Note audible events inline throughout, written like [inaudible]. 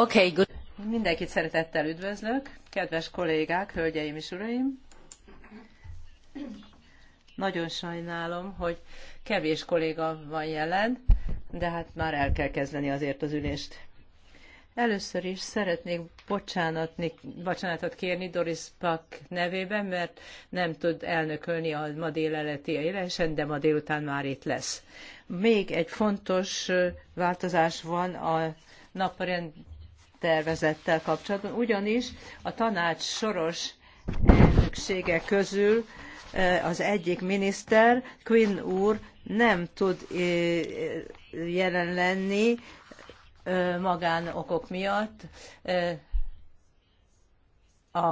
Okay, good. Mindenkit szeretettel üdvözlök, kedves kollégák, hölgyeim és uraim. Nagyon sajnálom, hogy kevés kolléga van jelen, de hát már el kell kezdeni azért az ülést. Először is szeretnék bocsánatni, bocsánatot kérni Doris Pak nevében, mert nem tud elnökölni a ma déleleti élésen, de ma délután már itt lesz. Még egy fontos változás van a naprend tervezettel kapcsolatban, ugyanis a tanács soros elnöksége közül e, az egyik miniszter, Quinn úr nem tud e, jelen lenni e, magánokok miatt. A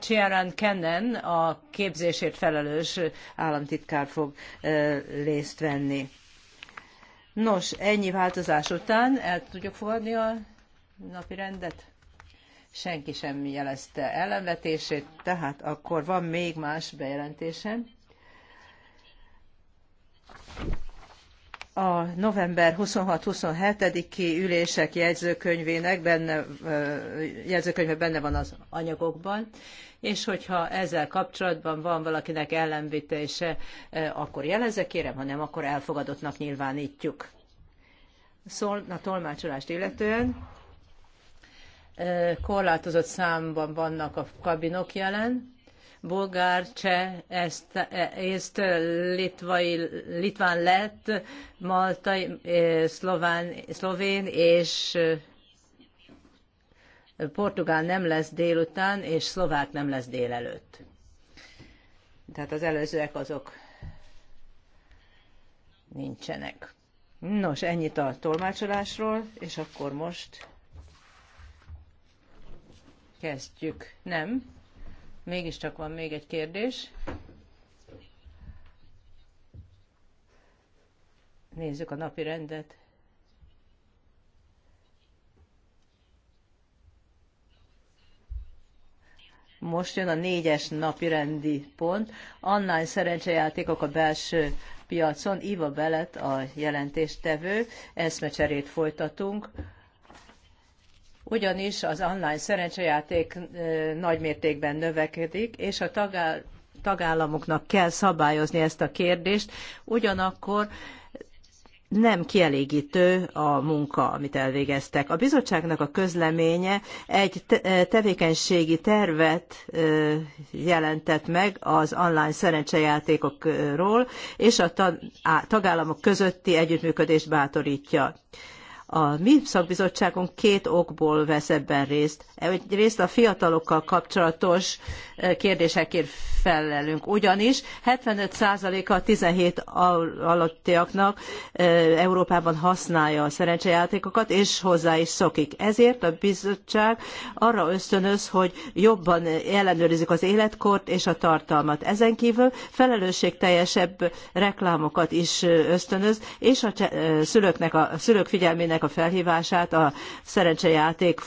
Ciaran Kennen a képzésért felelős államtitkár fog részt venni. Nos, ennyi változás után el tudjuk fogadni a napi rendet? Senki sem jelezte ellenvetését, tehát akkor van még más bejelentésem. a november 26-27-i ülések jegyzőkönyvének benne, jegyzőkönyve benne van az anyagokban, és hogyha ezzel kapcsolatban van valakinek ellenvítése, akkor jelezze, kérem, ha nem, akkor elfogadottnak nyilvánítjuk. Szól a tolmácsolást illetően korlátozott számban vannak a kabinok jelen, bolgár, cseh, ezt, észt, litvai, litván lett, maltai, szlován, szlovén és portugál nem lesz délután, és szlovák nem lesz délelőtt. Tehát az előzőek azok nincsenek. Nos, ennyit a tolmácsolásról, és akkor most kezdjük. Nem? Mégiscsak van még egy kérdés. Nézzük a napi rendet. Most jön a négyes napi rendi pont. Online szerencsejátékok a belső piacon. Iva Belet a jelentéstevő. Eszmecserét folytatunk ugyanis az online szerencsejáték nagymértékben növekedik, és a tagállamoknak kell szabályozni ezt a kérdést, ugyanakkor nem kielégítő a munka, amit elvégeztek. A bizottságnak a közleménye egy tevékenységi tervet jelentett meg az online szerencsejátékokról, és a tagállamok közötti együttműködést bátorítja. A mi szakbizottságunk két okból vesz ebben részt. Egyrészt a fiatalokkal kapcsolatos eh, kérdésekért megfelelünk. Ugyanis 75%-a a 17 alattiaknak Európában használja a szerencsejátékokat, és hozzá is szokik. Ezért a bizottság arra ösztönöz, hogy jobban ellenőrizik az életkort és a tartalmat. Ezen kívül felelősségteljesebb reklámokat is ösztönöz, és a szülőknek a, a szülők figyelmének a felhívását a szerencsejáték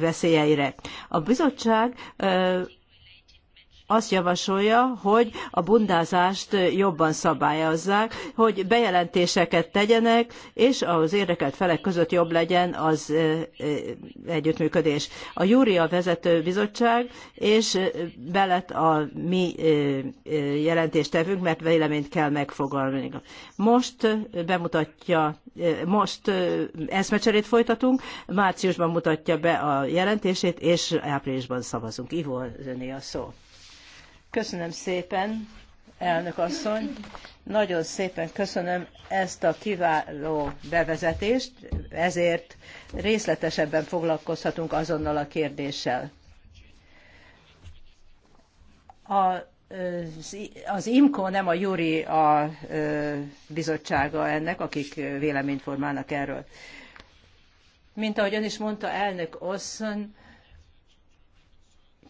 veszélyeire. A bizottság azt javasolja, hogy a bundázást jobban szabályozzák, hogy bejelentéseket tegyenek, és az érdekelt felek között jobb legyen az együttműködés. A Júria vezető bizottság, és belet a mi jelentéstevőnk, mert véleményt kell megfogalmazni. Most bemutatja, most eszmecserét folytatunk, márciusban mutatja be a jelentését, és áprilisban szavazunk. Ivo, öné a szó. Köszönöm szépen, elnök asszony. Nagyon szépen köszönöm ezt a kiváló bevezetést, ezért részletesebben foglalkozhatunk azonnal a kérdéssel. A, az IMCO, nem a Juri a bizottsága ennek, akik véleményt formálnak erről. Mint ahogy ön is mondta, elnök asszony,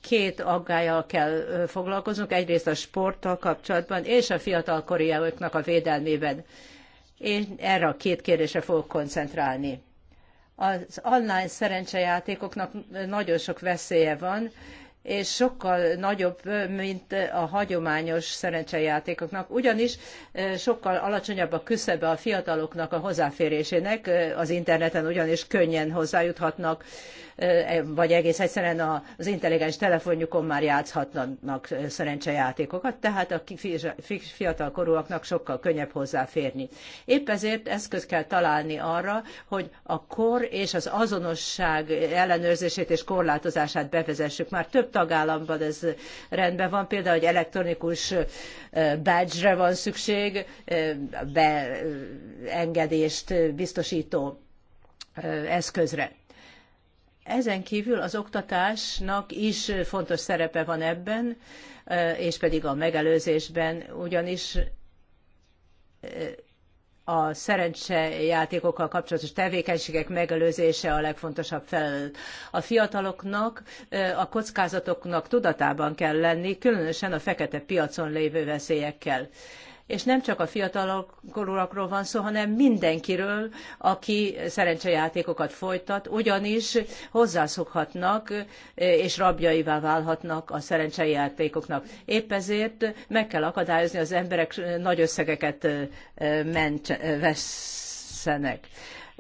két aggájjal kell foglalkoznunk, egyrészt a sporttal kapcsolatban és a fiatalkoriaknak a védelmében. Én erre a két kérdésre fogok koncentrálni. Az online szerencsejátékoknak nagyon sok veszélye van, és sokkal nagyobb, mint a hagyományos szerencsejátékoknak, ugyanis sokkal alacsonyabb a küszöbe a fiataloknak a hozzáférésének, az interneten ugyanis könnyen hozzájuthatnak E, vagy egész egyszerűen az intelligens telefonjukon már játszhatnak szerencsejátékokat, tehát a fiatal korúaknak sokkal könnyebb hozzáférni. Épp ezért eszköz kell találni arra, hogy a kor és az azonosság ellenőrzését és korlátozását bevezessük. Már több tagállamban ez rendben van, például, hogy elektronikus badge-re van szükség, beengedést biztosító eszközre. Ezen kívül az oktatásnak is fontos szerepe van ebben, eh, és pedig a megelőzésben, ugyanis eh, a szerencsejátékokkal kapcsolatos tevékenységek megelőzése a legfontosabb feladat. A fiataloknak, eh, a kockázatoknak tudatában kell lenni, különösen a fekete piacon lévő veszélyekkel és nem csak a fiatalokról van szó, hanem mindenkiről, aki szerencsejátékokat folytat, ugyanis hozzászokhatnak e, és rabjaivá válhatnak a szerencsejátékoknak. Épp ezért meg kell akadályozni az emberek nagy összegeket e, ment, e, vesszenek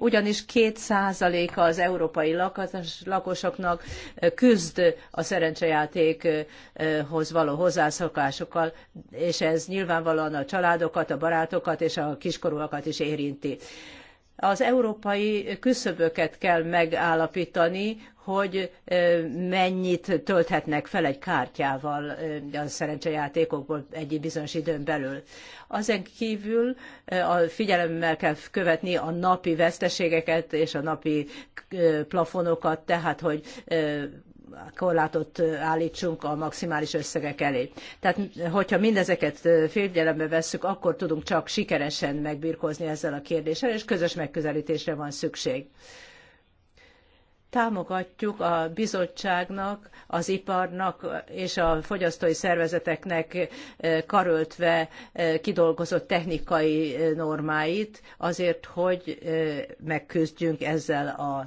ugyanis 2%-a az európai lakosoknak küzd a szerencsejátékhoz való hozzászokásokkal, és ez nyilvánvalóan a családokat, a barátokat és a kiskorúakat is érinti az európai küszöböket kell megállapítani, hogy mennyit tölthetnek fel egy kártyával a szerencsejátékokból egy bizonyos időn belül. Azen kívül a figyelemmel kell követni a napi veszteségeket és a napi plafonokat, tehát hogy korlátot állítsunk a maximális összegek elé. Tehát, hogyha mindezeket figyelembe vesszük, akkor tudunk csak sikeresen megbirkózni ezzel a kérdéssel, és közös megközelítésre van szükség támogatjuk a bizottságnak, az iparnak és a fogyasztói szervezeteknek eh, karöltve eh, kidolgozott technikai eh, normáit azért, hogy megküzdjünk ezzel a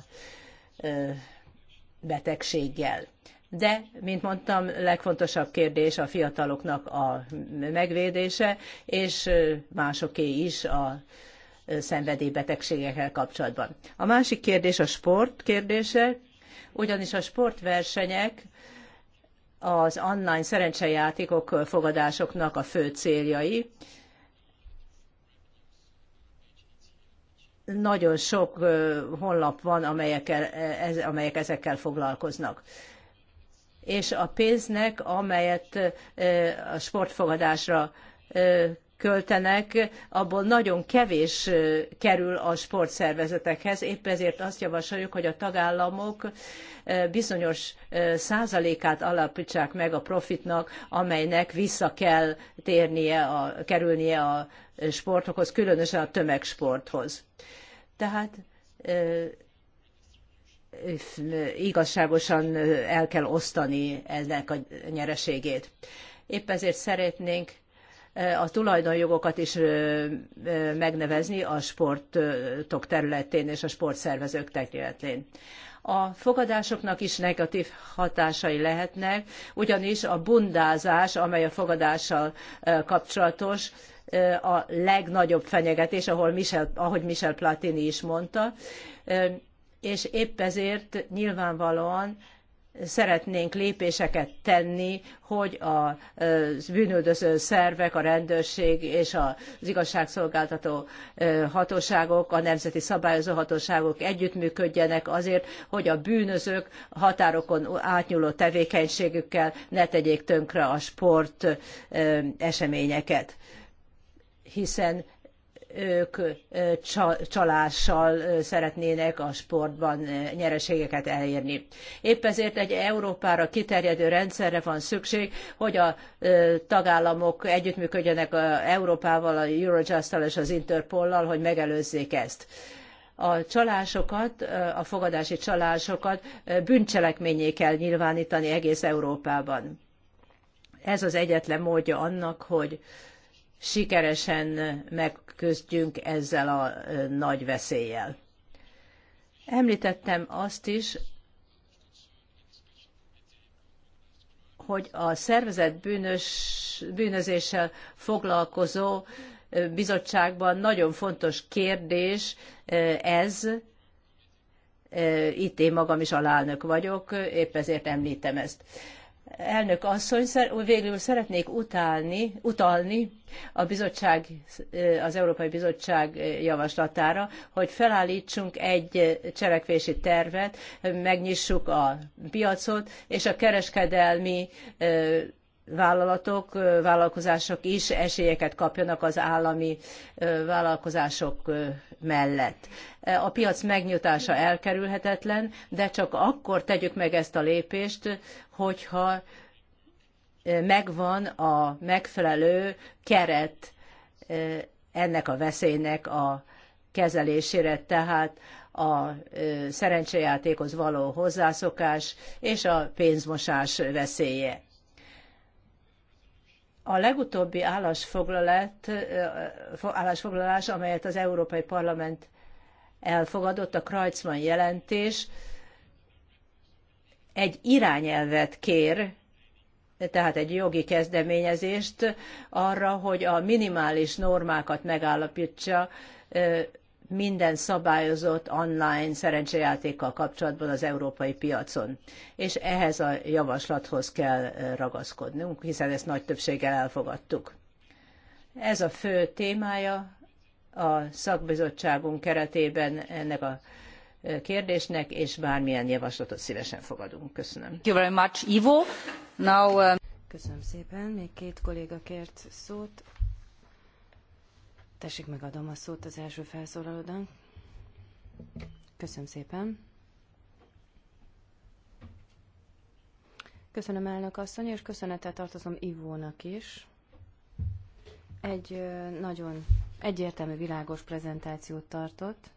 betegséggel. De, mint mondtam, legfontosabb kérdés a fiataloknak a megvédése, és másoké is a szenvedélybetegségekkel kapcsolatban. A másik kérdés a sport kérdése, ugyanis a sportversenyek az online szerencsejátékok fogadásoknak a fő céljai. Nagyon sok honlap van, amelyekkel, e, amelyek ezekkel foglalkoznak és a pénznek, amelyet a sportfogadásra költenek, abból nagyon kevés kerül a sportszervezetekhez. Épp ezért azt javasoljuk, hogy a tagállamok bizonyos százalékát alapítsák meg a profitnak, amelynek vissza kell térnie, a, kerülnie a sportokhoz, különösen a tömegsporthoz. Tehát igazságosan el kell osztani ennek a nyereségét. Épp ezért szeretnénk a tulajdonjogokat is megnevezni a sportok területén és a sportszervezők területén. A fogadásoknak is negatív hatásai lehetnek, ugyanis a bundázás, amely a fogadással kapcsolatos, a legnagyobb fenyegetés, ahol Michel, ahogy Michel Platini is mondta, és épp ezért nyilvánvalóan szeretnénk lépéseket tenni, hogy a bűnöldöző szervek, a rendőrség és az igazságszolgáltató hatóságok, a nemzeti szabályozó hatóságok együttműködjenek azért, hogy a bűnözők határokon átnyúló tevékenységükkel ne tegyék tönkre a sport eseményeket hiszen ők csalással szeretnének a sportban nyereségeket elérni. Épp ezért egy Európára kiterjedő rendszerre van szükség, hogy a tagállamok együttműködjenek a Európával, a Eurojust-tal és az Interpol-lal, hogy megelőzzék ezt a csalásokat, a fogadási csalásokat bűncselekményé kell nyilvánítani egész Európában. Ez az egyetlen módja annak, hogy sikeresen megküzdjünk ezzel a nagy veszéllyel. Említettem azt is, hogy a szervezet bűnös, bűnözéssel foglalkozó bizottságban nagyon fontos kérdés ez. Itt én magam is alelnök vagyok, épp ezért említem ezt elnök asszony, végül szeretnék utálni, utalni a bizottság, eh, az Európai Bizottság eh, javaslatára, hogy felállítsunk egy eh, cselekvési tervet, megnyissuk a piacot, és a kereskedelmi vállalatok, vállalkozások is esélyeket kapjanak az állami vállalkozások mellett. E, a piac megnyitása elkerülhetetlen, de csak akkor tegyük meg ezt a lépést, hogyha megvan a megfelelő keret ennek a veszélynek a kezelésére, tehát a szerencsejátékhoz való hozzászokás és a pénzmosás veszélye a legutóbbi állásfoglalat, állásfoglalás, amelyet az Európai Parlament elfogadott, a Kreutzmann jelentés, egy irányelvet kér, tehát egy jogi kezdeményezést arra, hogy a minimális normákat megállapítsa minden szabályozott online szerencsejátékkal kapcsolatban az európai piacon. És ehhez a javaslathoz kell ragaszkodnunk, hiszen ezt nagy többséggel elfogadtuk. Ez a fő témája a szakbizottságunk keretében ennek a kérdésnek, és bármilyen javaslatot szívesen fogadunk. Köszönöm. Thank you very much, Ivo. Now, uh, Köszönöm szépen. Még két kolléga kért szót. Tessék, megadom a szót az első felszólalónak. Köszönöm szépen. Köszönöm elnök asszony, és köszönettel tartozom Ivónak is. Egy nagyon egyértelmű, világos prezentációt tartott.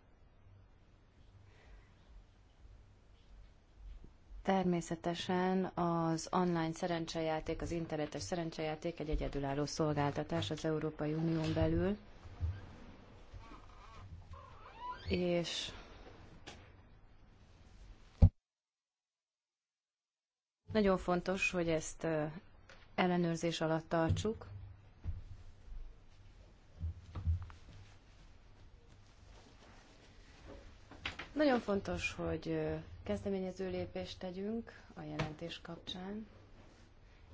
Természetesen az online szerencsejáték, az internetes szerencsejáték egy egyedülálló szolgáltatás az Európai Unión belül és nagyon fontos, hogy ezt ellenőrzés alatt tartsuk. Nagyon fontos, hogy kezdeményező lépést tegyünk a jelentés kapcsán.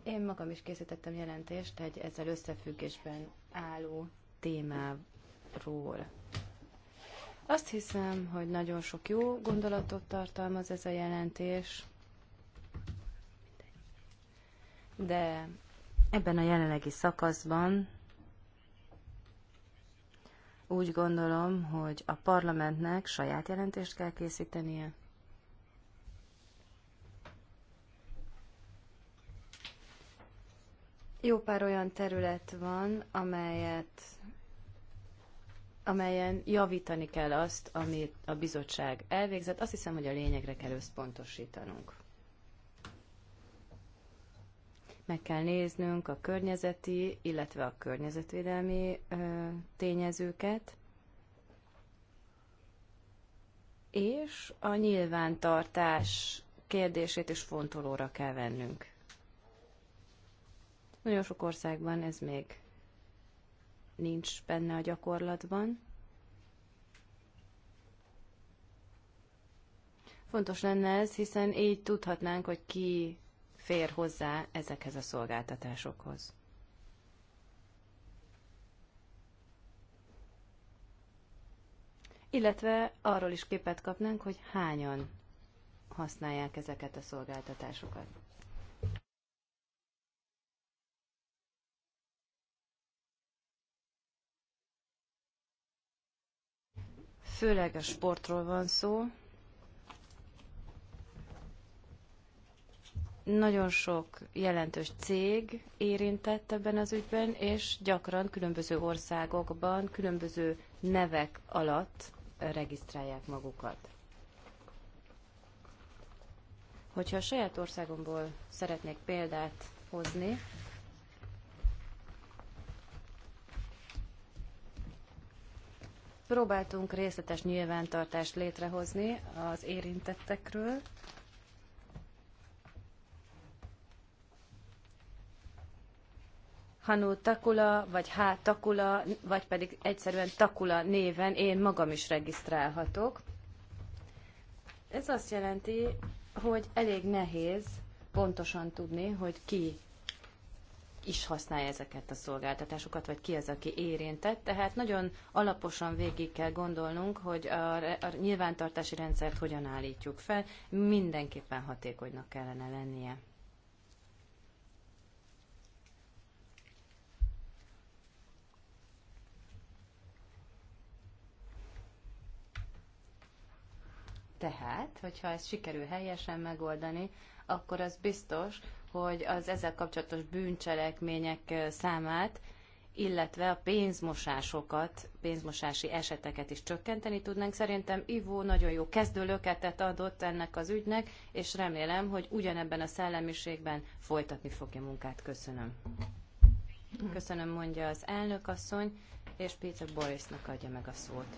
Én magam is készítettem jelentést egy ezzel összefüggésben álló témáról. Azt hiszem, hogy nagyon sok jó gondolatot tartalmaz ez a jelentés, de ebben a jelenlegi szakaszban úgy gondolom, hogy a parlamentnek saját jelentést kell készítenie. Jó pár olyan terület van, amelyet amelyen javítani kell azt, amit a bizottság elvégzett. Azt hiszem, hogy a lényegre kell összpontosítanunk. Meg kell néznünk a környezeti, illetve a környezetvédelmi ö, tényezőket, és a nyilvántartás kérdését is fontolóra kell vennünk. Nagyon sok országban ez még nincs benne a gyakorlatban. Fontos lenne ez, hiszen így tudhatnánk, hogy ki fér hozzá ezekhez a szolgáltatásokhoz. Illetve arról is képet kapnánk, hogy hányan használják ezeket a szolgáltatásokat. főleg a sportról van szó. Nagyon sok jelentős cég érintett ebben az ügyben, és gyakran különböző országokban, különböző nevek alatt regisztrálják magukat. Hogyha a saját országomból szeretnék példát hozni, Próbáltunk részletes nyilvántartást létrehozni az érintettekről, Hanu Takula, vagy H. Takula, vagy pedig egyszerűen Takula néven én magam is regisztrálhatok. Ez azt jelenti, hogy elég nehéz pontosan tudni, hogy ki is használja ezeket a szolgáltatásokat, vagy ki az, aki érintett. Tehát nagyon alaposan végig kell gondolnunk, hogy a, a nyilvántartási rendszert hogyan állítjuk fel, mindenképpen hatékonynak kellene lennie. Tehát, hogyha ezt sikerül helyesen megoldani, akkor az biztos, hogy az ezzel kapcsolatos bűncselekmények számát, illetve a pénzmosásokat, pénzmosási eseteket is csökkenteni tudnánk. Szerintem Ivó nagyon jó kezdőlöketet adott ennek az ügynek, és remélem, hogy ugyanebben a szellemiségben folytatni fogja munkát. Köszönöm. Köszönöm, mondja az elnök asszony, és Péter Borisnak adja meg a szót.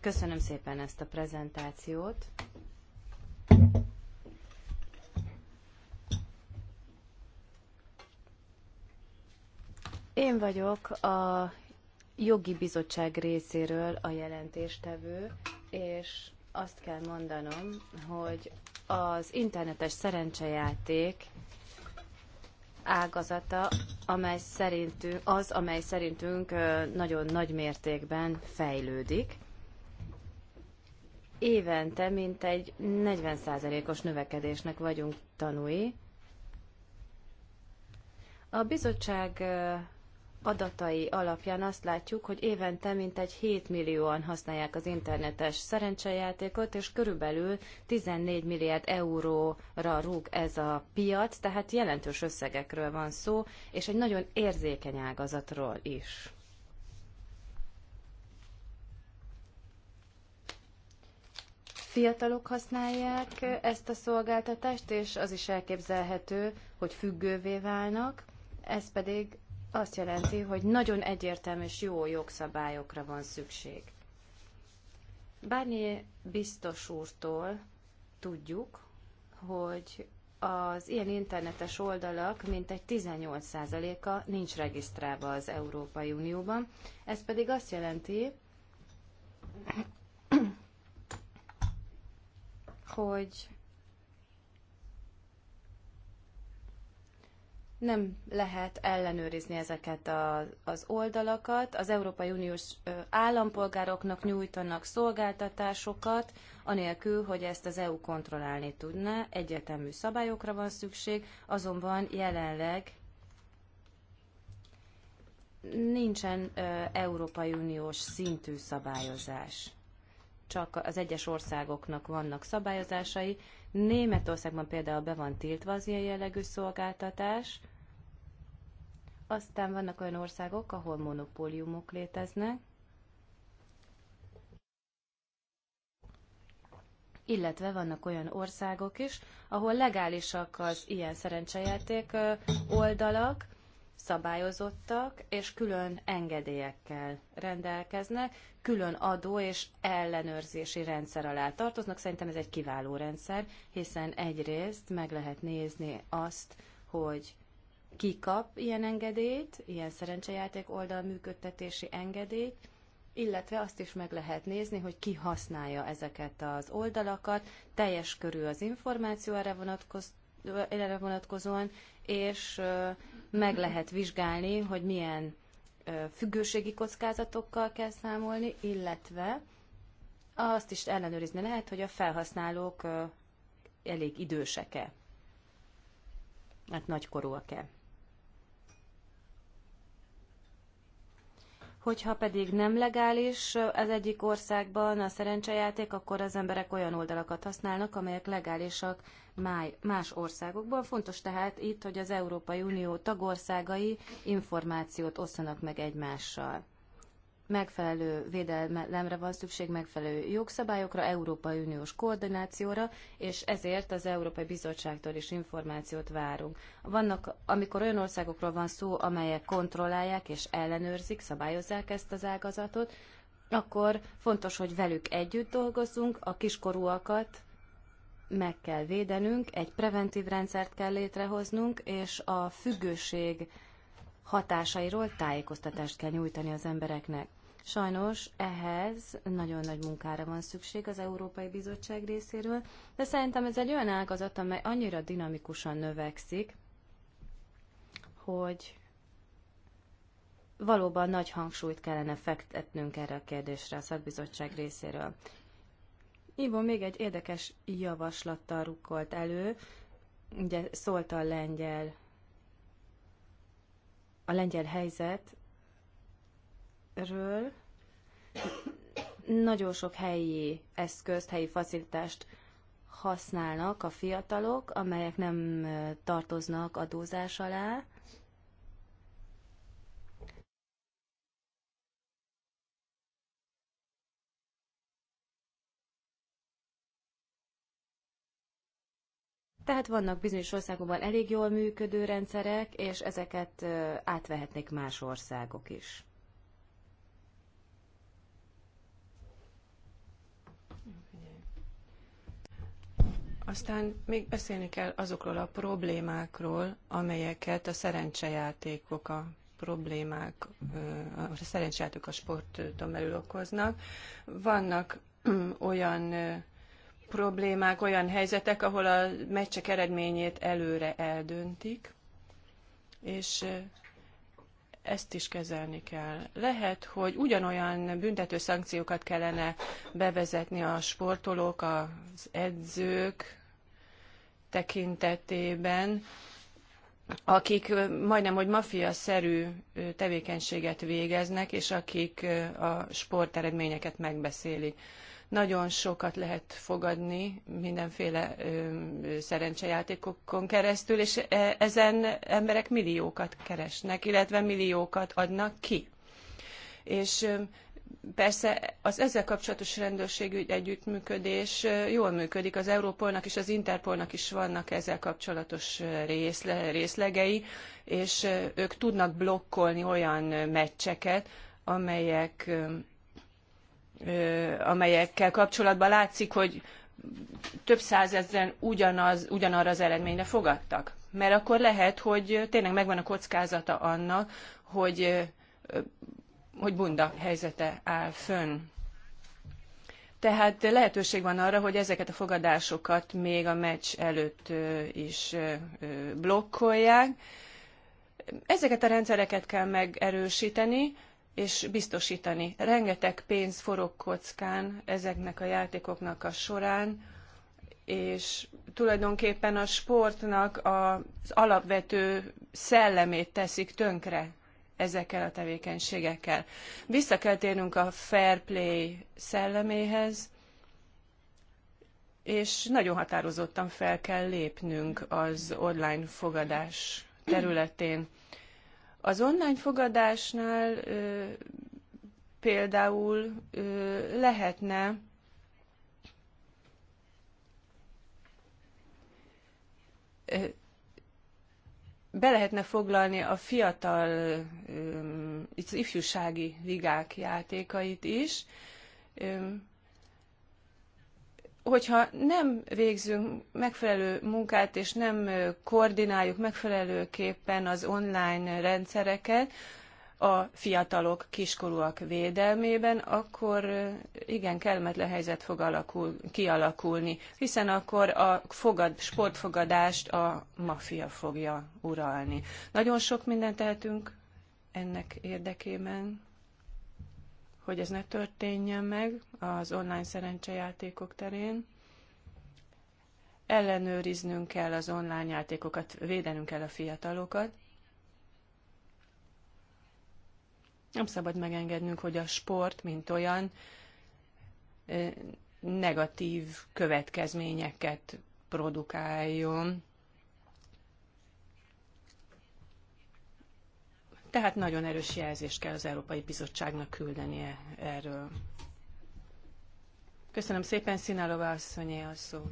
Köszönöm szépen ezt a prezentációt. Én vagyok a jogi bizottság részéről a jelentéstevő, és azt kell mondanom, hogy az internetes szerencsejáték ágazata, amely szerintünk, az, amely szerintünk nagyon nagy mértékben fejlődik évente mintegy 40%-os növekedésnek vagyunk tanúi. A bizottság adatai alapján azt látjuk, hogy évente mintegy 7 millióan használják az internetes szerencsejátékot, és körülbelül 14 milliárd euróra rúg ez a piac, tehát jelentős összegekről van szó, és egy nagyon érzékeny ágazatról is. fiatalok használják ezt a szolgáltatást, és az is elképzelhető, hogy függővé válnak. Ez pedig azt jelenti, hogy nagyon egyértelmű és jó jogszabályokra van szükség. Bárnyi biztos úrtól tudjuk, hogy az ilyen internetes oldalak mintegy 18%-a nincs regisztrálva az Európai Unióban. Ez pedig azt jelenti, hogy nem lehet ellenőrizni ezeket a, az oldalakat. Az Európai Uniós állampolgároknak nyújtanak szolgáltatásokat, anélkül, hogy ezt az EU kontrollálni tudná. Egyetemű szabályokra van szükség, azonban jelenleg nincsen Európai Uniós szintű szabályozás csak az egyes országoknak vannak szabályozásai. Németországban például be van tiltva az ilyen jellegű szolgáltatás. Aztán vannak olyan országok, ahol monopóliumok léteznek, illetve vannak olyan országok is, ahol legálisak az ilyen szerencsejáték oldalak, szabályozottak, és külön engedélyekkel rendelkeznek, külön adó és ellenőrzési rendszer alá tartoznak. Szerintem ez egy kiváló rendszer, hiszen egyrészt meg lehet nézni azt, hogy ki kap ilyen engedélyt, ilyen szerencsejáték oldal működtetési engedélyt, illetve azt is meg lehet nézni, hogy ki használja ezeket az oldalakat, teljes körű az információ erre vonatkozó, erre vonatkozóan, és meg lehet vizsgálni, hogy milyen függőségi kockázatokkal kell számolni, illetve azt is ellenőrizni lehet, hogy a felhasználók elég idősek-e, hát nagykorúak-e. Hogyha pedig nem legális az egyik országban a szerencsejáték, akkor az emberek olyan oldalakat használnak, amelyek legálisak más országokban. Fontos tehát itt, hogy az Európai Unió tagországai információt osszanak meg egymással megfelelő védelemre van szükség, megfelelő jogszabályokra, Európai Uniós koordinációra, és ezért az Európai Bizottságtól is információt várunk. Vannak, amikor olyan országokról van szó, amelyek kontrollálják és ellenőrzik, szabályozzák ezt az ágazatot, akkor fontos, hogy velük együtt dolgozzunk, a kiskorúakat meg kell védenünk, egy preventív rendszert kell létrehoznunk, és a függőség hatásairól tájékoztatást kell nyújtani az embereknek. Sajnos ehhez nagyon nagy munkára van szükség az Európai Bizottság részéről, de szerintem ez egy olyan ágazat, amely annyira dinamikusan növekszik, hogy valóban nagy hangsúlyt kellene fektetnünk erre a kérdésre a szakbizottság részéről. Ivo még egy érdekes javaslattal rukkolt elő, ugye szólt a lengyel a lengyel helyzetről nagyon sok helyi eszközt, helyi facilitást használnak a fiatalok, amelyek nem eh, tartoznak adózás alá, Tehát vannak bizonyos országokban elég jól működő rendszerek, és ezeket átvehetnék más országok is. Aztán még beszélni kell azokról a problémákról, amelyeket a szerencsejátékok, a problémák, a szerencsejátékok a sporton belül okoznak. Vannak olyan problémák, olyan helyzetek, ahol a meccsek eredményét előre eldöntik, és ezt is kezelni kell. Lehet, hogy ugyanolyan büntető szankciókat kellene bevezetni a sportolók, az edzők tekintetében, akik majdnem, hogy mafiaszerű tevékenységet végeznek, és akik a sporteredményeket megbeszélik nagyon sokat lehet fogadni mindenféle szerencsejátékokon keresztül, és e, ezen emberek milliókat keresnek, illetve milliókat adnak ki. És Persze az ezzel kapcsolatos rendőrségű együttműködés jól működik, az Európolnak és az Interpolnak is vannak ezzel kapcsolatos részle, részlegei, és ők tudnak blokkolni olyan meccseket, amelyek amelyekkel kapcsolatban látszik, hogy több százezren ugyanaz, ugyanarra az eredményre fogadtak. Mert akkor lehet, hogy tényleg megvan a kockázata annak, hogy, hogy bunda helyzete áll fönn. Tehát lehetőség van arra, hogy ezeket a fogadásokat még a meccs előtt is blokkolják. Ezeket a rendszereket kell megerősíteni, és biztosítani. Rengeteg pénz forog kockán ezeknek a játékoknak a során, és tulajdonképpen a sportnak az alapvető szellemét teszik tönkre ezekkel a tevékenységekkel. Vissza kell térnünk a fair play szelleméhez, és nagyon határozottan fel kell lépnünk az online fogadás területén. Az online fogadásnál ö, például ö, lehetne ö, be lehetne foglalni a fiatal ö, ifjúsági ligák játékait is. Ö, hogyha nem végzünk megfelelő munkát, és nem koordináljuk megfelelőképpen az online rendszereket a fiatalok, kiskorúak védelmében, akkor igen, kellemetlen helyzet fog alakul, kialakulni, hiszen akkor a fogad, sportfogadást a maffia fogja uralni. Nagyon sok mindent tehetünk ennek érdekében hogy ez ne történjen meg az online szerencsejátékok terén. Ellenőriznünk kell az online játékokat, védenünk kell a fiatalokat. Nem szabad megengednünk, hogy a sport, mint olyan, eh, negatív következményeket produkáljon tehát nagyon erős jelzést kell az Európai Bizottságnak küldenie erről. Köszönöm szépen, Színálova asszonyé a szó.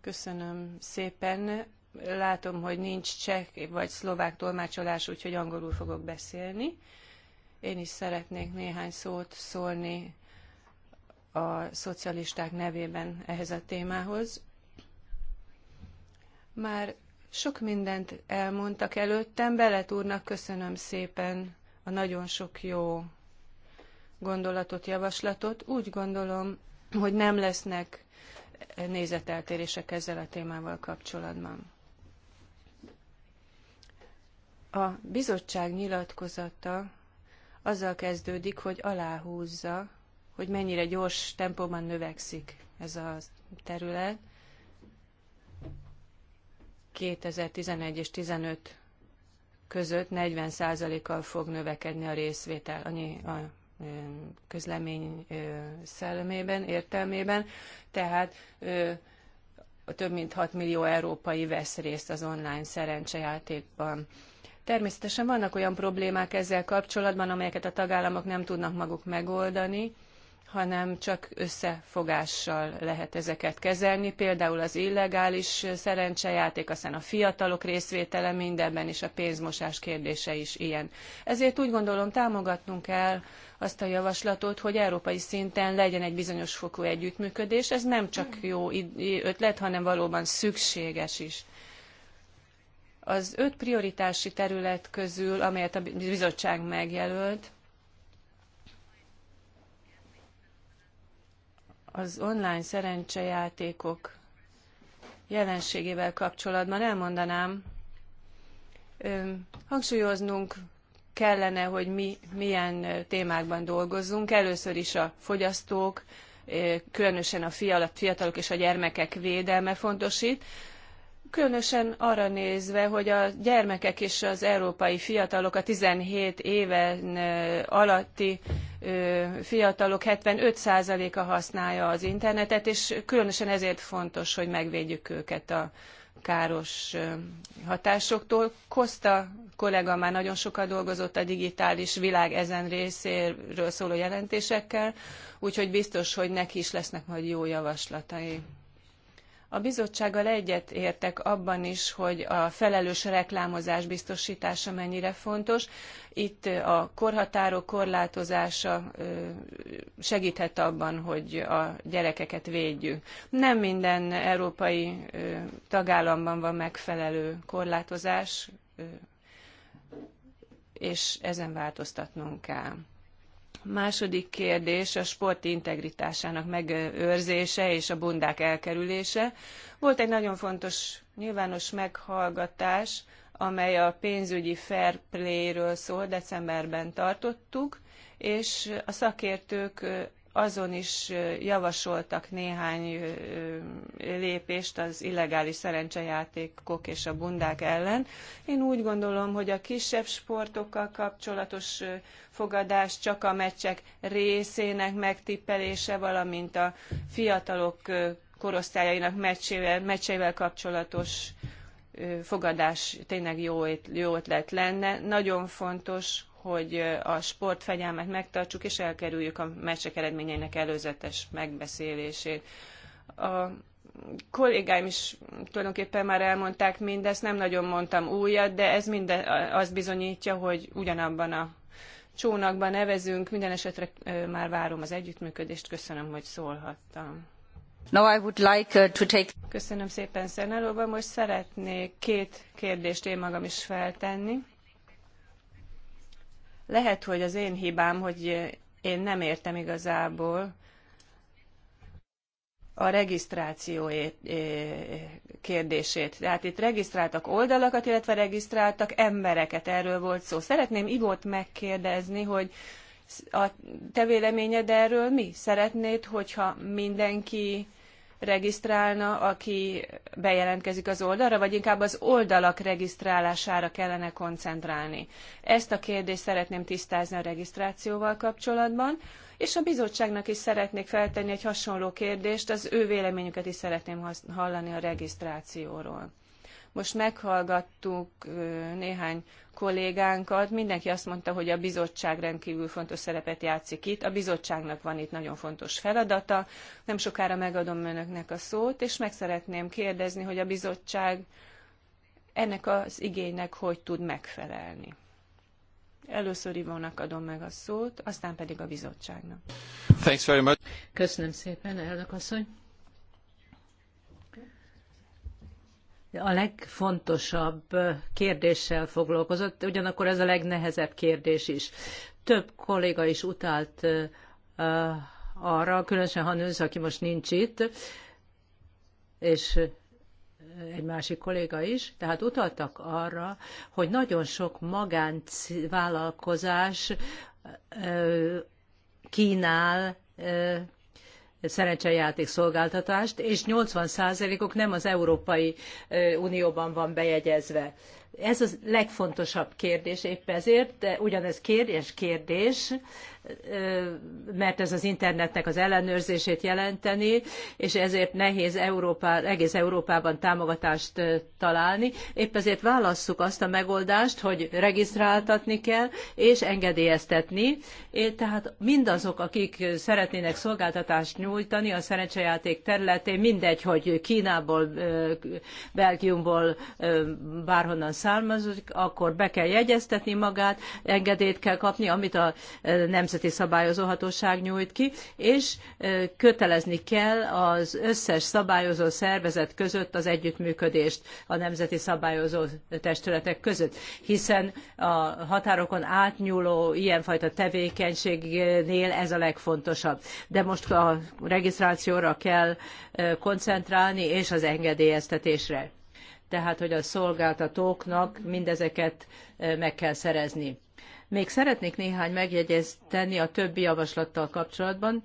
Köszönöm szépen. Látom, hogy nincs cseh vagy szlovák tolmácsolás, úgyhogy angolul fogok beszélni. Én is szeretnék néhány szót szólni a szocialisták nevében ehhez a témához. Már sok mindent elmondtak előttem, Belet úrnak köszönöm szépen a nagyon sok jó gondolatot, javaslatot. Úgy gondolom, hogy nem lesznek nézeteltérések ezzel a témával kapcsolatban. A bizottság nyilatkozata azzal kezdődik, hogy aláhúzza, hogy mennyire gyors tempóban növekszik ez a terület, 2011 és 15 között 40%-kal fog növekedni a részvétel a, a közlemény szellemében, értelmében, tehát több mint 6 millió európai vesz részt az online szerencsejátékban. Természetesen vannak olyan problémák ezzel kapcsolatban, amelyeket a tagállamok nem tudnak maguk megoldani, hanem csak összefogással lehet ezeket kezelni. Például az illegális szerencsejáték, aztán a fiatalok részvétele mindenben, és a pénzmosás kérdése is ilyen. Ezért úgy gondolom támogatnunk kell azt a javaslatot, hogy európai szinten legyen egy bizonyos fokú együttműködés. Ez nem csak jó ötlet, hanem valóban szükséges is az öt prioritási terület közül, amelyet a bizottság megjelölt, az online szerencsejátékok jelenségével kapcsolatban elmondanám, hangsúlyoznunk kellene, hogy mi milyen témákban dolgozzunk. Először is a fogyasztók, különösen a fiatalok és a gyermekek védelme fontos itt, Különösen arra nézve, hogy a gyermekek és az európai fiatalok, a 17 éven alatti fiatalok 75%-a használja az internetet, és különösen ezért fontos, hogy megvédjük őket a káros hatásoktól. Kosta kolléga már nagyon sokat dolgozott a digitális világ ezen részéről szóló jelentésekkel, úgyhogy biztos, hogy neki is lesznek majd jó javaslatai a bizottsággal egyet értek abban is, hogy a felelős reklámozás biztosítása mennyire fontos. Itt a korhatárok korlátozása segíthet abban, hogy a gyerekeket védjük. Nem minden európai tagállamban van megfelelő korlátozás, és ezen változtatnunk kell. Második kérdés a sport integritásának megőrzése és a bundák elkerülése. Volt egy nagyon fontos nyilvános meghallgatás, amely a pénzügyi fair play-ről szól, decemberben tartottuk, és a szakértők azon is javasoltak néhány lépést az illegális szerencsejátékok és a bundák ellen. Én úgy gondolom, hogy a kisebb sportokkal kapcsolatos fogadás csak a meccsek részének megtippelése, valamint a fiatalok korosztályainak meccsével, meccsével kapcsolatos fogadás tényleg jó, jó ötlet lenne. Nagyon fontos, hogy a sportfegyelmet megtartsuk, és elkerüljük a meccsek eredményeinek előzetes megbeszélését. A kollégáim is tulajdonképpen már elmondták mindezt, nem nagyon mondtam újat, de ez minden azt bizonyítja, hogy ugyanabban a csónakban nevezünk, minden esetre már várom az együttműködést, köszönöm, hogy szólhattam. Now I would like uh, to take... Köszönöm szépen, Szenelóban. Most szeretnék két kérdést én magam is feltenni. Lehet, hogy az én hibám, hogy én nem értem igazából a regisztráció kérdését. Tehát itt regisztráltak oldalakat, illetve regisztráltak embereket, erről volt szó. Szeretném Ivót megkérdezni, hogy a te véleményed erről mi? Szeretnéd, hogyha mindenki regisztrálna, aki bejelentkezik az oldalra, vagy inkább az oldalak regisztrálására kellene koncentrálni. Ezt a kérdést szeretném tisztázni a regisztrációval kapcsolatban, és a bizottságnak is szeretnék feltenni egy hasonló kérdést, az ő véleményüket is szeretném hallani a regisztrációról. Most meghallgattuk néhány kollégánkat, mindenki azt mondta, hogy a bizottság rendkívül fontos szerepet játszik itt. A bizottságnak van itt nagyon fontos feladata. Nem sokára megadom önöknek a szót, és meg szeretném kérdezni, hogy a bizottság ennek az igénynek hogy tud megfelelni. Először Ivónak adom meg a szót, aztán pedig a bizottságnak. Thanks very much. Köszönöm szépen, elnök asszony. a legfontosabb kérdéssel foglalkozott, ugyanakkor ez a legnehezebb kérdés is. Több kolléga is utált arra, különösen Hanőz, aki most nincs itt, és egy másik kolléga is, tehát utaltak arra, hogy nagyon sok magánvállalkozás kínál szerencsejáték szolgáltatást, és 80 uk nem az Európai Unióban van bejegyezve. Ez a legfontosabb kérdés épp ezért, de ugyanez kérdés kérdés, mert ez az internetnek az ellenőrzését jelenteni, és ezért nehéz Európá, egész Európában támogatást találni. Épp ezért válasszuk azt a megoldást, hogy regisztráltatni kell, és engedélyeztetni. É, tehát mindazok, akik szeretnének szolgáltatást nyújtani a szerencsejáték területén, mindegy, hogy Kínából, Belgiumból, bárhonnan származik, akkor be kell jegyeztetni magát, engedélyt kell kapni, amit a nem nemzeti szabályozóhatóság nyújt ki, és kötelezni kell az összes szabályozó szervezet között az együttműködést a nemzeti szabályozó testületek között, hiszen a határokon átnyúló ilyenfajta tevékenységnél ez a legfontosabb. De most a regisztrációra kell koncentrálni, és az engedélyeztetésre tehát hogy a szolgáltatóknak mindezeket meg kell szerezni. Még szeretnék néhány megjegyezt tenni a többi javaslattal kapcsolatban,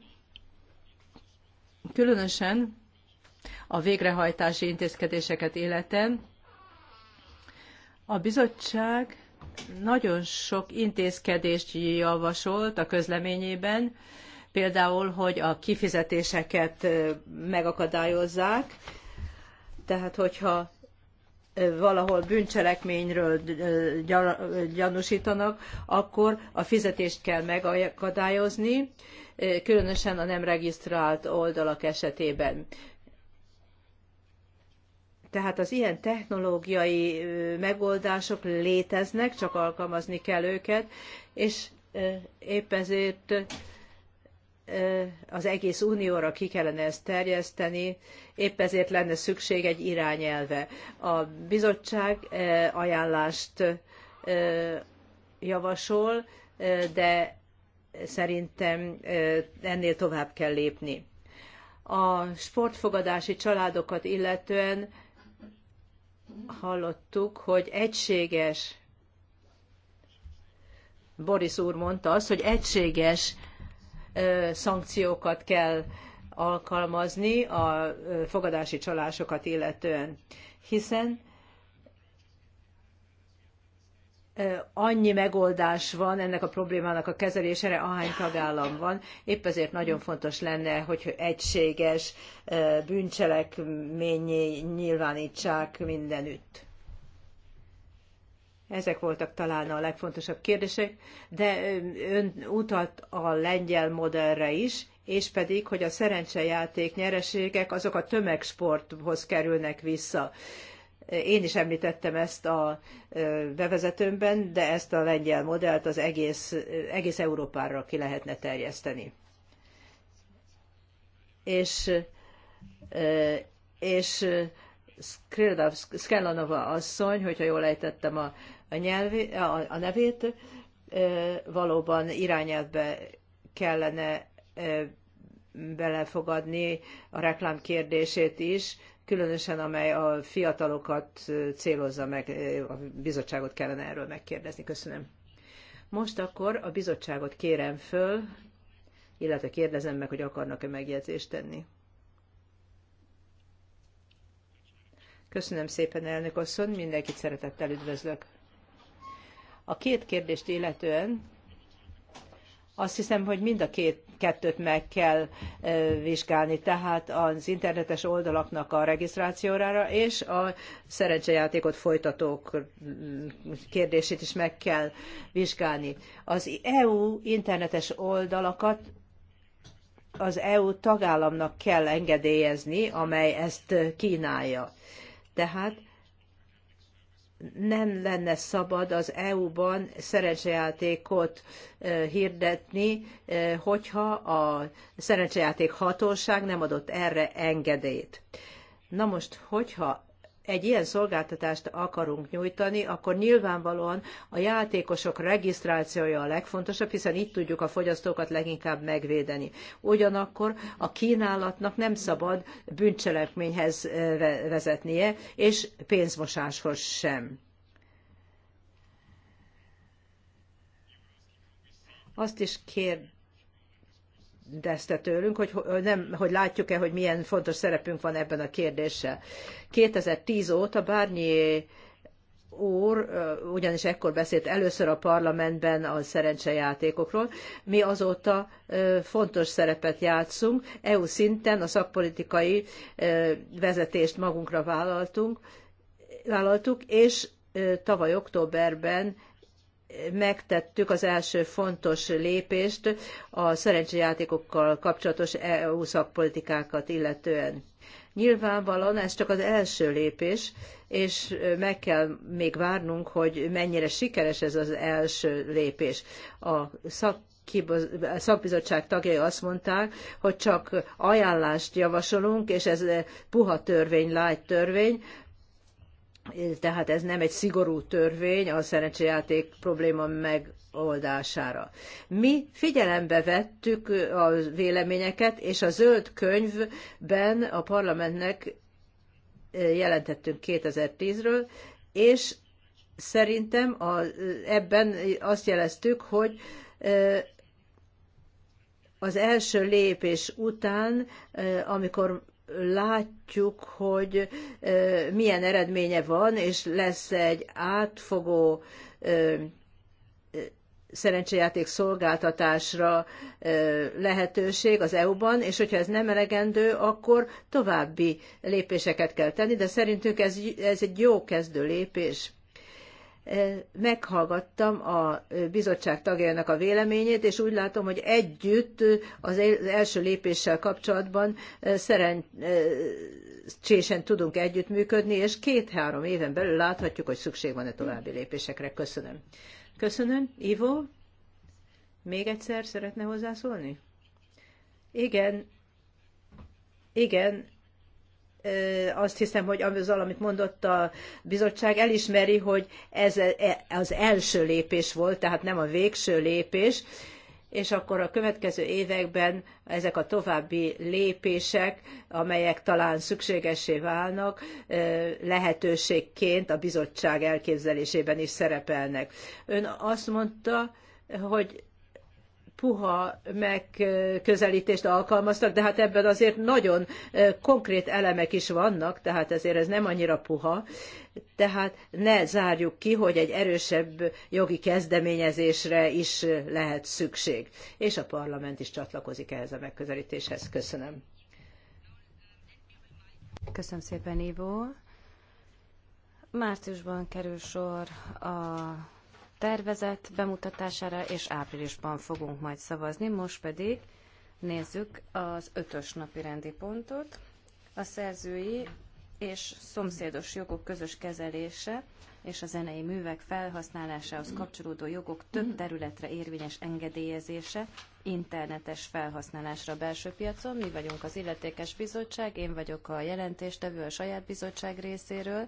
különösen a végrehajtási intézkedéseket életen. A bizottság nagyon sok intézkedést javasolt a közleményében, például, hogy a kifizetéseket megakadályozzák, tehát hogyha valahol bűncselekményről gyanúsítanak, akkor a fizetést kell megakadályozni, különösen a nem regisztrált oldalak esetében. Tehát az ilyen technológiai megoldások léteznek, csak alkalmazni kell őket, és épp ezért az egész unióra ki kellene ezt terjeszteni, épp ezért lenne szükség egy irányelve. A bizottság ajánlást javasol, de szerintem ennél tovább kell lépni. A sportfogadási családokat illetően hallottuk, hogy egységes, Boris úr mondta azt, hogy egységes szankciókat kell alkalmazni a fogadási csalásokat illetően, hiszen annyi megoldás van ennek a problémának a kezelésére, ahány tagállam van. Épp ezért nagyon fontos lenne, hogy egységes bűncselekményé nyilvánítsák mindenütt. Ezek voltak talán a legfontosabb kérdések, de ön utalt a lengyel modellre is, és pedig, hogy a szerencsejáték nyereségek azok a tömegsporthoz kerülnek vissza. Én is említettem ezt a bevezetőmben, de ezt a lengyel modellt az egész, egész Európára ki lehetne terjeszteni. És, és Skrilda Skellanova asszony, hogyha jól ejtettem a a, nyelvi, a, a nevét, valóban irányelvbe kellene belefogadni a reklám kérdését is, különösen amely a fiatalokat célozza meg, a bizottságot kellene erről megkérdezni. Köszönöm. Most akkor a bizottságot kérem föl, illetve kérdezem meg, hogy akarnak-e megjegyzést tenni. Köszönöm szépen, elnök asszony, mindenkit szeretettel üdvözlök. A két kérdést illetően azt hiszem, hogy mind a két kettőt meg kell vizsgálni, tehát az internetes oldalaknak a regisztrációra és a szerencsejátékot folytatók kérdését is meg kell vizsgálni. Az EU internetes oldalakat az EU tagállamnak kell engedélyezni, amely ezt kínálja. Tehát nem lenne szabad az EU-ban szerencsejátékot hirdetni, hogyha a szerencsejáték hatóság nem adott erre engedélyt. Na most, hogyha egy ilyen szolgáltatást akarunk nyújtani, akkor nyilvánvalóan a játékosok regisztrációja a legfontosabb, hiszen itt tudjuk a fogyasztókat leginkább megvédeni. Ugyanakkor a kínálatnak nem szabad bűncselekményhez vezetnie, és pénzmosáshoz sem. Azt is kér kérdezte tőlünk, hogy, nem, hogy látjuk-e, hogy milyen fontos szerepünk van ebben a kérdéssel. 2010 óta Barnier úr ugyanis ekkor beszélt először a parlamentben a szerencsejátékokról. Mi azóta fontos szerepet játszunk, EU szinten a szakpolitikai vezetést magunkra vállaltunk, vállaltuk, és tavaly októberben megtettük az első fontos lépést a szerencsejátékokkal kapcsolatos EU szakpolitikákat illetően. Nyilvánvalóan ez csak az első lépés, és meg kell még várnunk, hogy mennyire sikeres ez az első lépés. A szak a szakbizottság tagjai azt mondták, hogy csak ajánlást javasolunk, és ez puha törvény, lágy törvény, tehát ez nem egy szigorú törvény a szerencsejáték probléma megoldására. Mi figyelembe vettük a véleményeket, és a zöld könyvben a parlamentnek eh, jelentettünk 2010-ről, és szerintem a, eh, ebben azt jeleztük, hogy eh, az első lépés után, amikor látjuk, hogy milyen eredménye van, és lesz egy átfogó szerencsejáték szolgáltatásra lehetőség az EU-ban, és hogyha ez nem elegendő, akkor további lépéseket kell tenni, de szerintünk ez, ez egy jó kezdő lépés meghallgattam a bizottság tagjának a véleményét, és úgy látom, hogy együtt az első lépéssel kapcsolatban szerencsésen tudunk együttműködni, és két-három éven belül láthatjuk, hogy szükség van-e további lépésekre. Köszönöm. Köszönöm. Ivo, még egyszer szeretne hozzászólni? Igen, igen, azt hiszem, hogy az, amit mondott a bizottság, elismeri, hogy ez e, e, az első lépés volt, tehát nem a végső lépés, és akkor a következő években ezek a további lépések, amelyek talán szükségesé válnak, lehetőségként a bizottság elképzelésében is szerepelnek. Ön azt mondta, hogy puha megközelítést alkalmaztak, de hát ebben azért nagyon konkrét elemek is vannak, tehát ezért ez nem annyira puha. Tehát ne zárjuk ki, hogy egy erősebb jogi kezdeményezésre is lehet szükség. És a parlament is csatlakozik ehhez a megközelítéshez. Köszönöm. Köszönöm szépen, Ivo. Márciusban kerül sor a tervezet bemutatására, és áprilisban fogunk majd szavazni. Most pedig nézzük az ötös napi rendi pontot. A szerzői és szomszédos jogok közös kezelése és a zenei művek felhasználásához kapcsolódó jogok több területre érvényes engedélyezése internetes felhasználásra a belső piacon. Mi vagyunk az illetékes bizottság, én vagyok a jelentéstevő a saját bizottság részéről,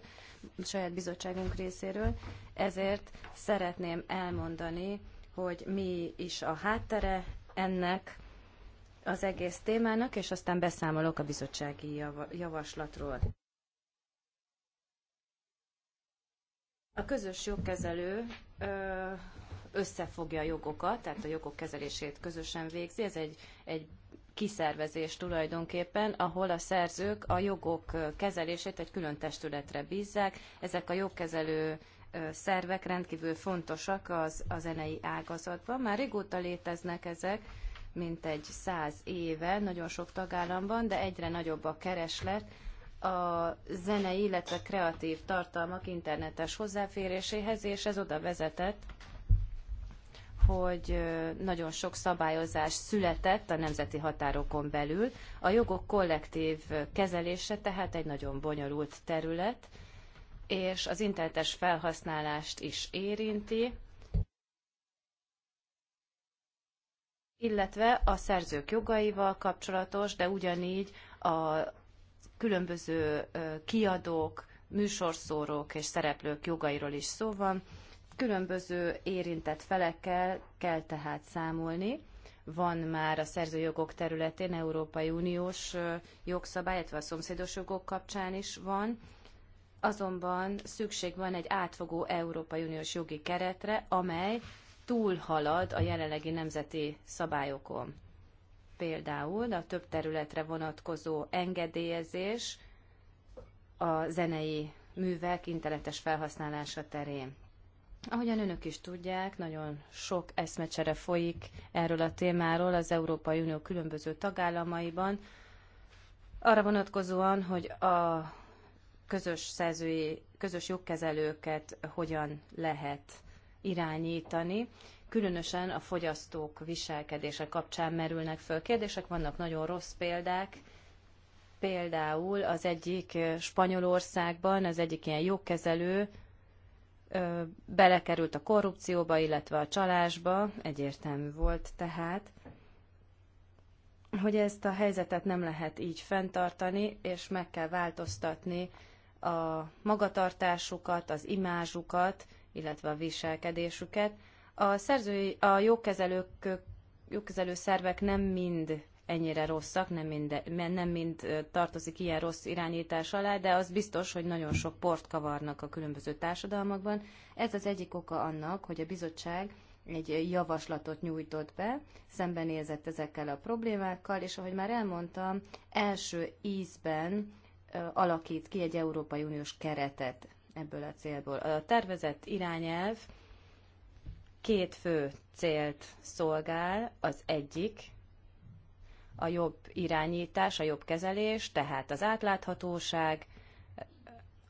a saját bizottságunk részéről, ezért szeretném elmondani, hogy mi is a háttere ennek az egész témának, és aztán beszámolok a bizottsági javaslatról. A közös jogkezelő összefogja a jogokat, tehát a jogok kezelését közösen végzi. Ez egy, egy kiszervezés tulajdonképpen, ahol a szerzők a jogok kezelését egy külön testületre bízzák. Ezek a jogkezelő szervek rendkívül fontosak az, a zenei ágazatban. Már régóta léteznek ezek, mint egy száz éve nagyon sok tagállamban, de egyre nagyobb a kereslet a zenei, illetve kreatív tartalmak internetes hozzáféréséhez, és ez oda vezetett, hogy nagyon sok szabályozás született a nemzeti határokon belül. A jogok kollektív kezelése tehát egy nagyon bonyolult terület, és az internetes felhasználást is érinti, illetve a szerzők jogaival kapcsolatos, de ugyanígy a különböző kiadók, műsorszórók és szereplők jogairól is szó van Különböző érintett felekkel kell tehát számolni. Van már a szerzőjogok területén Európai Uniós jogszabály, illetve a szomszédos jogok kapcsán is van. Azonban szükség van egy átfogó Európai Uniós jogi keretre, amely túlhalad a jelenlegi nemzeti szabályokon. Például a több területre vonatkozó engedélyezés a zenei művek internetes felhasználása terén. Ahogyan önök is tudják, nagyon sok eszmecsere folyik erről a témáról az Európai Unió különböző tagállamaiban, arra vonatkozóan, hogy a közös szerzői, közös jogkezelőket hogyan lehet irányítani. Különösen a fogyasztók viselkedése kapcsán merülnek föl kérdések, vannak nagyon rossz példák, például az egyik Spanyolországban az egyik ilyen jogkezelő belekerült a korrupcióba, illetve a csalásba, egyértelmű volt tehát, hogy ezt a helyzetet nem lehet így fenntartani, és meg kell változtatni a magatartásukat, az imázsukat, illetve a viselkedésüket. A, szerzői, a jogkezelők, jogkezelő szervek nem mind ennyire rosszak, nem mind, nem mind tartozik ilyen rossz irányítás alá, de az biztos, hogy nagyon sok port kavarnak a különböző társadalmakban. Ez az egyik oka annak, hogy a bizottság egy javaslatot nyújtott be, szembenézett ezekkel a problémákkal, és ahogy már elmondtam, első ízben alakít ki egy Európai Uniós keretet ebből a célból. A tervezett irányelv két fő célt szolgál, az egyik a jobb irányítás, a jobb kezelés, tehát az átláthatóság,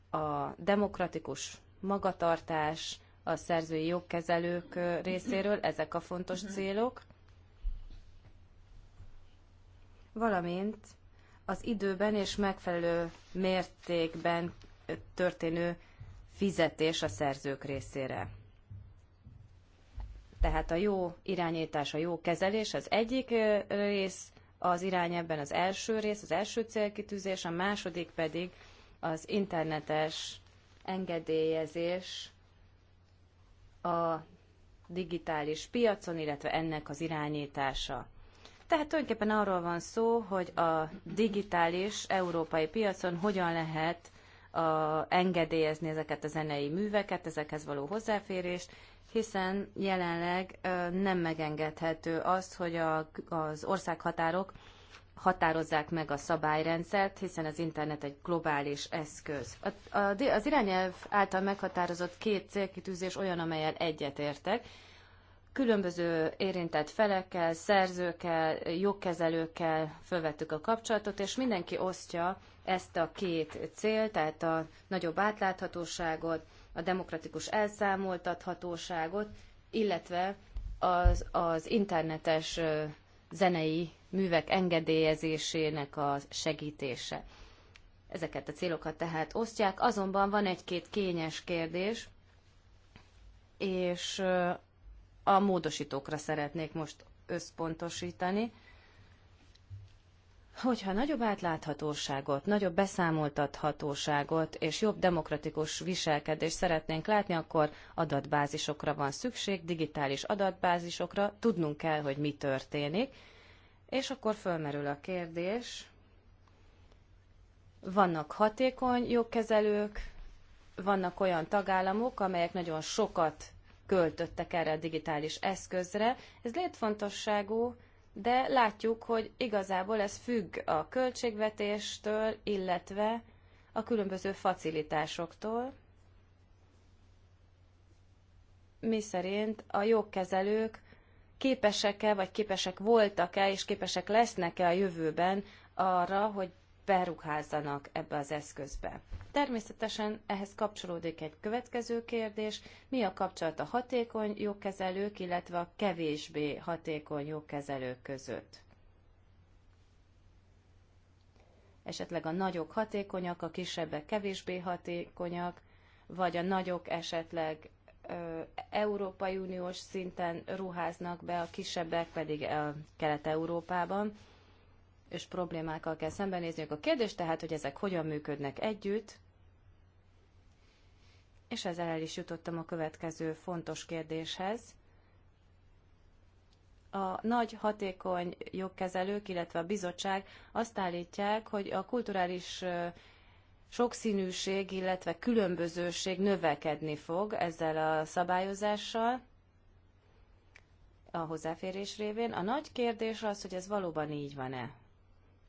a demokratikus magatartás, a szerzői jogkezelők részéről, ezek a fontos mhm. célok, valamint az időben és megfelelő mértékben történő fizetés a szerzők részére. Tehát a jó irányítás, a jó kezelés az egyik rész, az irány ebben az első rész, az első célkitűzés, a második pedig az internetes engedélyezés a digitális piacon, illetve ennek az irányítása. Tehát tulajdonképpen arról van szó, hogy a digitális európai piacon hogyan lehet a, engedélyezni ezeket a zenei műveket, ezekhez való hozzáférést, hiszen jelenleg nem megengedhető az, hogy a, az országhatárok határozzák meg a szabályrendszert, hiszen az internet egy globális eszköz. A, a, az irányelv által meghatározott két célkitűzés olyan, amelyel egyetértek. Különböző érintett felekkel, szerzőkkel, jogkezelőkkel fölvettük a kapcsolatot, és mindenki osztja ezt a két célt, tehát a nagyobb átláthatóságot, a demokratikus elszámoltathatóságot, illetve az, az internetes zenei művek engedélyezésének a segítése. Ezeket a célokat tehát osztják, azonban van egy-két kényes kérdés, és a módosítókra szeretnék most összpontosítani. Hogyha nagyobb átláthatóságot, nagyobb beszámoltathatóságot és jobb demokratikus viselkedést szeretnénk látni, akkor adatbázisokra van szükség, digitális adatbázisokra, tudnunk kell, hogy mi történik. És akkor fölmerül a kérdés, vannak hatékony jogkezelők, vannak olyan tagállamok, amelyek nagyon sokat költöttek erre a digitális eszközre. Ez létfontosságú, de látjuk, hogy igazából ez függ a költségvetéstől, illetve a különböző facilitásoktól, mi szerint a jogkezelők képesek-e, vagy képesek voltak-e, és képesek lesznek-e a jövőben arra, hogy beruházzanak ebbe az eszközbe. Természetesen ehhez kapcsolódik egy következő kérdés, mi a kapcsolat a hatékony jogkezelők, illetve a kevésbé hatékony jogkezelők között. Esetleg a nagyok hatékonyak, a kisebbek kevésbé hatékonyak, vagy a nagyok esetleg Európai Uniós szinten ruháznak be, a kisebbek pedig Kelet-Európában és problémákkal kell szembenézniük. A kérdés tehát, hogy ezek hogyan működnek együtt, és ezzel el is jutottam a következő fontos kérdéshez. A nagy, hatékony jogkezelők, illetve a bizottság azt állítják, hogy a kulturális sokszínűség, illetve különbözőség növekedni fog ezzel a szabályozással, a hozzáférés révén. A nagy kérdés az, hogy ez valóban így van-e.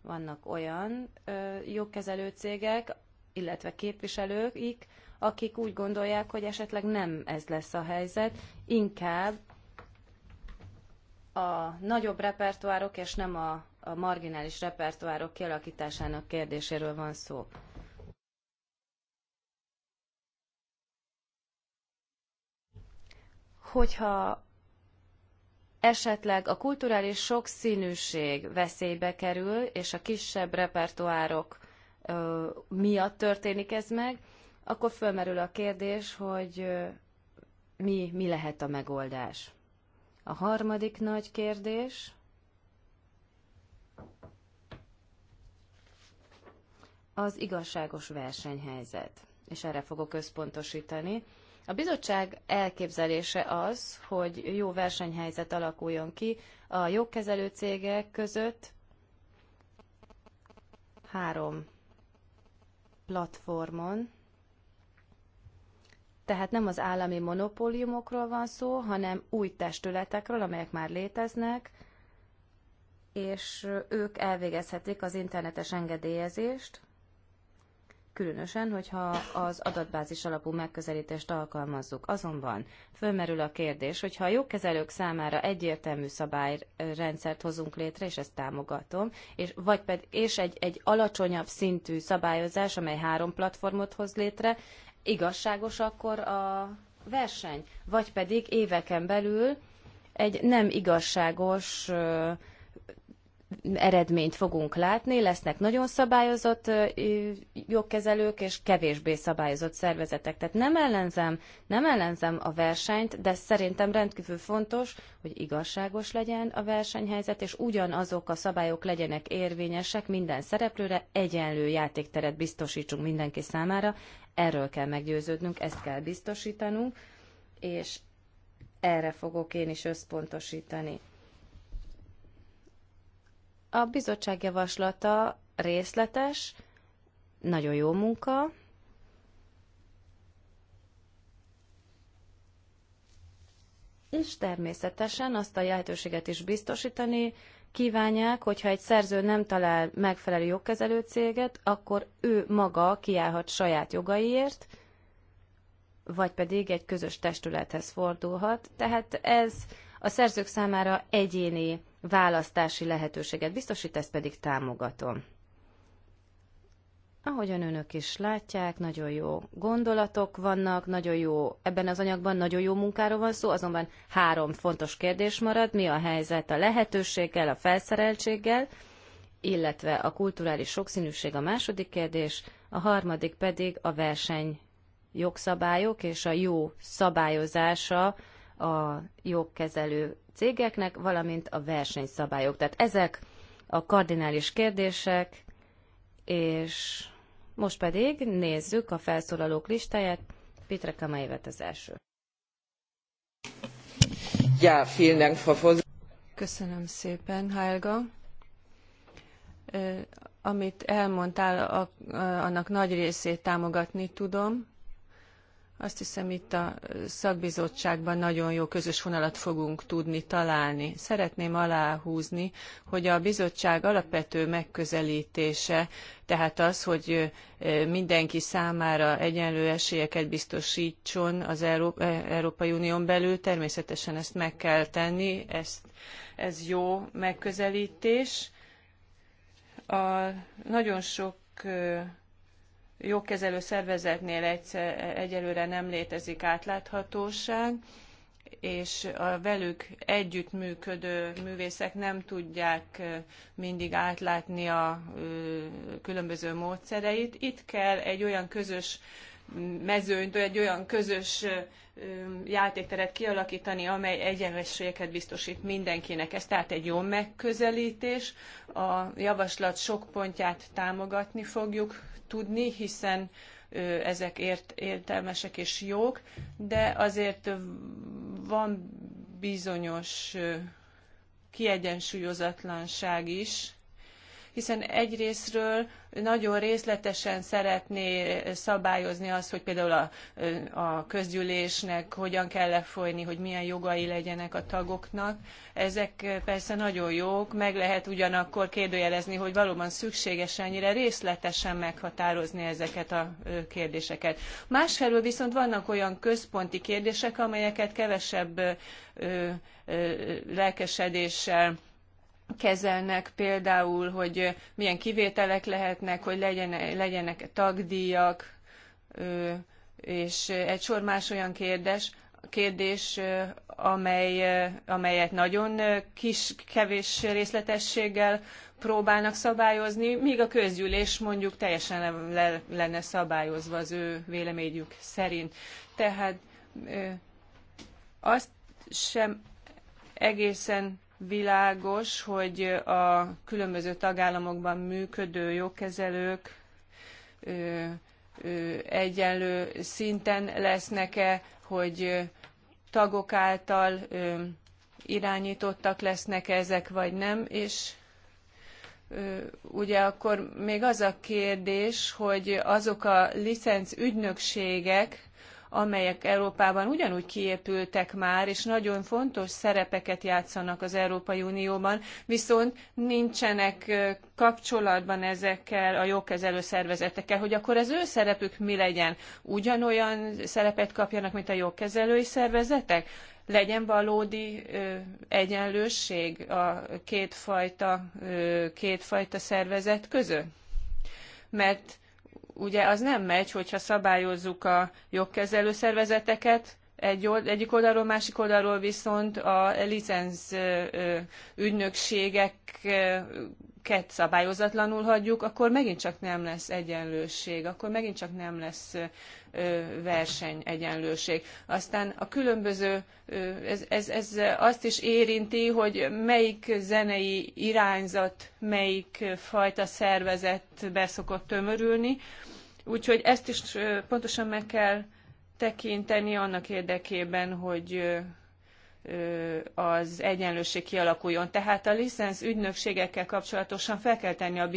Vannak olyan ö, jogkezelő cégek, illetve képviselőik, akik úgy gondolják, hogy esetleg nem ez lesz a helyzet, inkább a nagyobb repertoárok és nem a, a marginális repertoárok kialakításának kérdéséről van szó. Hogyha esetleg a kulturális sokszínűség veszélybe kerül, és a kisebb repertoárok miatt történik ez meg, akkor fölmerül a kérdés, hogy mi, mi lehet a megoldás. A harmadik nagy kérdés az igazságos versenyhelyzet, és erre fogok összpontosítani. A bizottság elképzelése az, hogy jó versenyhelyzet alakuljon ki a jogkezelő cégek között. Három platformon. Tehát nem az állami monopóliumokról van szó, hanem új testületekről, amelyek már léteznek, és ők elvégezhetik az internetes engedélyezést, különösen, hogyha az adatbázis alapú megközelítést alkalmazzuk. Azonban fölmerül a kérdés, hogyha a jogkezelők számára egyértelmű szabályrendszert hozunk létre, és ezt támogatom, és, vagy ped, és egy, egy alacsonyabb szintű szabályozás, amely három platformot hoz létre, igazságos akkor a verseny, vagy pedig éveken belül egy nem igazságos eredményt fogunk látni, lesznek nagyon szabályozott jogkezelők és kevésbé szabályozott szervezetek. Tehát nem ellenzem, nem ellenzem a versenyt, de szerintem rendkívül fontos, hogy igazságos legyen a versenyhelyzet, és ugyanazok a szabályok legyenek érvényesek minden szereplőre, egyenlő játékteret biztosítsunk mindenki számára. Erről kell meggyőződnünk, ezt kell biztosítanunk, és erre fogok én is összpontosítani. A bizottság javaslata részletes, nagyon jó munka, és természetesen azt a lehetőséget is biztosítani kívánják, hogyha egy szerző nem talál megfelelő jogkezelő céget, akkor ő maga kiállhat saját jogaiért, vagy pedig egy közös testülethez fordulhat. Tehát ez a szerzők számára egyéni választási lehetőséget biztosít, ezt pedig támogatom. Ahogyan önök is látják, nagyon jó gondolatok vannak, nagyon jó, ebben az anyagban nagyon jó munkáról van szó, azonban három fontos kérdés marad, mi a helyzet a lehetőséggel, a felszereltséggel, illetve a kulturális sokszínűség a második kérdés, a harmadik pedig a verseny jogszabályok és a jó szabályozása a jogkezelő cégeknek, valamint a versenyszabályok. Tehát ezek a kardinális kérdések, és most pedig nézzük a felszólalók listáját. Petra Kamaivet az első. Ja, vielen Dank, Frau Voss. Köszönöm szépen, Helga. Amit elmondtál, annak nagy részét támogatni tudom azt hiszem, itt a szakbizottságban nagyon jó közös vonalat fogunk tudni találni. Szeretném aláhúzni, hogy a bizottság alapvető megközelítése, tehát az, hogy mindenki számára egyenlő esélyeket biztosítson az Európai Unión belül, természetesen ezt meg kell tenni, ezt, ez jó megközelítés. A, nagyon sok jogkezelő szervezetnél egyszer, egyelőre nem létezik átláthatóság, és a velük együttműködő művészek nem tudják mindig átlátni a különböző módszereit. Itt kell egy olyan közös mezőnyt, egy olyan közös játékteret kialakítani, amely egyenlőségeket biztosít mindenkinek. Ez tehát egy jó megközelítés. A javaslat sok pontját támogatni fogjuk, tudni, hiszen ezek ért, értelmesek és jók, de azért van bizonyos kiegyensúlyozatlanság is, hiszen egyrésztről nagyon részletesen szeretné szabályozni azt, hogy például a, a közgyűlésnek hogyan kell lefolyni, hogy milyen jogai legyenek a tagoknak. Ezek persze nagyon jók, meg lehet ugyanakkor kérdőjelezni, hogy valóban szükséges ennyire részletesen meghatározni ezeket a kérdéseket. Másfelől viszont vannak olyan központi kérdések, amelyeket kevesebb ö, ö, lelkesedéssel kezelnek, például, hogy milyen kivételek lehetnek, hogy legyenek, e tagdíjak, és egy sor más olyan kérdés, kérdés, amely, amelyet nagyon kis, kevés részletességgel próbálnak szabályozni, míg a közgyűlés mondjuk teljesen le, le lenne szabályozva az ő véleményük szerint. Tehát azt sem egészen világos, hogy a különböző tagállamokban működő jogkezelők egyenlő szinten lesznek-e, hogy tagok által irányítottak lesznek -e ezek, vagy nem, és ugye akkor még az a kérdés, hogy azok a licenc ügynökségek, amelyek Európában ugyanúgy kiépültek már, és nagyon fontos szerepeket játszanak az Európai Unióban, viszont nincsenek kapcsolatban ezekkel a jogkezelő szervezetekkel, hogy akkor az ő szerepük mi legyen? Ugyanolyan szerepet kapjanak, mint a jogkezelői szervezetek? legyen valódi ö, egyenlősség a kétfajta, ö, kétfajta szervezet között? Mert ugye az nem megy, hogyha szabályozzuk a jogkezelő szervezeteket, egy egyik oldalról, másik oldalról viszont a licenc ügynökségek ket szabályozatlanul hagyjuk, akkor megint csak nem lesz egyenlőség, akkor megint csak nem lesz versenyegyenlőség. Aztán a különböző, ez, ez, ez azt is érinti, hogy melyik zenei irányzat, melyik fajta szervezetbe szokott tömörülni, úgyhogy ezt is pontosan meg kell tekinteni annak érdekében, hogy az egyenlőség kialakuljon. Tehát a licensz ügynökségekkel kapcsolatosan fel kell tenni a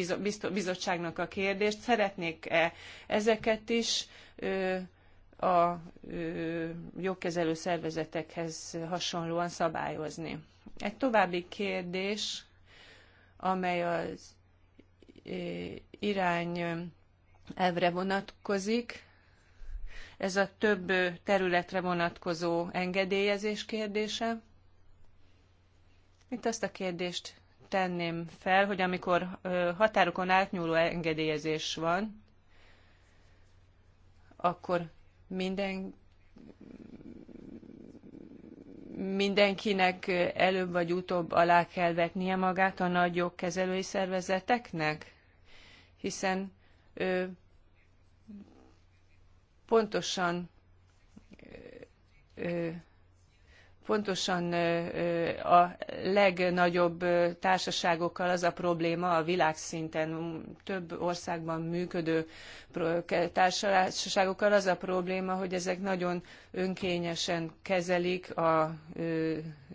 bizottságnak a kérdést, szeretnék-e ezeket is a jogkezelő szervezetekhez hasonlóan szabályozni. Egy további kérdés, amely az irány elvre vonatkozik, ez a több területre vonatkozó engedélyezés kérdése. Itt azt a kérdést tenném fel, hogy amikor határokon átnyúló engedélyezés van, akkor minden, mindenkinek előbb vagy utóbb alá kell vetnie magát a nagy jogkezelői szervezeteknek, hiszen pontosan pontosan a legnagyobb társaságokkal az a probléma a világszinten több országban működő társaságokkal az a probléma, hogy ezek nagyon önkényesen kezelik a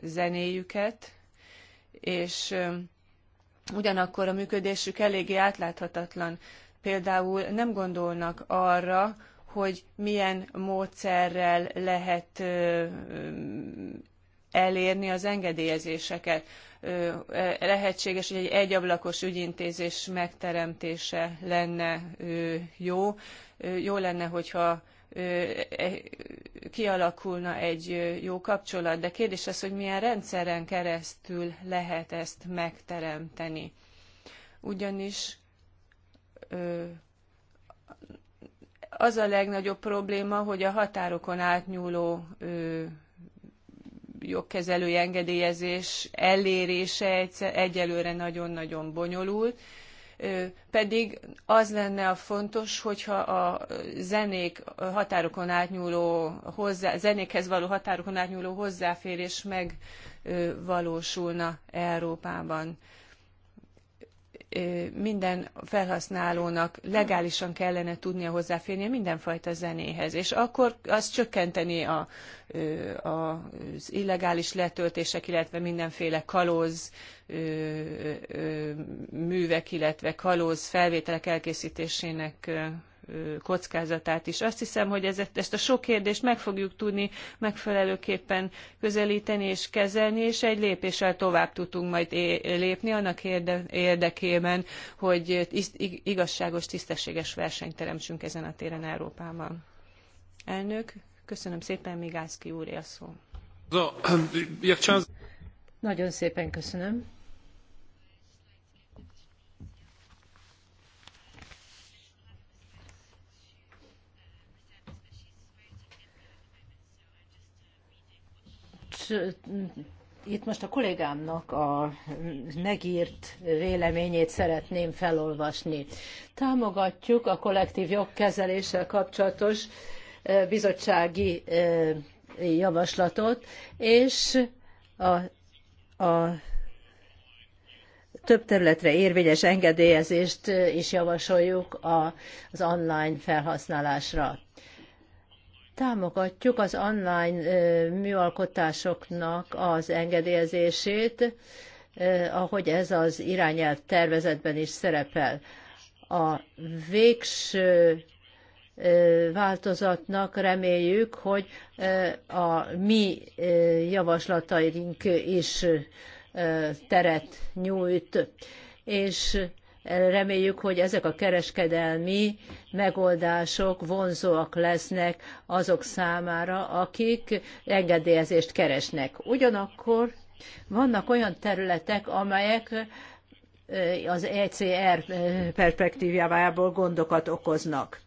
zenéjüket, és ugyanakkor a működésük eléggé átláthatatlan. Például nem gondolnak arra, hogy milyen módszerrel lehet elérni az engedélyezéseket. Lehetséges, hogy egy egyablakos ügyintézés megteremtése lenne jó. Jó lenne, hogyha e, kialakulna egy jó kapcsolat, de kérdés az, hogy milyen rendszeren keresztül lehet ezt megteremteni. Ugyanis az a legnagyobb probléma, hogy a határokon átnyúló ö, jogkezelői engedélyezés elérése egyelőre nagyon-nagyon bonyolult, pedig az lenne a fontos, hogyha a zenék határokon átnyúló hozzá, zenékhez való határokon átnyúló hozzáférés megvalósulna Európában minden felhasználónak legálisan kellene tudnia hozzáférnie mindenfajta zenéhez, és akkor az csökkenteni a, az illegális letöltések, illetve mindenféle kalóz művek, illetve kalóz felvételek elkészítésének kockázatát is. Azt hiszem, hogy ezt, ezt a sok kérdést meg fogjuk tudni megfelelőképpen közelíteni és kezelni, és egy lépéssel tovább tudunk majd lépni annak érde, érdekében, hogy igazságos, tisztességes versenyt teremtsünk ezen a téren Európában. Elnök, köszönöm szépen, Migászki úr, a szó. [clears throat] Nagyon szépen köszönöm. itt most a kollégámnak a megírt véleményét szeretném felolvasni. Támogatjuk a kollektív jogkezeléssel kapcsolatos bizottsági javaslatot, és a, a több területre érvényes engedélyezést is javasoljuk az online felhasználásra. Támogatjuk az online műalkotásoknak az engedélyezését, ahogy ez az irányelv tervezetben is szerepel. A végső változatnak reméljük, hogy a mi javaslataink is teret nyújt, és Reméljük, hogy ezek a kereskedelmi megoldások vonzóak lesznek azok számára, akik engedélyezést keresnek. Ugyanakkor vannak olyan területek, amelyek eh, az ECR eh, perspektívájából gondokat okoznak.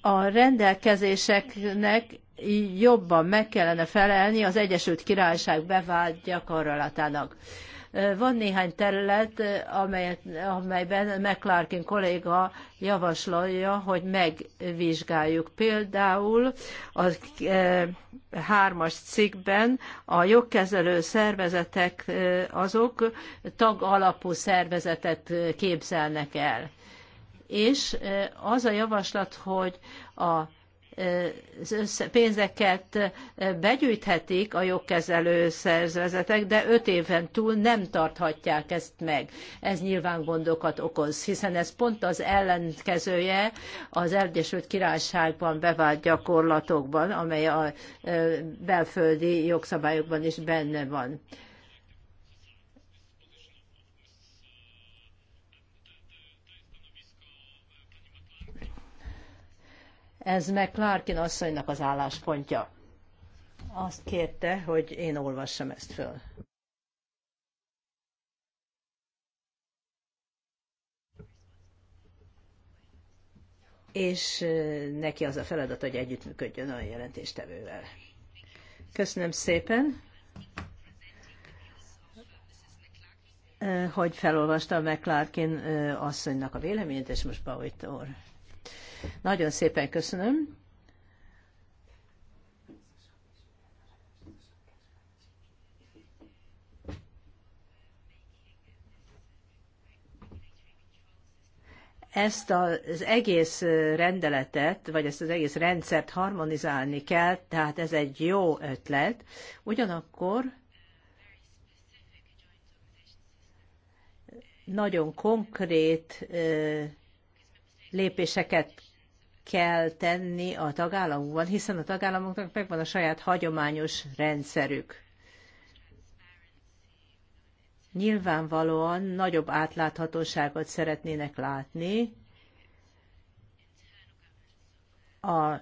A rendelkezéseknek jobban meg kellene felelni az Egyesült Királyság bevált gyakorlatának. Van néhány terület, amelyet, amelyben McClarkin kolléga javasolja, hogy megvizsgáljuk. Például a e, hármas cikkben a jogkezelő szervezetek azok tag szervezetet képzelnek el. És az a javaslat, hogy a pénzeket begyűjthetik a jogkezelő szervezetek, de öt éven túl nem tarthatják ezt meg. Ez nyilván gondokat okoz, hiszen ez pont az ellenkezője az Egyesült Királyságban bevált gyakorlatokban, amely a belföldi jogszabályokban is benne van. Ez meg Clarkin asszonynak az álláspontja. Azt kérte, hogy én olvassam ezt föl. és neki az a feladat, hogy együttműködjön a jelentéstevővel. Köszönöm szépen, hogy felolvasta a McClarkin asszonynak a véleményét, és most Bauit nagyon szépen köszönöm. ezt az egész rendeletet, vagy ezt az egész rendszert harmonizálni kell, tehát ez egy jó ötlet. Ugyanakkor nagyon konkrét lépéseket kell tenni a tagállamokban, hiszen a tagállamoknak megvan a saját hagyományos rendszerük. Nyilvánvalóan nagyobb átláthatóságot szeretnének látni a,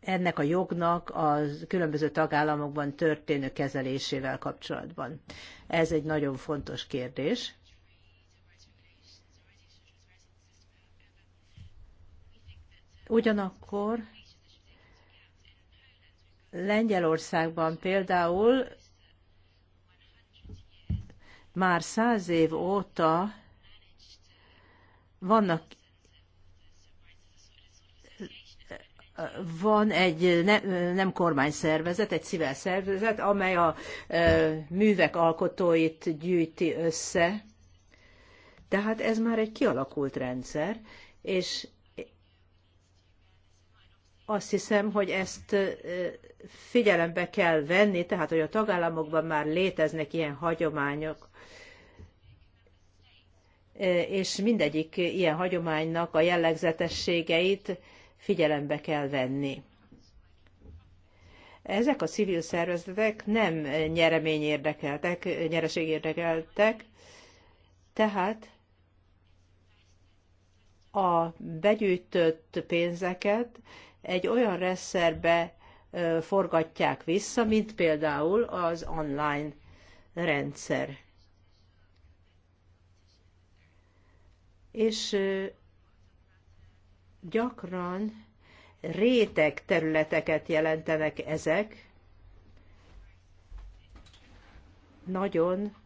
ennek a jognak a különböző tagállamokban történő kezelésével kapcsolatban. Ez egy nagyon fontos kérdés. Ugyanakkor Lengyelországban például már száz év óta vannak van egy ne, nem kormányszervezet, egy civil szervezet, amely a e, művek alkotóit gyűjti össze. Tehát ez már egy kialakult rendszer, és azt hiszem, hogy ezt figyelembe kell venni, tehát hogy a tagállamokban már léteznek ilyen hagyományok, és mindegyik ilyen hagyománynak a jellegzetességeit figyelembe kell venni. Ezek a civil szervezetek nem nyereményérdekeltek, nyereségérdekeltek, tehát a begyűjtött pénzeket egy olyan rendszerbe forgatják vissza, mint például az online rendszer. És gyakran réteg területeket jelentenek ezek, nagyon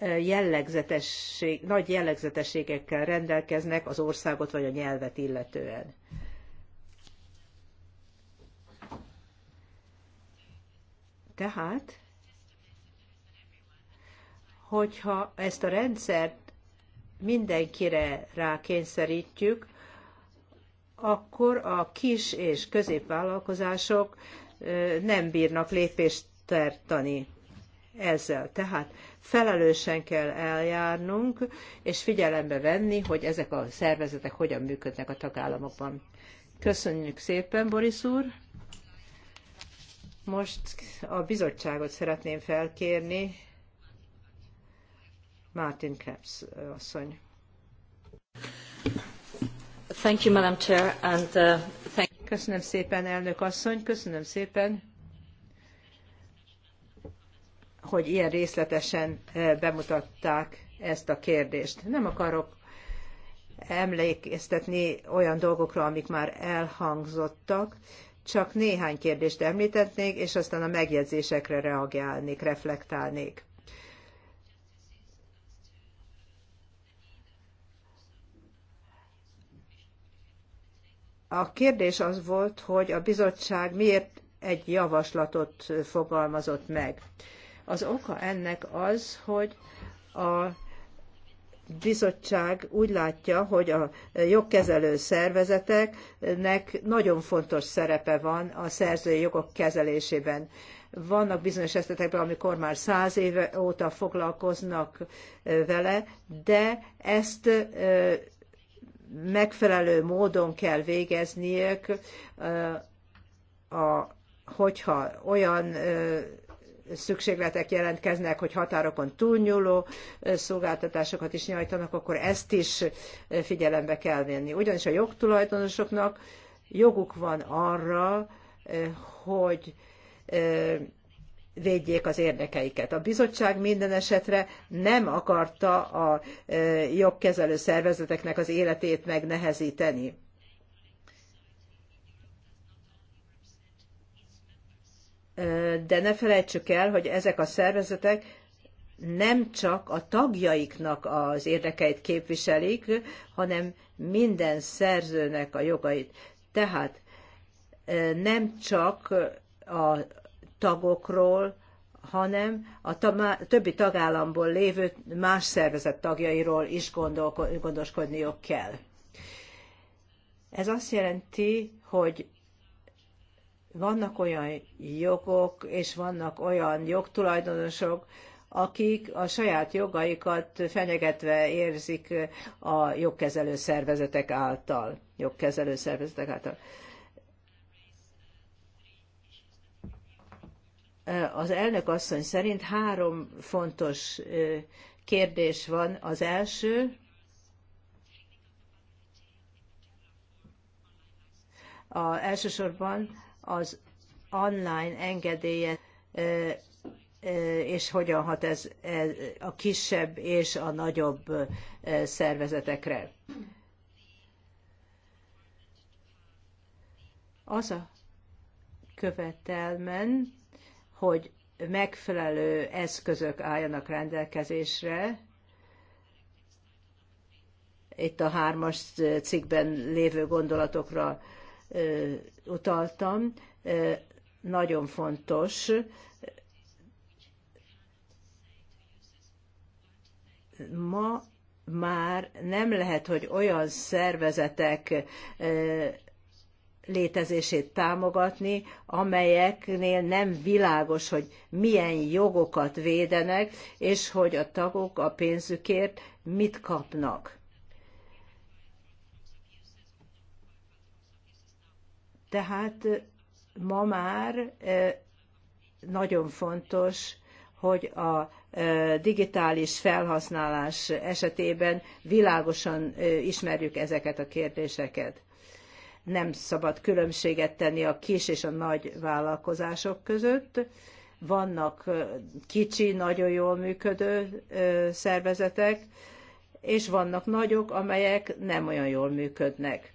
jellegzetesség, nagy jellegzetességekkel rendelkeznek az országot vagy a nyelvet illetően. Tehát, hogyha ezt a rendszert mindenkire rákényszerítjük, akkor a kis és középvállalkozások nem bírnak lépést tartani ezzel. Tehát felelősen kell eljárnunk, és figyelembe venni, hogy ezek a szervezetek hogyan működnek a tagállamokban. Köszönjük szépen, Boris úr! Most a bizottságot szeretném felkérni. Martin Krebs asszony. Thank you, Madam Chair, and, uh, thank... Köszönöm szépen, elnök asszony, köszönöm szépen hogy ilyen részletesen e, bemutatták ezt a kérdést. Nem akarok emlékeztetni olyan dolgokra, amik már elhangzottak, csak néhány kérdést említetnék, és aztán a megjegyzésekre reagálnék, reflektálnék. A kérdés az volt, hogy a bizottság miért egy javaslatot fogalmazott meg. Az oka ennek az, hogy a bizottság úgy látja, hogy a jogkezelő szervezeteknek nagyon fontos szerepe van a szerzői jogok kezelésében. Vannak bizonyos esetekben, amikor már száz éve óta foglalkoznak vele, de ezt megfelelő módon kell végezniük, hogyha olyan szükségletek jelentkeznek, hogy határokon túlnyúló szolgáltatásokat is nyújtanak, akkor ezt is figyelembe kell venni. Ugyanis a jogtulajdonosoknak joguk van arra, hogy védjék az érdekeiket. A bizottság minden esetre nem akarta a jogkezelő szervezeteknek az életét megnehezíteni. de ne felejtsük el, hogy ezek a szervezetek nem csak a tagjaiknak az érdekeit képviselik, hanem minden szerzőnek a jogait. Tehát nem csak a tagokról, hanem a többi tagállamból lévő más szervezet tagjairól is gondoskodniuk kell. Ez azt jelenti, hogy vannak olyan jogok, és vannak olyan jogtulajdonosok, akik a saját jogaikat fenyegetve érzik a jogkezelő szervezetek által. Jogkezelő szervezetek által. Az elnök asszony szerint három fontos kérdés van. Az első, a, elsősorban az online engedélye, és hogyan hat ez e, a kisebb és a nagyobb szervezetekre. Az a követelmen, hogy megfelelő eszközök álljanak rendelkezésre. Itt a hármas cikkben lévő gondolatokra utaltam, nagyon fontos, ma már nem lehet, hogy olyan szervezetek létezését támogatni, amelyeknél nem világos, hogy milyen jogokat védenek, és hogy a tagok a pénzükért mit kapnak. Tehát ma már nagyon fontos, hogy a digitális felhasználás esetében világosan ismerjük ezeket a kérdéseket. Nem szabad különbséget tenni a kis és a nagy vállalkozások között. Vannak kicsi, nagyon jól működő szervezetek, és vannak nagyok, amelyek nem olyan jól működnek.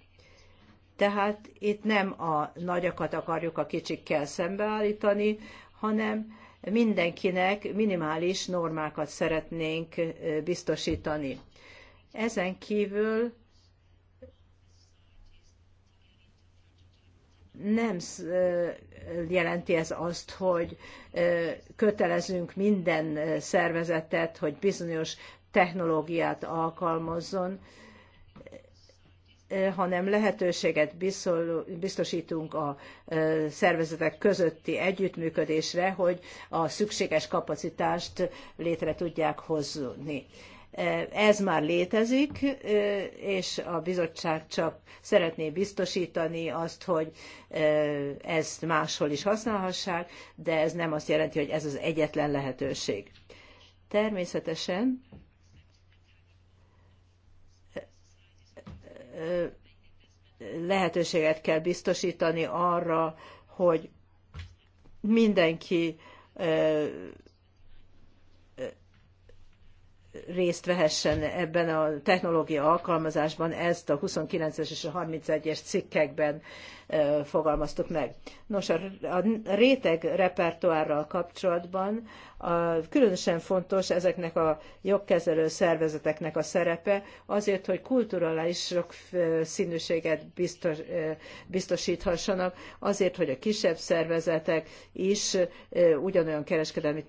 Tehát itt nem a nagyakat akarjuk a kicsikkel szembeállítani, hanem mindenkinek minimális normákat szeretnénk biztosítani. Ezen kívül nem jelenti ez azt, hogy kötelezünk minden szervezetet, hogy bizonyos technológiát alkalmazzon, hanem lehetőséget biztosítunk a szervezetek közötti együttműködésre, hogy a szükséges kapacitást létre tudják hozni. Ez már létezik, és a bizottság csak szeretné biztosítani azt, hogy ezt máshol is használhassák, de ez nem azt jelenti, hogy ez az egyetlen lehetőség. Természetesen lehetőséget kell biztosítani arra, hogy mindenki részt vehessen ebben a technológia alkalmazásban, ezt a 29-es és a 31-es cikkekben fogalmaztuk meg. Nos, a, réteg repertoárral kapcsolatban különösen fontos ezeknek a jogkezelő szervezeteknek a szerepe, azért, hogy kulturális sok színűséget biztos, biztosíthassanak, azért, hogy a kisebb szervezetek is ugyanolyan kereskedelmi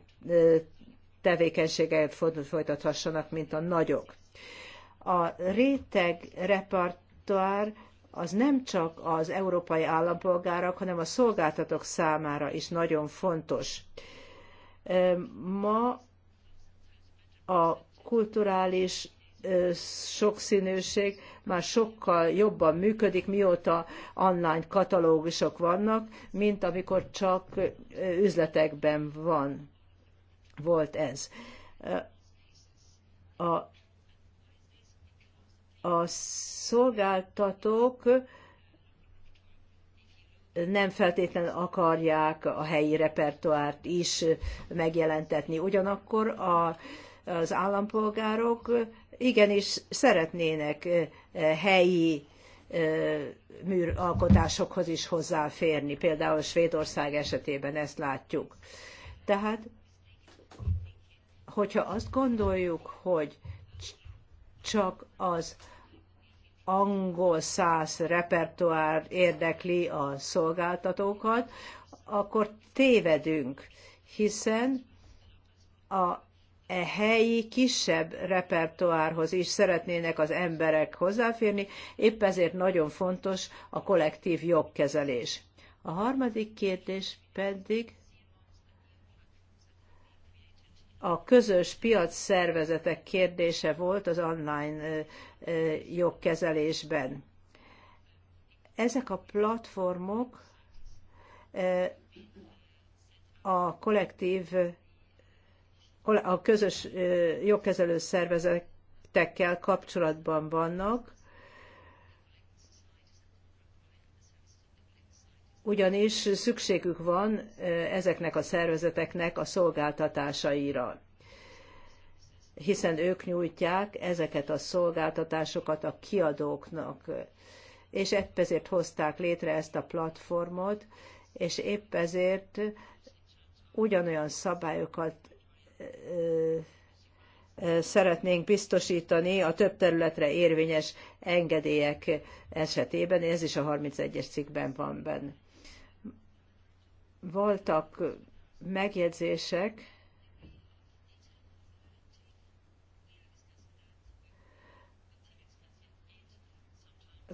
tevékenységet folytathassanak, mint a nagyok. A réteg repertoár az nem csak az európai állampolgárok, hanem a szolgáltatók számára is nagyon fontos. Ma a kulturális sokszínűség már sokkal jobban működik, mióta online katalógusok vannak, mint amikor csak üzletekben van volt ez. A, a szolgáltatók nem feltétlenül akarják a helyi repertoárt is megjelentetni. Ugyanakkor a, az állampolgárok igenis szeretnének helyi műalkotásokhoz is hozzáférni. Például Svédország esetében ezt látjuk. Tehát hogyha azt gondoljuk, hogy csak az angol száz repertoár érdekli a szolgáltatókat, akkor tévedünk, hiszen a e helyi kisebb repertoárhoz is szeretnének az emberek hozzáférni, épp ezért nagyon fontos a kollektív jogkezelés. A harmadik kérdés pedig a közös piac szervezetek kérdése volt az online jogkezelésben. Ezek a platformok a kollektív, a közös jogkezelő szervezetekkel kapcsolatban vannak, ugyanis szükségük van ezeknek a szervezeteknek a szolgáltatásaira hiszen ők nyújtják ezeket a szolgáltatásokat a kiadóknak. És épp ezért hozták létre ezt a platformot, és épp ezért ugyanolyan szabályokat szeretnénk biztosítani a több területre érvényes engedélyek esetében, ez is a 31-es cikkben van benne voltak megjegyzések,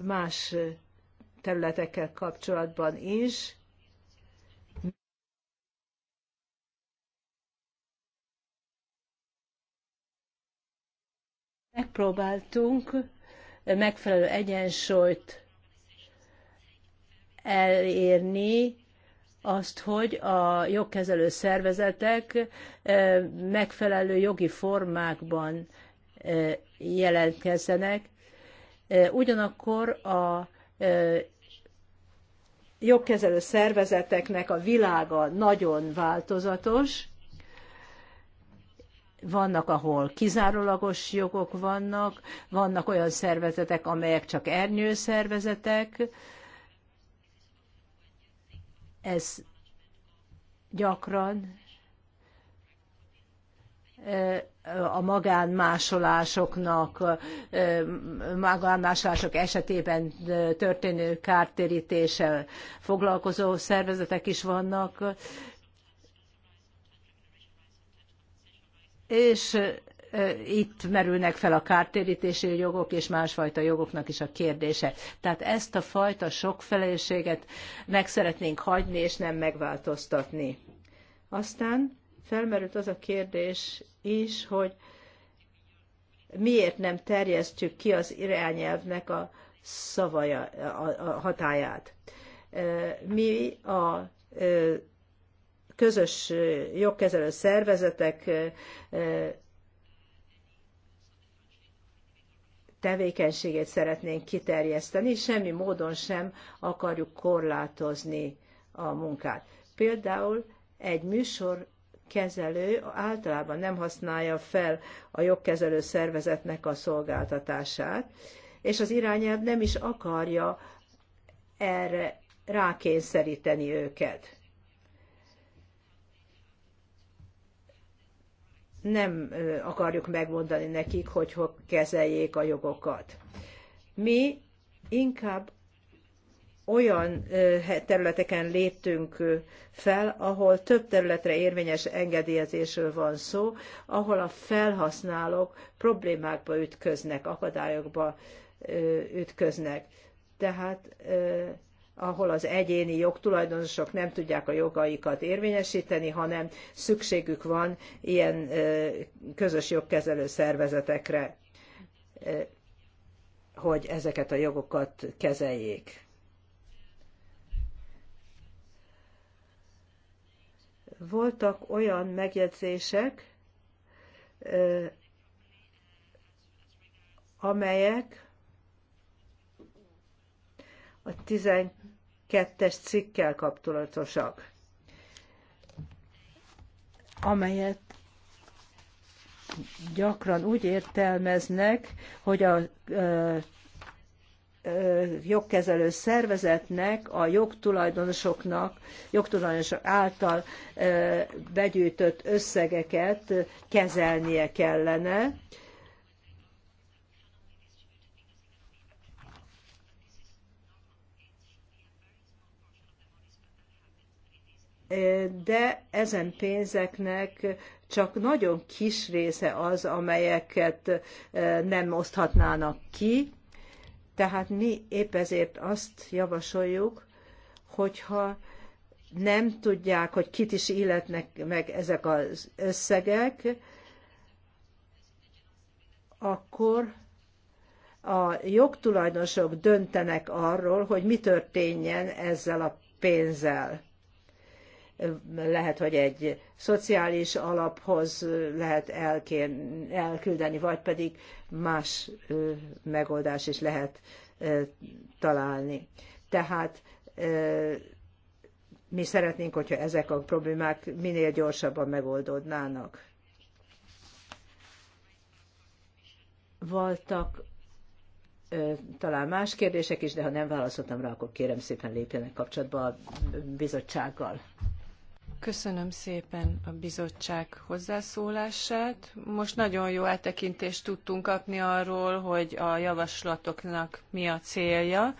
más területekkel kapcsolatban is. Megpróbáltunk megfelelő egyensúlyt elérni azt, hogy a jogkezelő szervezetek eh, megfelelő jogi formákban eh, jelentkezzenek. Eh, ugyanakkor a jogkezelő szervezeteknek a világa nagyon változatos, vannak, ahol kizárólagos jogok vannak, vannak olyan szervezetek, amelyek csak ernyőszervezetek, szervezetek, ez gyakran a magánmásolásoknak, magánmásolások esetében történő kártérítéssel foglalkozó szervezetek is vannak, és itt merülnek fel a kártérítési jogok és másfajta jogoknak is a kérdése. Tehát ezt a fajta sokfelelősséget meg szeretnénk hagyni és nem megváltoztatni. Aztán felmerült az a kérdés is, hogy miért nem terjesztjük ki az irányelvnek a szavaja, a hatáját. Mi a közös jogkezelő szervezetek tevékenységét szeretnénk kiterjeszteni, semmi módon sem akarjuk korlátozni a munkát. Például egy műsor kezelő általában nem használja fel a jogkezelő szervezetnek a szolgáltatását, és az irányelv nem is akarja erre rákényszeríteni őket. nem akarjuk megmondani nekik, hogy hogy kezeljék a jogokat. Mi inkább olyan területeken léptünk fel, ahol több területre érvényes engedélyezésről van szó, ahol a felhasználók problémákba ütköznek, akadályokba ütköznek. Tehát ahol az egyéni jogtulajdonosok nem tudják a jogaikat érvényesíteni, hanem szükségük van ilyen közös jogkezelő szervezetekre, hogy ezeket a jogokat kezeljék. Voltak olyan megjegyzések, amelyek a 12 kettes cikkkel kapcsolatosak, amelyet gyakran úgy értelmeznek, hogy a ö, ö, jogkezelő szervezetnek, a jogtulajdonosoknak, jogtulajdonosok által ö, begyűjtött összegeket kezelnie kellene, de ezen pénzeknek csak nagyon kis része az, amelyeket nem oszthatnának ki. Tehát mi épp ezért azt javasoljuk, hogyha nem tudják, hogy kit is illetnek meg ezek az összegek, akkor a jogtulajdonosok döntenek arról, hogy mi történjen ezzel a pénzzel lehet, hogy egy szociális alaphoz lehet elküldeni, vagy pedig más megoldás is lehet találni. Tehát mi szeretnénk, hogyha ezek a problémák minél gyorsabban megoldódnának. Voltak talán más kérdések is, de ha nem válaszoltam rá, akkor kérem szépen lépjenek kapcsolatba a bizottsággal. Köszönöm szépen a bizottság hozzászólását. Most nagyon jó áttekintést tudtunk kapni arról, hogy a javaslatoknak mi a célja,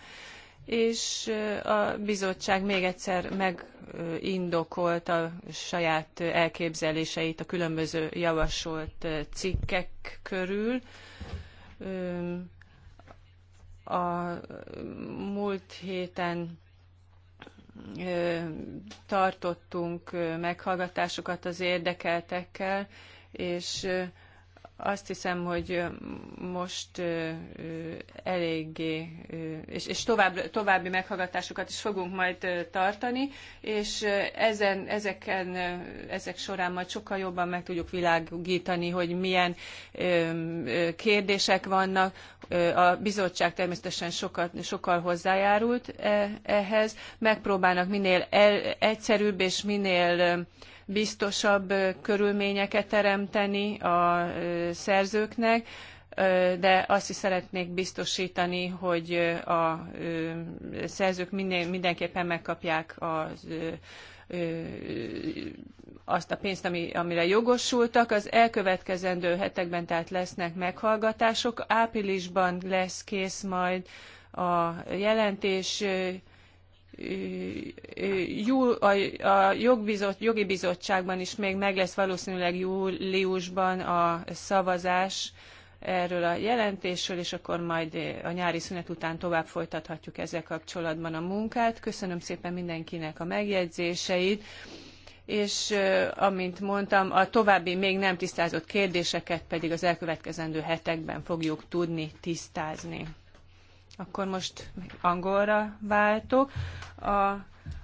és a bizottság még egyszer megindokolta a saját elképzeléseit a különböző javasolt cikkek körül a múlt héten tartottunk meghallgatásokat az érdekeltekkel, és azt hiszem, hogy most eléggé, és, és tovább, további meghallgatásokat is fogunk majd tartani, és ezen, ezeken, ezek során majd sokkal jobban meg tudjuk világítani, hogy milyen kérdések vannak. A bizottság természetesen sokat, sokkal hozzájárult e, ehhez. Megpróbálnak minél el, egyszerűbb és minél biztosabb körülményeket teremteni a szerzőknek, de azt is szeretnék biztosítani, hogy a szerzők mindenképpen megkapják az azt a pénzt, ami, amire jogosultak. Az elkövetkezendő hetekben tehát lesznek meghallgatások. Áprilisban lesz kész majd a jelentés a, a jogi bizottságban is még meg lesz valószínűleg júliusban a szavazás erről a jelentésről, és akkor majd a nyári szünet után tovább folytathatjuk ezzel kapcsolatban a munkát. Köszönöm szépen mindenkinek a megjegyzéseit és amint mondtam, a további még nem tisztázott kérdéseket pedig az elkövetkezendő hetekben fogjuk tudni tisztázni. Akkor most angolra váltok. A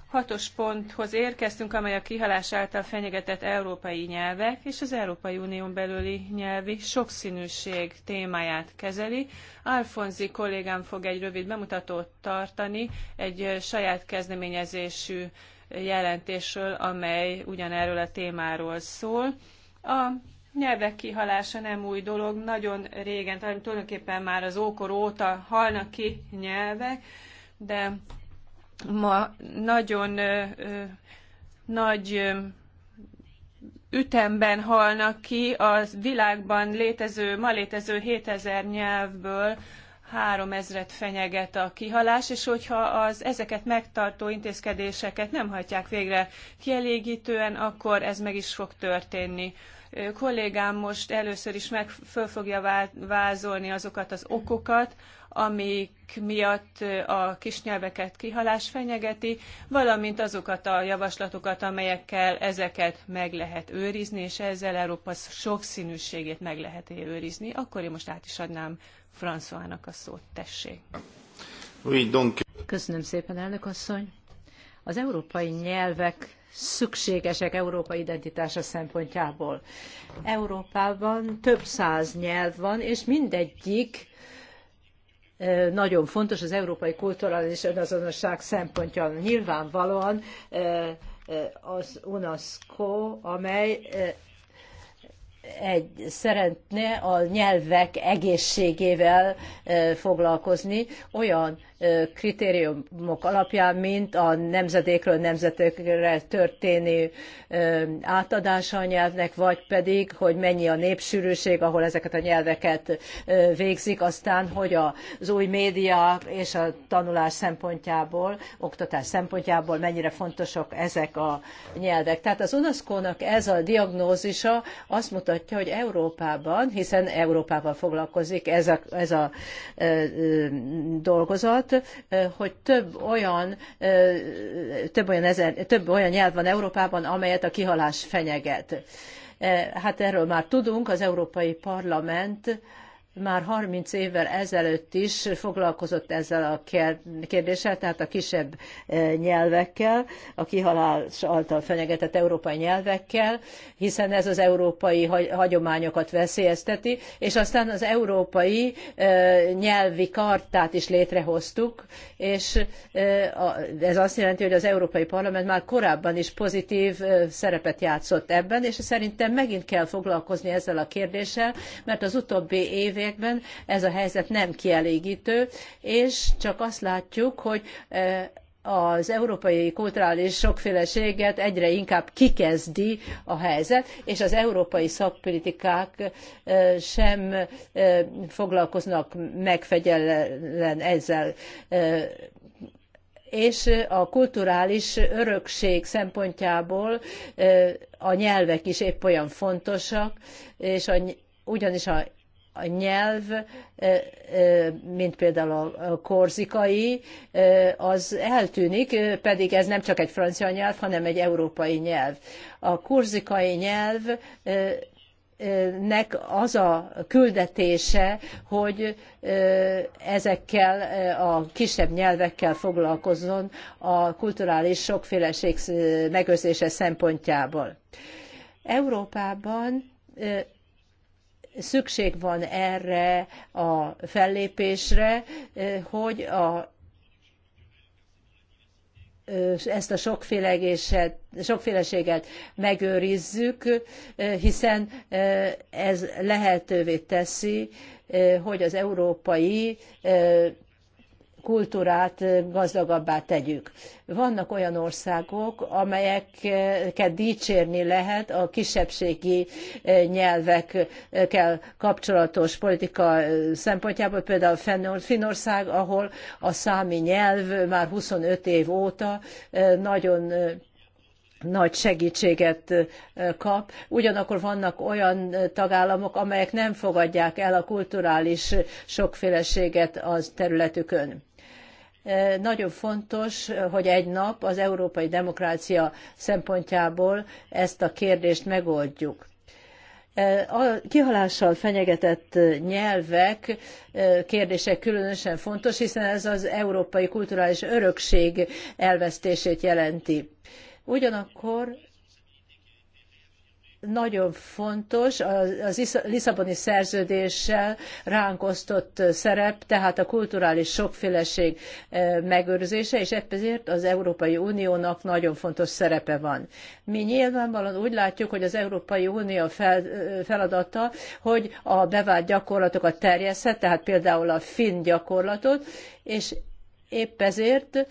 hatos ponthoz érkeztünk, amely a kihalás által fenyegetett európai nyelvek és az Európai Unión belüli nyelvi sokszínűség témáját kezeli. Alfonzi kollégám fog egy rövid bemutatót tartani egy saját kezdeményezésű jelentésről, amely ugyanerről a témáról szól. A nyelvek kihalása nem új dolog, nagyon régen, talán tulajdonképpen már az ókor óta halnak ki nyelvek, de ma nagyon ö, ö, nagy ö, ütemben halnak ki a világban létező, ma létező 7000 nyelvből 3000-et fenyeget a kihalás, és hogyha az ezeket megtartó intézkedéseket nem hajtják végre kielégítően, akkor ez meg is fog történni kollégám most először is meg föl fogja vázolni azokat az okokat, amik miatt a kisnyelveket kihalás fenyegeti, valamint azokat a javaslatokat, amelyekkel ezeket meg lehet őrizni, és ezzel Európa sokszínűségét meg lehet őrizni. Akkor én most át is adnám Françoának a szót, tessék. Köszönöm szépen, elnök asszony. Az európai nyelvek szükségesek Európa identitása szempontjából. Európában több száz nyelv van, és mindegyik nagyon fontos az európai kulturális önazonosság szempontja. Nyilvánvalóan az UNESCO, amely egy, szeretne a nyelvek egészségével foglalkozni, olyan kritériumok alapján, mint a nemzedékről nemzetekre történő átadása a nyelvnek, vagy pedig, hogy mennyi a népsűrűség, ahol ezeket a nyelveket végzik, aztán, hogy az új média és a tanulás szempontjából, oktatás szempontjából mennyire fontosak ezek a nyelvek. Tehát az UNESCO-nak ez a diagnózisa azt mutatja, hogy Európában, hiszen Európával foglalkozik ez a, ez a dolgozat, volt, hogy több olyan, több olyan, ezer, több olyan nyelv van Európában, amelyet a kihalás fenyeget. Hát erről már tudunk, az Európai Parlament már 30 évvel ezelőtt is foglalkozott ezzel a kérdéssel, tehát a kisebb e, nyelvekkel, a kihalás által fenyegetett európai nyelvekkel, hiszen ez az európai hagyományokat veszélyezteti, és aztán az európai e, nyelvi kartát is létrehoztuk, és e, ez azt jelenti, hogy az Európai Parlament már korábban is pozitív szerepet játszott ebben, és szerintem megint kell foglalkozni ezzel a kérdéssel, mert az utóbbi évek projektben. Ez a helyzet nem kielégítő, és csak azt látjuk, hogy e, az európai kulturális sokféleséget egyre inkább kikezdi a helyzet, és az európai szakpolitikák e, sem e, foglalkoznak megfegyelen ezzel és a kulturális örökség szempontjából a nyelvek is épp olyan fontosak, és a, ugyanis a a nyelv, e, e, mint például a korzikai, e, az eltűnik, pedig ez nem csak egy francia nyelv, hanem egy európai nyelv. A korzikai nyelv az a küldetése, hogy ezekkel a kisebb nyelvekkel foglalkozzon a kulturális sokféleség megőrzése szempontjából. Európában szükség van erre a fellépésre, eh, hogy a eh, ezt a sokféleséget megőrizzük, eh, hiszen ez lehetővé teszi, hogy az európai kultúrát gazdagabbá tegyük. Vannak olyan országok, amelyeket dicsérni lehet a kisebbségi eh, nyelvekkel kapcsolatos politika eh, szempontjából, például Finnország, ahol a számi nyelv már 25 év óta eh, nagyon nagy segítséget kap. Ugyanakkor vannak olyan tagállamok, amelyek nem fogadják el a kulturális sokféleséget az területükön. Nagyon fontos, hogy egy nap az európai demokrácia szempontjából ezt a kérdést megoldjuk. A kihalással fenyegetett nyelvek kérdése különösen fontos, hiszen ez az európai kulturális örökség elvesztését jelenti. Ugyanakkor nagyon fontos az Lisszaboni szerződéssel ránk osztott szerep, tehát a kulturális sokféleség e, megőrzése, és ezért az Európai Uniónak nagyon fontos szerepe van. Mi nyilvánvalóan úgy látjuk, hogy az Európai Unió e, feladata, hogy a bevált gyakorlatokat terjeszthet, tehát például a finn gyakorlatot, és épp ezért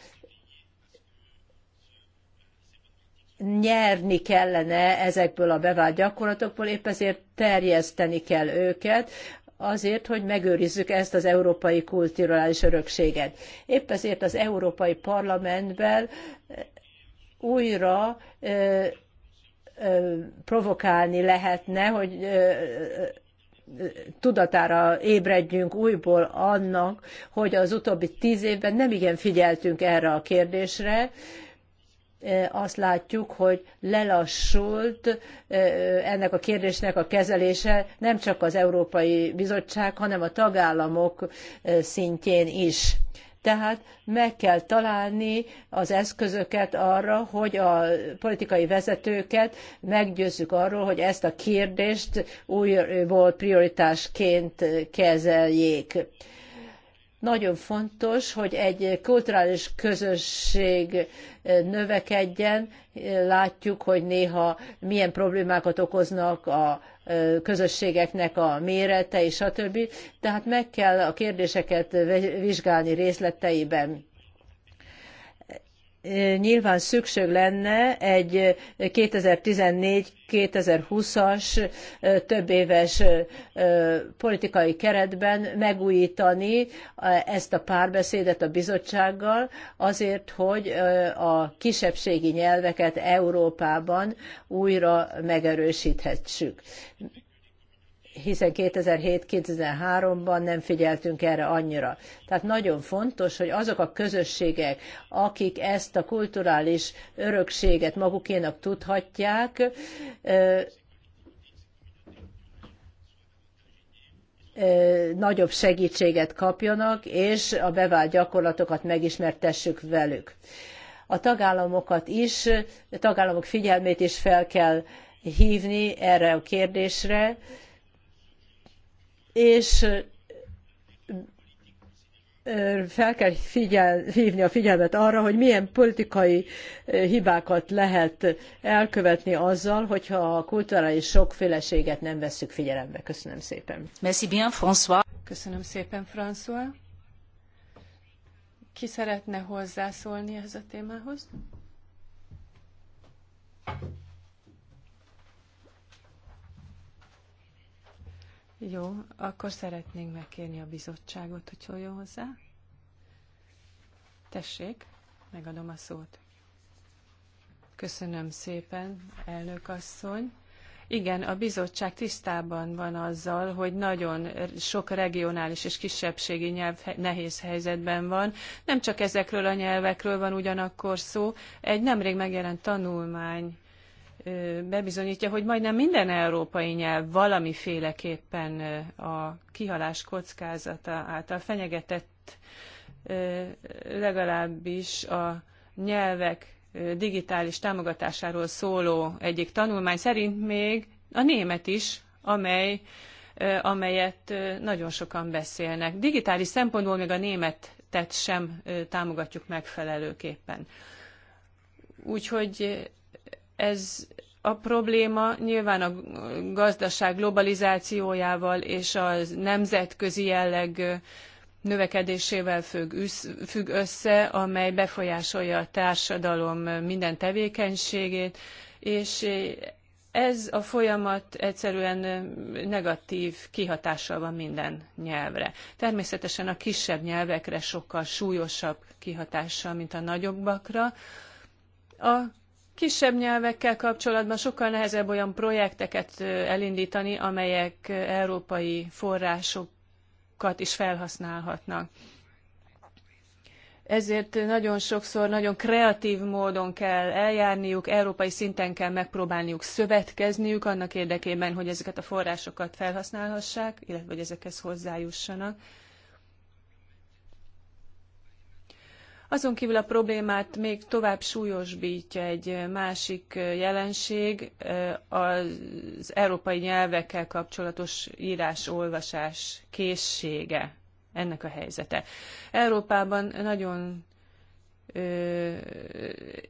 nyerni kellene ezekből a bevált gyakorlatokból, épp ezért terjeszteni kell őket, azért, hogy megőrizzük ezt az európai kulturális örökséget. Épp ezért az Európai Parlamentben eh, újra ö, eh, ö, eh, provokálni lehetne, hogy ö, tudatára ébredjünk újból annak, hogy az utóbbi tíz évben nem igen figyeltünk erre a kérdésre, ö, azt látjuk, hogy lelassult ennek a kérdésnek a kezelése nem csak az Európai Bizottság, hanem a tagállamok szintjén is. Tehát meg kell találni az eszközöket arra, hogy a politikai vezetőket meggyőzzük arról, hogy ezt a kérdést újból prioritásként kezeljék nagyon fontos, hogy egy kulturális közösség növekedjen. Látjuk, hogy néha milyen problémákat okoznak a közösségeknek a mérete és a többi. Tehát meg kell a kérdéseket vizsgálni részleteiben nyilván szükség lenne egy 2014-2020-as többéves politikai keretben megújítani ezt a párbeszédet a bizottsággal azért, hogy a kisebbségi nyelveket Európában újra megerősíthessük hiszen 2007-2003-ban nem figyeltünk erre annyira. Tehát nagyon fontos, hogy azok a közösségek, akik ezt a kulturális örökséget magukénak tudhatják, nagyobb segítséget kapjanak, és a bevált gyakorlatokat megismertessük velük. A tagállamokat is, a tagállamok figyelmét is fel kell hívni erre a kérdésre, és fel kell figyel, hívni a figyelmet arra, hogy milyen politikai hibákat lehet elkövetni azzal, hogyha a kulturális sokféleséget nem vesszük figyelembe. Köszönöm szépen. Merci bien, François. Köszönöm szépen, François. Ki szeretne hozzászólni ehhez a témához? Jó, akkor szeretnénk megkérni a bizottságot, hogy szóljon hozzá. Tessék, megadom a szót. Köszönöm szépen, elnök asszony. Igen, a bizottság tisztában van azzal, hogy nagyon sok regionális és kisebbségi nyelv nehéz helyzetben van. Nem csak ezekről a nyelvekről van ugyanakkor szó. Egy nemrég megjelent tanulmány bebizonyítja, hogy majdnem minden európai nyelv valamiféleképpen a kihalás kockázata által fenyegetett, legalábbis a nyelvek digitális támogatásáról szóló egyik tanulmány szerint még a német is, amely amelyet nagyon sokan beszélnek. Digitális szempontból még a németet sem támogatjuk megfelelőképpen. Úgyhogy ez a probléma nyilván a gazdaság globalizációjával és a nemzetközi jelleg növekedésével függ össze, amely befolyásolja a társadalom minden tevékenységét, és ez a folyamat egyszerűen negatív kihatással van minden nyelvre. Természetesen a kisebb nyelvekre sokkal súlyosabb kihatással, mint a nagyobbakra. A Kisebb nyelvekkel kapcsolatban sokkal nehezebb olyan projekteket elindítani, amelyek európai forrásokat is felhasználhatnak. Ezért nagyon sokszor nagyon kreatív módon kell eljárniuk, európai szinten kell megpróbálniuk szövetkezniük annak érdekében, hogy ezeket a forrásokat felhasználhassák, illetve hogy ezekhez hozzájussanak Azon kívül a problémát még tovább súlyosbítja egy másik jelenség, az európai nyelvekkel kapcsolatos írás-olvasás készsége ennek a helyzete. Európában nagyon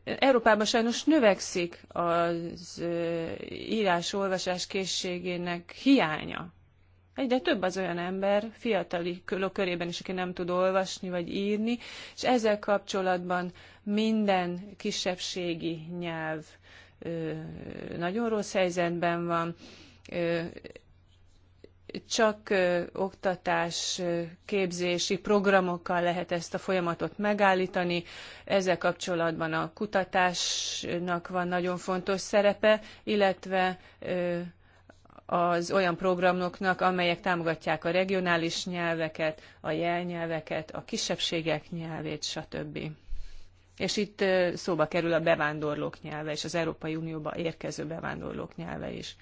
Európában sajnos növekszik az írás-olvasás készségének hiánya Egyre több az olyan ember, fiatali körében is, aki nem tud olvasni vagy írni, és ezzel kapcsolatban minden kisebbségi nyelv ö, nagyon rossz helyzetben van. Ö, csak ö, oktatás, ö, képzési programokkal lehet ezt a folyamatot megállítani. Ezzel kapcsolatban a kutatásnak van nagyon fontos szerepe, illetve ö, az olyan programoknak, amelyek támogatják a regionális nyelveket, a jelnyelveket, a kisebbségek nyelvét, stb. És itt szóba kerül a bevándorlók nyelve és az Európai Unióba érkező bevándorlók nyelve is.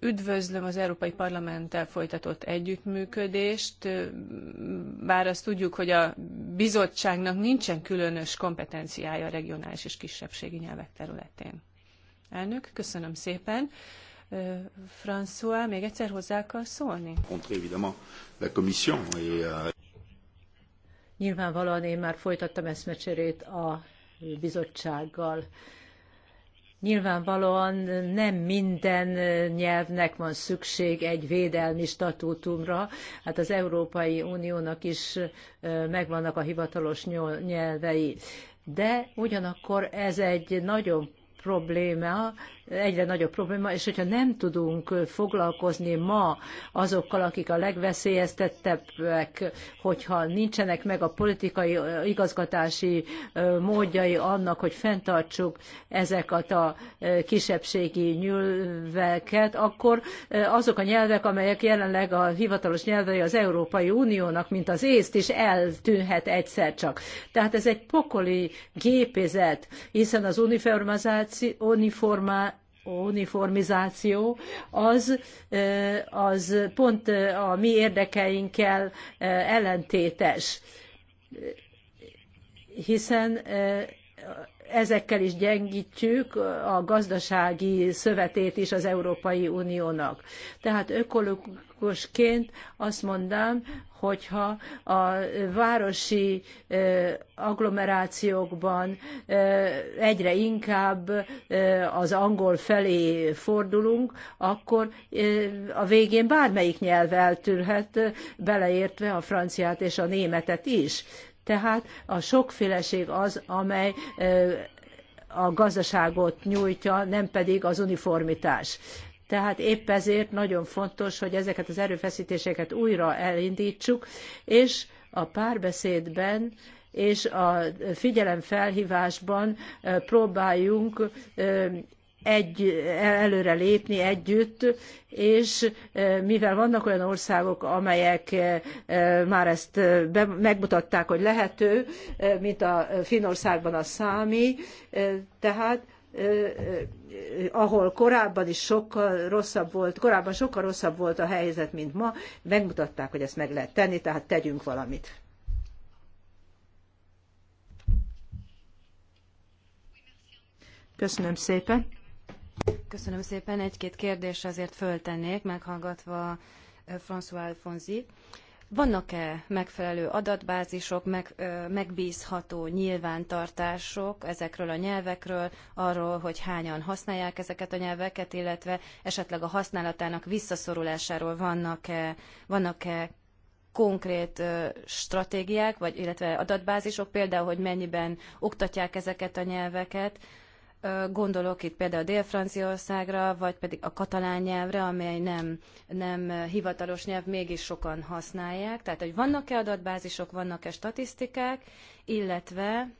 Üdvözlöm az Európai Parlamenttel folytatott együttműködést, bár azt tudjuk, hogy a bizottságnak nincsen különös kompetenciája a regionális és kisebbségi nyelvek területén. Elnök, köszönöm szépen. François, még egyszer hozzá akar szólni? Euh, Nyilvánvalóan én már folytattam eszmecserét a bizottsággal. Nyilvánvalóan nem minden nyelvnek van szükség egy védelmi statútumra. Hát az Európai Uniónak is megvannak a hivatalos nyelvei. De ugyanakkor ez egy nagyon probléma, egyre nagyobb probléma, és hogyha nem tudunk foglalkozni ma azokkal, akik a legveszélyeztettebbek, hogyha nincsenek meg a politikai igazgatási módjai annak, hogy fenntartsuk ezeket a kisebbségi nyelveket, akkor azok a nyelvek, amelyek jelenleg a hivatalos nyelvei az Európai Uniónak, mint az észt is eltűnhet egyszer csak. Tehát ez egy pokoli gépezet, hiszen az uniformizáció uniformizáció az, az pont a mi érdekeinkkel ellentétes, hiszen ezekkel is gyengítjük a gazdasági szövetét is az Európai Uniónak. Tehát ökológusként azt mondanám, hogyha a városi agglomerációkban egyre inkább az angol felé fordulunk, akkor a végén bármelyik nyelv eltűrhet, beleértve a franciát és a németet is. Tehát a sokféleség az, amely a gazdaságot nyújtja, nem pedig az uniformitás. Tehát épp ezért nagyon fontos, hogy ezeket az erőfeszítéseket újra elindítsuk, és a párbeszédben és a figyelemfelhívásban próbáljunk egy, előre lépni együtt, és e, mivel vannak olyan országok, amelyek e, e, már ezt be, megmutatták, hogy lehető, mint a Finországban a számi, tehát ahol korábban is sokkal rosszabb volt, korábban sokkal rosszabb volt a helyzet, mint ma, megmutatták, hogy ezt meg lehet tenni, tehát tegyünk valamit. Köszönöm szépen. Köszönöm szépen. Egy-két kérdés azért föltennék, meghallgatva François Alfonzi. Vannak-e megfelelő adatbázisok, meg, megbízható nyilvántartások ezekről a nyelvekről, arról, hogy hányan használják ezeket a nyelveket, illetve esetleg a használatának visszaszorulásáról vannak-e, vannak-e konkrét stratégiák, vagy illetve adatbázisok, például, hogy mennyiben oktatják ezeket a nyelveket, Gondolok itt például Dél-Franciaországra, vagy pedig a katalán nyelvre, amely nem, nem hivatalos nyelv, mégis sokan használják. Tehát, hogy vannak-e adatbázisok, vannak-e statisztikák, illetve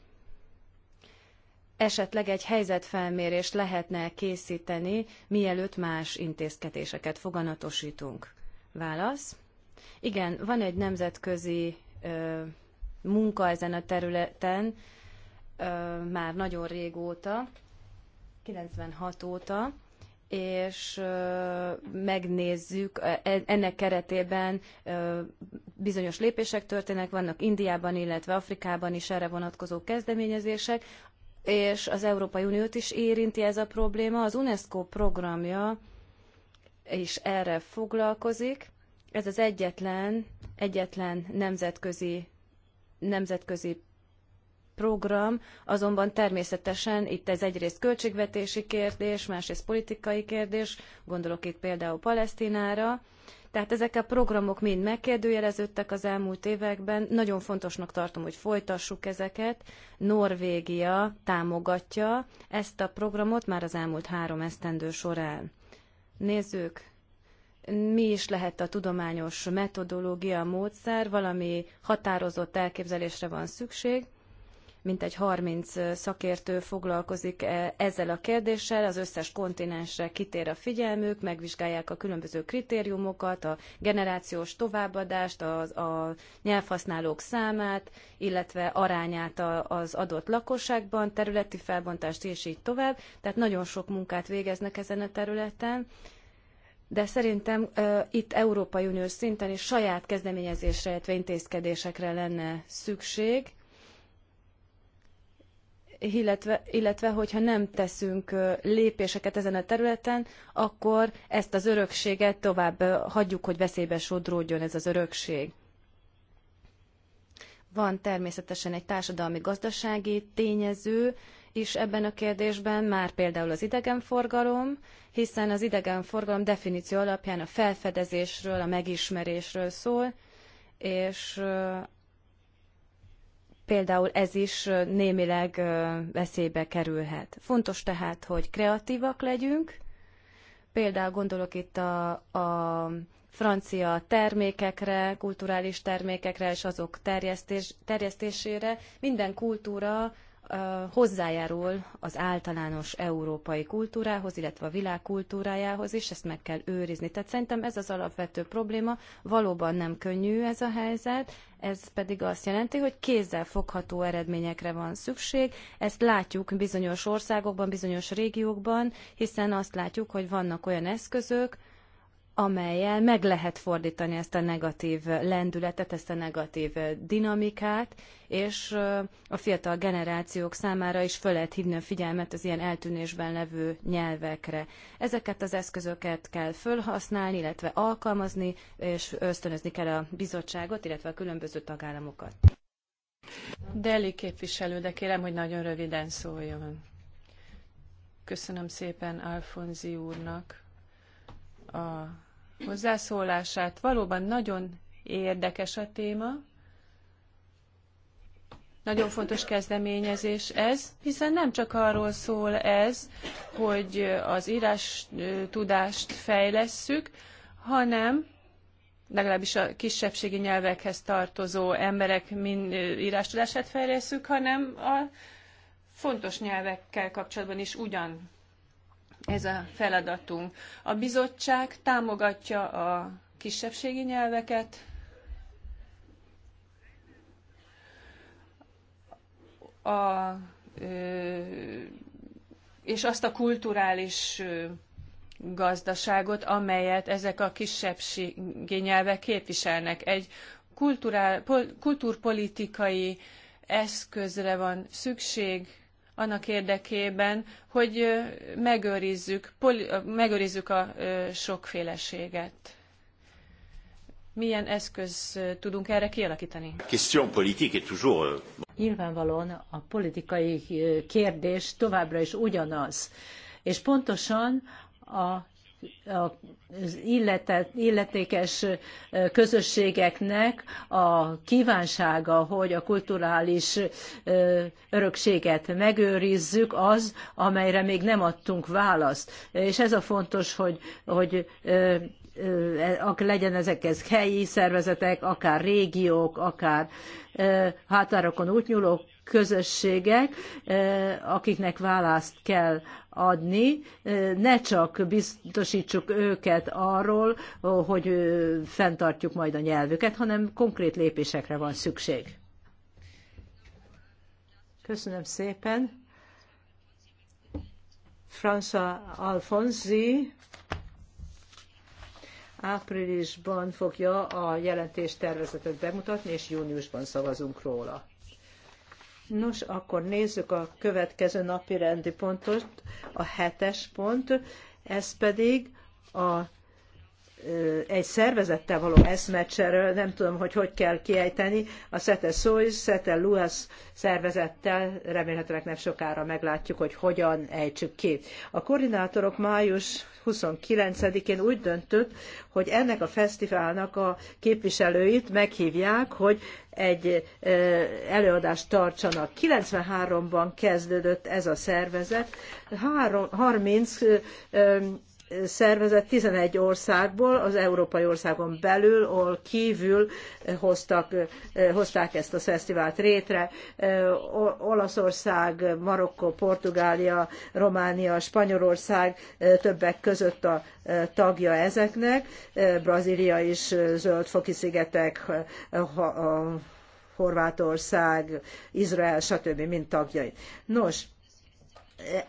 esetleg egy helyzetfelmérést lehetne készíteni, mielőtt más intézkedéseket foganatosítunk. Válasz. Igen, van egy nemzetközi ö, munka ezen a területen ö, már nagyon régóta, 96 óta, és megnézzük, e, ennek keretében bizonyos lépések történnek, vannak Indiában, illetve Afrikában is erre vonatkozó kezdeményezések, és az Európai Uniót is érinti ez a probléma. Az UNESCO programja is erre foglalkozik. Ez az egyetlen, egyetlen nemzetközi, nemzetközi program, azonban természetesen itt ez egyrészt költségvetési kérdés, másrészt politikai kérdés, gondolok itt például Palesztinára. Tehát ezek a programok mind megkérdőjeleződtek az elmúlt években. Nagyon fontosnak tartom, hogy folytassuk ezeket. Norvégia támogatja ezt a programot már az elmúlt három esztendő során. Nézzük, mi is lehet a tudományos metodológia, módszer, valami határozott elképzelésre van szükség mintegy 30 szakértő foglalkozik e, ezzel a kérdéssel, az összes kontinensre kitér a figyelmük, megvizsgálják a különböző kritériumokat, a generációs továbbadást, a, a nyelvhasználók számát, illetve arányát az adott lakosságban, területi felbontást és így tovább. Tehát nagyon sok munkát végeznek ezen a területen. De szerintem uh, itt Európai Uniós szinten is saját kezdeményezésre, illetve intézkedésekre lenne szükség, illetve, illetve hogyha nem teszünk lépéseket ezen a területen, akkor ezt az örökséget tovább hagyjuk, hogy veszélybe sodródjon ez az örökség. Van természetesen egy társadalmi-gazdasági tényező is ebben a kérdésben, már például az idegenforgalom, hiszen az idegenforgalom definíció alapján a felfedezésről, a megismerésről szól, és például ez is némileg veszélybe kerülhet. Fontos tehát, hogy kreatívak legyünk, például gondolok itt a, a francia termékekre, kulturális termékekre és azok terjesztés, terjesztésére. Minden kultúra hozzájárul az általános európai kultúrához, illetve a világ kultúrájához is, ezt meg kell őrizni. Tehát szerintem ez az alapvető probléma, valóban nem könnyű ez a helyzet, ez pedig azt jelenti, hogy kézzel fogható eredményekre van szükség. Ezt látjuk bizonyos országokban, bizonyos régiókban, hiszen azt látjuk, hogy vannak olyan eszközök, amelyel meg lehet fordítani ezt a negatív lendületet, ezt a negatív dinamikát, és a fiatal generációk számára is föl lehet hívni a figyelmet az ilyen eltűnésben levő nyelvekre. Ezeket az eszközöket kell fölhasználni, illetve alkalmazni, és ösztönözni kell a bizottságot, illetve a különböző tagállamokat. Deli képviselő, de kérem, hogy nagyon röviden szóljon. Köszönöm szépen Alfonzi úrnak a hozzászólását. Valóban nagyon érdekes a téma. Nagyon fontos kezdeményezés ez, hiszen nem csak arról szól ez, hogy az írás tudást fejlesszük, hanem legalábbis a kisebbségi nyelvekhez tartozó emberek mind tudását fejlesszük, hanem a fontos nyelvekkel kapcsolatban is ugyan ez a feladatunk. A bizottság támogatja a kisebbségi nyelveket, a, és azt a kulturális gazdaságot, amelyet ezek a kisebbségi nyelvek képviselnek. Egy kulturál, pol, kulturpolitikai eszközre van szükség, annak érdekében, hogy megőrizzük, poli, megőrizzük a sokféleséget. Milyen eszköz tudunk erre kialakítani? Euh, Nyilvánvalóan a politikai kérdés továbbra is ugyanaz. És pontosan a az illetékes közösségeknek a kívánsága, hogy a kulturális örökséget megőrizzük, az, amelyre még nem adtunk választ. És ez a fontos, hogy, hogy e, legyen ezek helyi szervezetek, akár régiók, akár határokon útnyúló közösségek, eh, akiknek választ kell adni, eh, ne csak biztosítsuk őket arról, eh, hogy fenntartjuk majd a nyelvüket, hanem konkrét lépésekre van szükség. Köszönöm szépen. François Alfonzi áprilisban fogja a jelentés tervezetet bemutatni, és júniusban szavazunk róla. Nos, akkor nézzük a következő napi rendi pontot, a hetes pont, ez pedig a egy szervezettel való eszmecserről, nem tudom, hogy hogy kell kiejteni, a Sete Sois, Sete Luas szervezettel, remélhetőleg nem sokára meglátjuk, hogy hogyan ejtsük ki. A koordinátorok május 29-én úgy döntött, hogy ennek a fesztiválnak a képviselőit meghívják, hogy egy előadást tartsanak. 93-ban kezdődött ez a szervezet, 30 szervezet 11 országból, az európai országon belül, ahol kívül hoztak, hozták ezt a fesztivált rétre. Olaszország, Marokko, Portugália, Románia, Spanyolország többek között a tagja ezeknek. Brazília is, zöld foki szigetek, Horvátország, Izrael, stb. mind tagjai. Nos,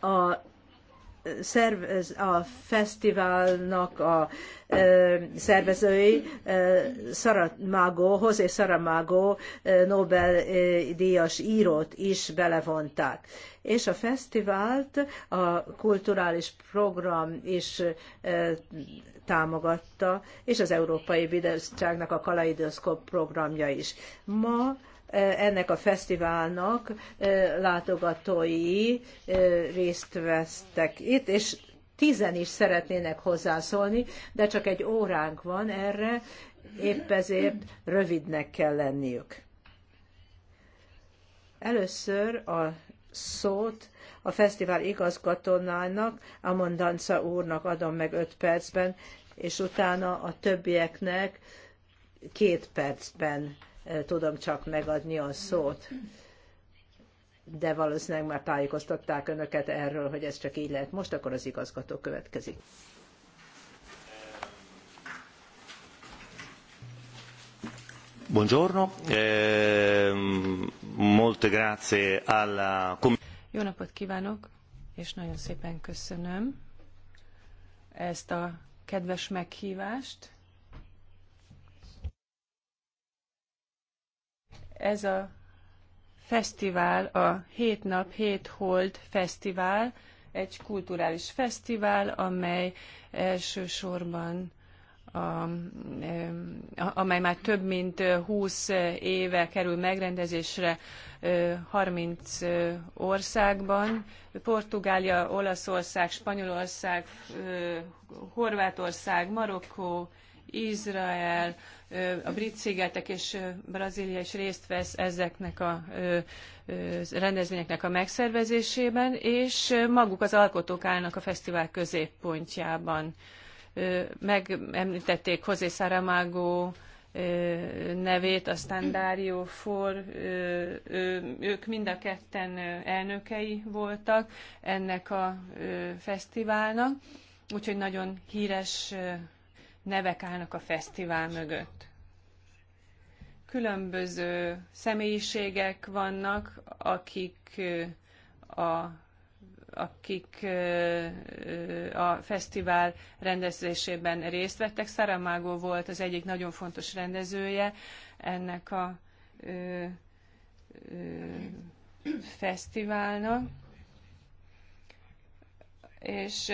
a szervez, a fesztiválnak a szervezői Saramago, José Saramago Nobel-díjas írót is belevonták. És a fesztivált a kulturális program is támogatta, és az Európai Bizottságnak a Kaleidoszkop programja is. Ma ennek a fesztiválnak látogatói részt vesztek itt, és tizen is szeretnének hozzászólni, de csak egy óránk van erre, épp ezért rövidnek kell lenniük. Először a szót a fesztivál igazgatónának, Amondanca úrnak adom meg öt percben, és utána a többieknek két percben tudom csak megadni a szót. De valószínűleg már tájékoztatták önöket erről, hogy ez csak így lehet. Most akkor az igazgató következik. Buongiorno, eh, molte grazie alla Jó napot kívánok, és nagyon szépen köszönöm ezt a kedves meghívást Ez a fesztivál, a Hét nap, Hét hold fesztivál, egy kulturális fesztivál, amely elsősorban a, amely már több mint 20 éve kerül megrendezésre 30 országban. Portugália, Olaszország, Spanyolország, Horvátország, Marokkó, Izrael, a brit szigetek és Brazília is részt vesz ezeknek a rendezvényeknek a megszervezésében, és maguk az alkotók állnak a fesztivál középpontjában. Megemlítették José Saramago nevét, aztán Dario For, ők mind a ketten elnökei voltak ennek a fesztiválnak, úgyhogy nagyon híres nevek állnak a fesztivál mögött. Különböző személyiségek vannak, akik a akik a fesztivál rendezésében részt vettek. Saramago volt az egyik nagyon fontos rendezője ennek a ö, ö, fesztiválnak. És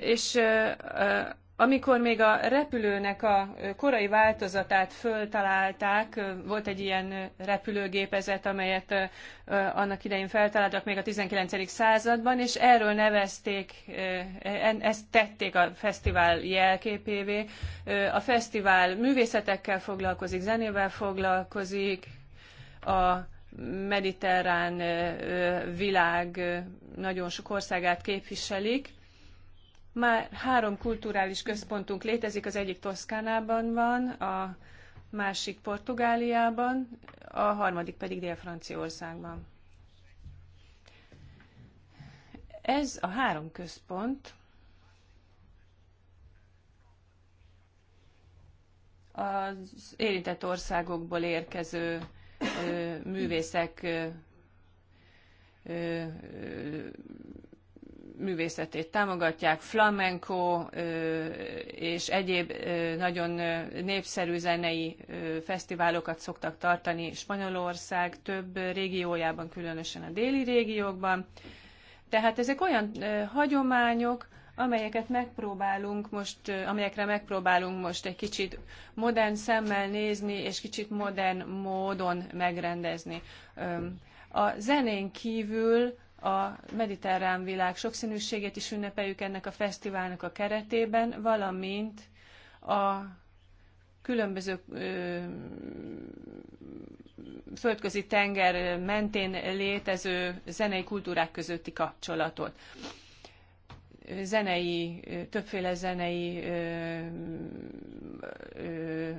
És amikor még a repülőnek a korai változatát föltalálták, volt egy ilyen repülőgépezet, amelyet annak idején feltaláltak még a 19. században, és erről nevezték, e, ezt tették a fesztivál jelképévé. A fesztivál művészetekkel foglalkozik, zenével foglalkozik, a mediterrán világ nagyon sok országát képviselik, már három kulturális központunk létezik, az egyik Toszkánában van, a másik Portugáliában, a harmadik pedig Dél-Franciaországban. Ez a három központ az érintett országokból érkező művészek művészetét támogatják, flamenco és egyéb nagyon népszerű zenei fesztiválokat szoktak tartani Spanyolország több régiójában, különösen a déli régiókban. Tehát ezek olyan hagyományok, amelyeket megpróbálunk most, amelyekre megpróbálunk most egy kicsit modern szemmel nézni, és kicsit modern módon megrendezni. A zenén kívül a mediterrán világ sokszínűségét is ünnepeljük ennek a fesztiválnak a keretében, valamint a különböző ö, földközi tenger mentén létező zenei kultúrák közötti kapcsolatot. Zenei, többféle zenei ö, ö,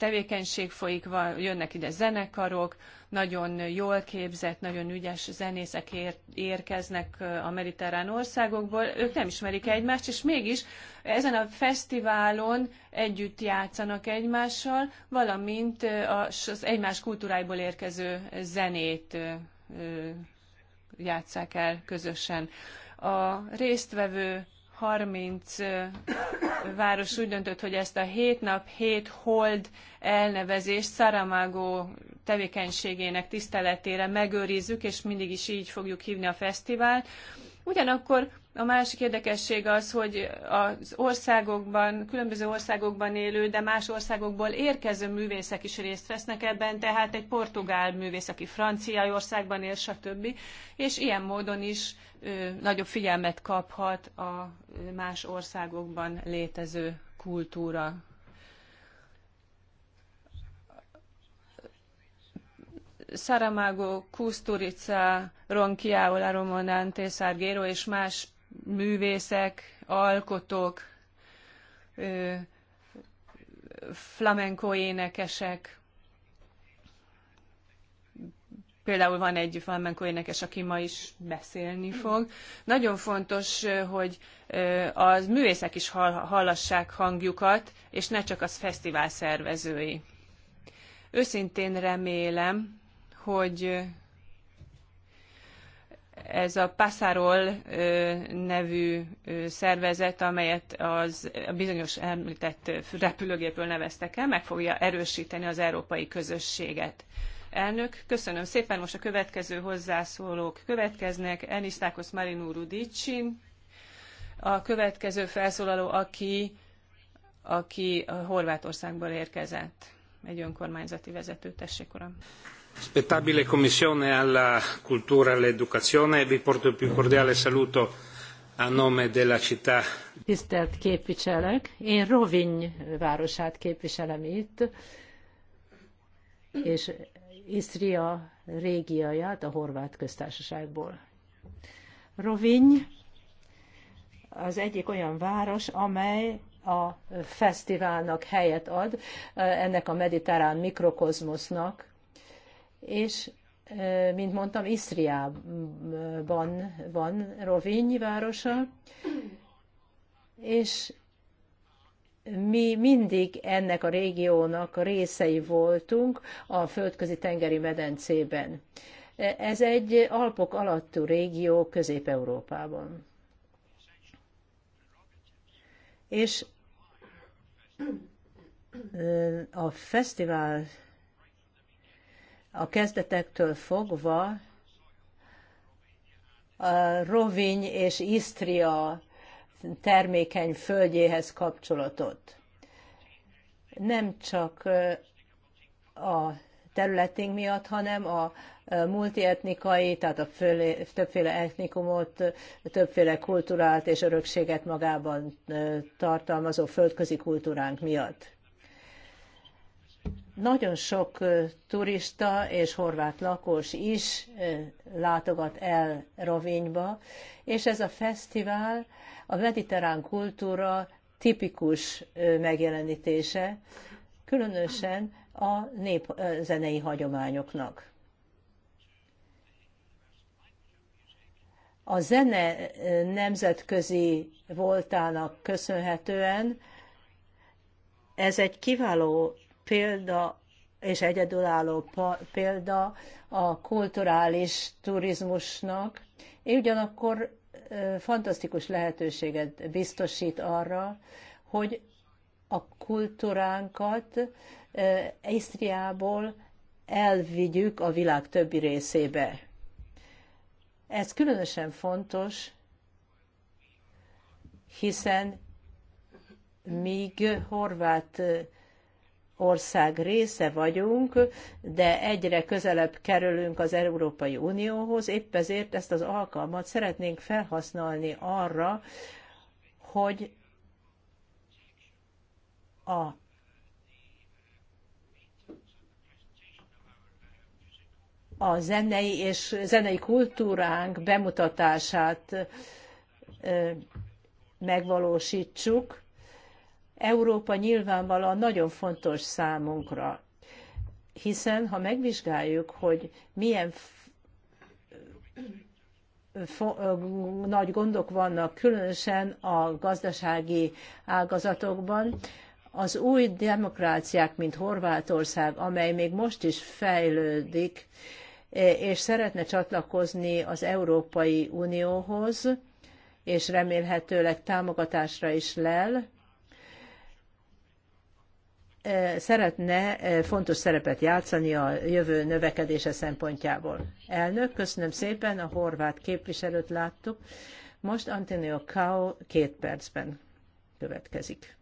tevékenység folyik, jönnek ide zenekarok, nagyon jól képzett, nagyon ügyes zenészek ér, érkeznek a mediterrán országokból, ők nem ismerik egymást, és mégis ezen a fesztiválon együtt játszanak egymással, valamint az egymás kultúráiból érkező zenét játsszák el közösen. A résztvevő 30 város úgy döntött, hogy ezt a 7 nap, 7 hold elnevezést Saramago tevékenységének tiszteletére megőrizzük, és mindig is így fogjuk hívni a fesztivált. Ugyanakkor a másik érdekesség az, hogy az országokban, különböző országokban élő, de más országokból érkező művészek is részt vesznek ebben, tehát egy portugál művész, aki országban él, stb. És ilyen módon is ö, nagyobb figyelmet kaphat a más országokban létező kultúra Saramago, Kusturica, Ronchiao, Laromonante, Sargero és más művészek, alkotók, flamenco énekesek. Például van egy flamenco énekes, aki ma is beszélni fog. Nagyon fontos, hogy az művészek is hallassák hangjukat, és ne csak az fesztivál szervezői. Őszintén remélem, hogy ez a Passarol nevű szervezet, amelyet az a bizonyos említett repülőgépről neveztek el, meg fogja erősíteni az európai közösséget. Elnök, köszönöm szépen, most a következő hozzászólók következnek. Enisztákos Marinu Rudicsin, a következő felszólaló, aki, aki Horvátországból érkezett, egy önkormányzati vezető, tessék uram rispettabile Commissione alla Cultura e all'Educazione, vi porto il più cordiale saluto a nome della città. Tisztelt képviselők, én Rovigny városát képviselem itt, és Isztria régióját a Horvát köztársaságból. Rovigny az egyik olyan város, amely a fesztiválnak helyet ad, ennek a mediterrán mikrokozmosznak, és mint mondtam, Isztriában van Rovinj városa, és mi mindig ennek a régiónak részei voltunk a földközi tengeri medencében. Ez egy Alpok alattú régió Közép-Európában. És a fesztivál a kezdetektől fogva a Roviny és Isztria termékeny földjéhez kapcsolatot. Nem csak a területünk miatt, hanem a multietnikai, tehát a többféle etnikumot, többféle kultúrát és örökséget magában tartalmazó földközi kultúránk miatt. Nagyon sok turista és horvát lakos is látogat el Rovinyba, és ez a fesztivál a mediterrán kultúra tipikus megjelenítése, különösen a népzenei hagyományoknak. A zene nemzetközi voltának köszönhetően ez egy kiváló példa és egyedülálló példa a kulturális turizmusnak, és ugyanakkor fantasztikus lehetőséget biztosít arra, hogy a kultúránkat Észtriából elvigyük a világ többi részébe. Ez különösen fontos, hiszen míg horvát ország része vagyunk, de egyre közelebb kerülünk az Európai Unióhoz, épp ezért ezt az alkalmat szeretnénk felhasználni arra, hogy a a zenei és zenei kultúránk bemutatását megvalósítsuk, Európa nyilvánvalóan nagyon fontos számunkra, hiszen ha megvizsgáljuk, hogy milyen nagy gondok vannak, különösen a gazdasági ágazatokban. Az új demokráciák, mint Horvátország, amely még most is fejlődik, és szeretne csatlakozni az Európai Unióhoz, és remélhetőleg támogatásra is lel, szeretne fontos szerepet játszani a jövő növekedése szempontjából. Elnök, köszönöm szépen, a horvát képviselőt láttuk. Most Antonio Kao két percben következik.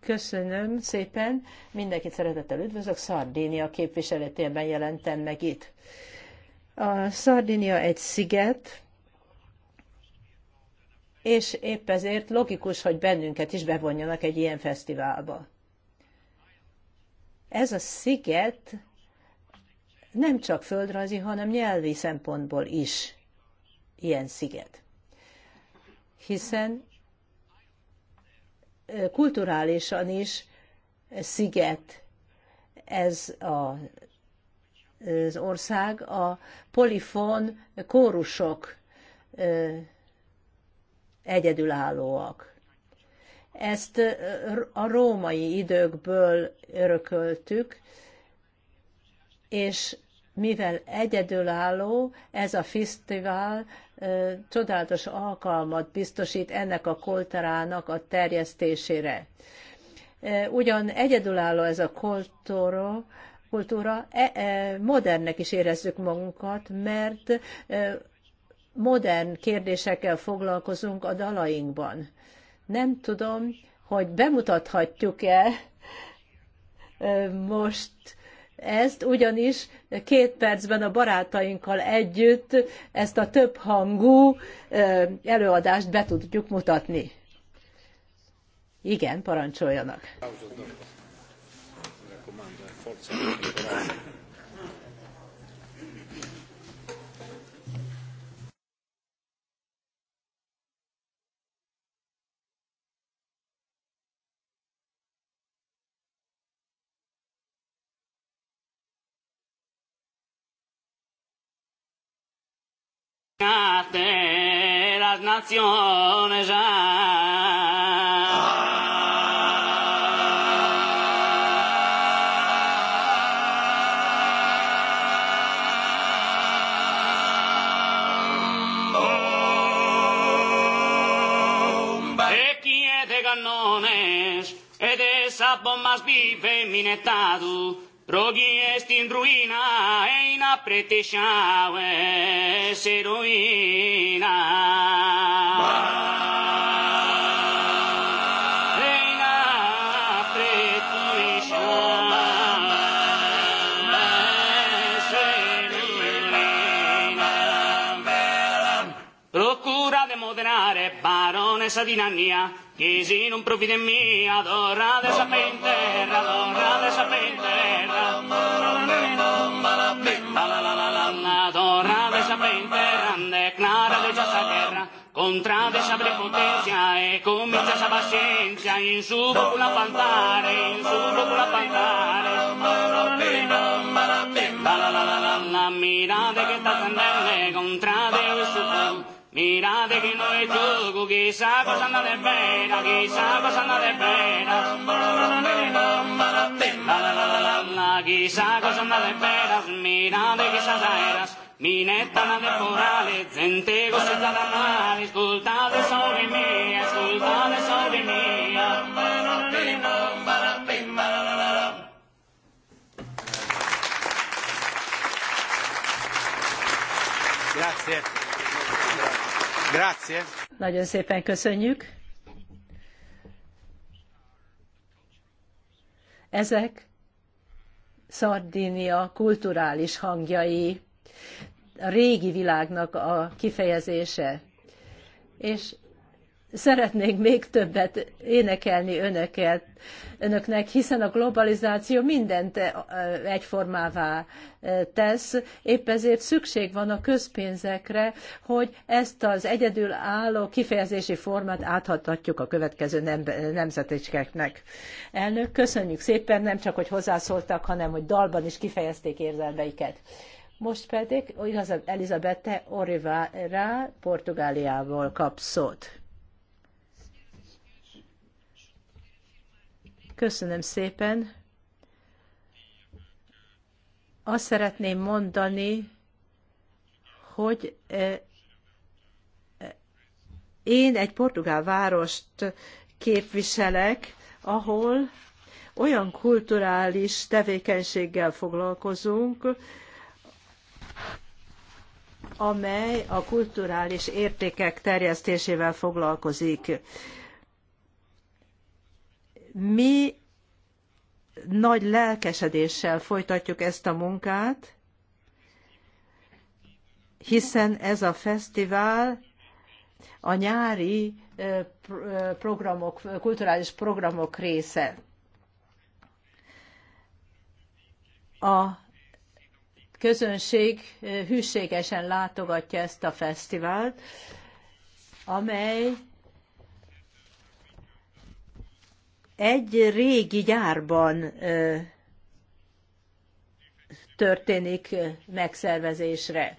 Köszönöm szépen, mindenkit szeretettel üdvözlök, Szardénia képviseletében jelentem meg itt. A Szardinia egy sziget, és épp ezért logikus, hogy bennünket is bevonjanak egy ilyen fesztiválba. Ez a sziget nem csak földrajzi, hanem nyelvi szempontból is ilyen sziget. Hiszen kulturálisan is sziget ez a az ország a polifon kórusok egyedülállóak. Ezt a római időkből örököltük, és mivel egyedülálló, ez a fesztivál csodálatos alkalmat biztosít ennek a kolterának a terjesztésére. Ugyan egyedülálló ez a kultúra, kultúra, e, e, modernnek is érezzük magunkat, mert e, modern kérdésekkel foglalkozunk a dalainkban. Nem tudom, hogy bemutathatjuk-e most ezt, ugyanis két percben a barátainkkal együtt ezt a több hangú előadást be tudjuk mutatni. Igen, parancsoljanak de las naciones ya vive minetado, rogi est in ruina, e in apretesciau es eroina. questa dinannia che se non provvide in me adorra de sapente adorra de sapente adorra de sapente declara de esa guerra contra de esa prepotencia e eh, comincia esa paciencia in su la pantare eh, in su la pantare eh. la mirada che sta tendendo contra de su popula Mira de que no es choco, que esa cosa anda de pena, que esa cosa anda de pena. Que esa cosa anda de pena, mira de que esas aeras, minettan de porales, centego se trata mal, escoltate sobre mí, escoltate sobre mí. Grazie. Nagyon szépen köszönjük. Ezek Szardinia kulturális hangjai, a régi világnak a kifejezése. És szeretnénk még többet énekelni önöket, önöknek, hiszen a globalizáció mindent eh, egyformává eh, tesz. Épp ezért szükség van a közpénzekre, hogy ezt az egyedül álló kifejezési formát áthatatjuk a következő nem, nemzetecskeknek. Elnök, köszönjük szépen, nem csak, hogy hozzászóltak, hanem, hogy dalban is kifejezték érzelmeiket. Most pedig Elizabeth Orivá Portugáliából kap szót. Köszönöm szépen. Azt szeretném mondani, hogy eh, eh, én egy portugál várost képviselek, ahol olyan kulturális tevékenységgel foglalkozunk, amely a kulturális értékek terjesztésével foglalkozik. Mi nagy lelkesedéssel folytatjuk ezt a munkát, hiszen ez a fesztivál a nyári programok, kulturális programok része. A közönség hűségesen látogatja ezt a fesztivált, amely egy régi gyárban történik megszervezésre.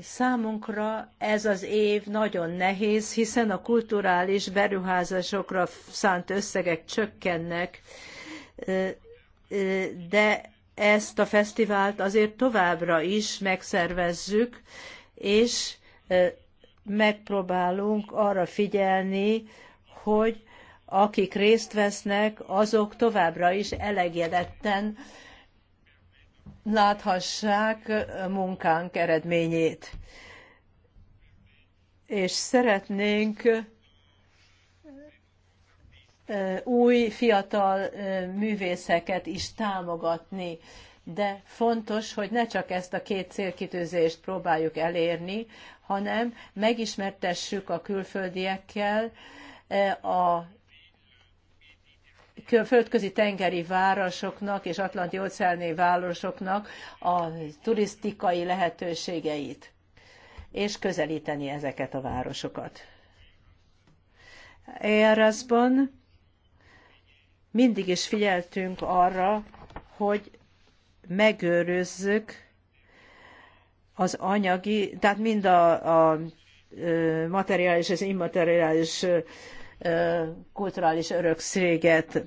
Számunkra ez az év nagyon nehéz, hiszen a kulturális beruházásokra szánt összegek csökkennek, de ezt a fesztivált azért továbbra is megszervezzük, és megpróbálunk arra figyelni, hogy akik részt vesznek, azok továbbra is elegedetten láthassák munkánk eredményét. És szeretnénk új fiatal művészeket is támogatni. De fontos, hogy ne csak ezt a két célkitűzést próbáljuk elérni, hanem megismertessük a külföldiekkel a földközi tengeri városoknak és atlanti óceáni városoknak a turisztikai lehetőségeit, és közelíteni ezeket a városokat. Erasban mindig is figyeltünk arra, hogy megőrözzük az anyagi, tehát mind a, a materiális és immateriális kulturális örökséget.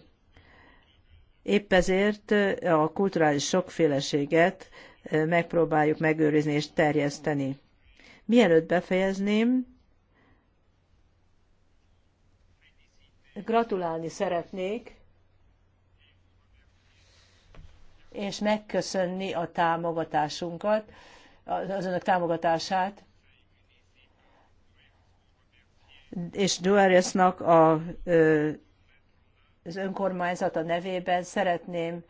Épp ezért a kulturális sokféleséget megpróbáljuk megőrizni és terjeszteni. Mielőtt befejezném, gratulálni szeretnék, és megköszönni a támogatásunkat, az önök támogatását és Duaresnak a, az önkormányzata nevében szeretném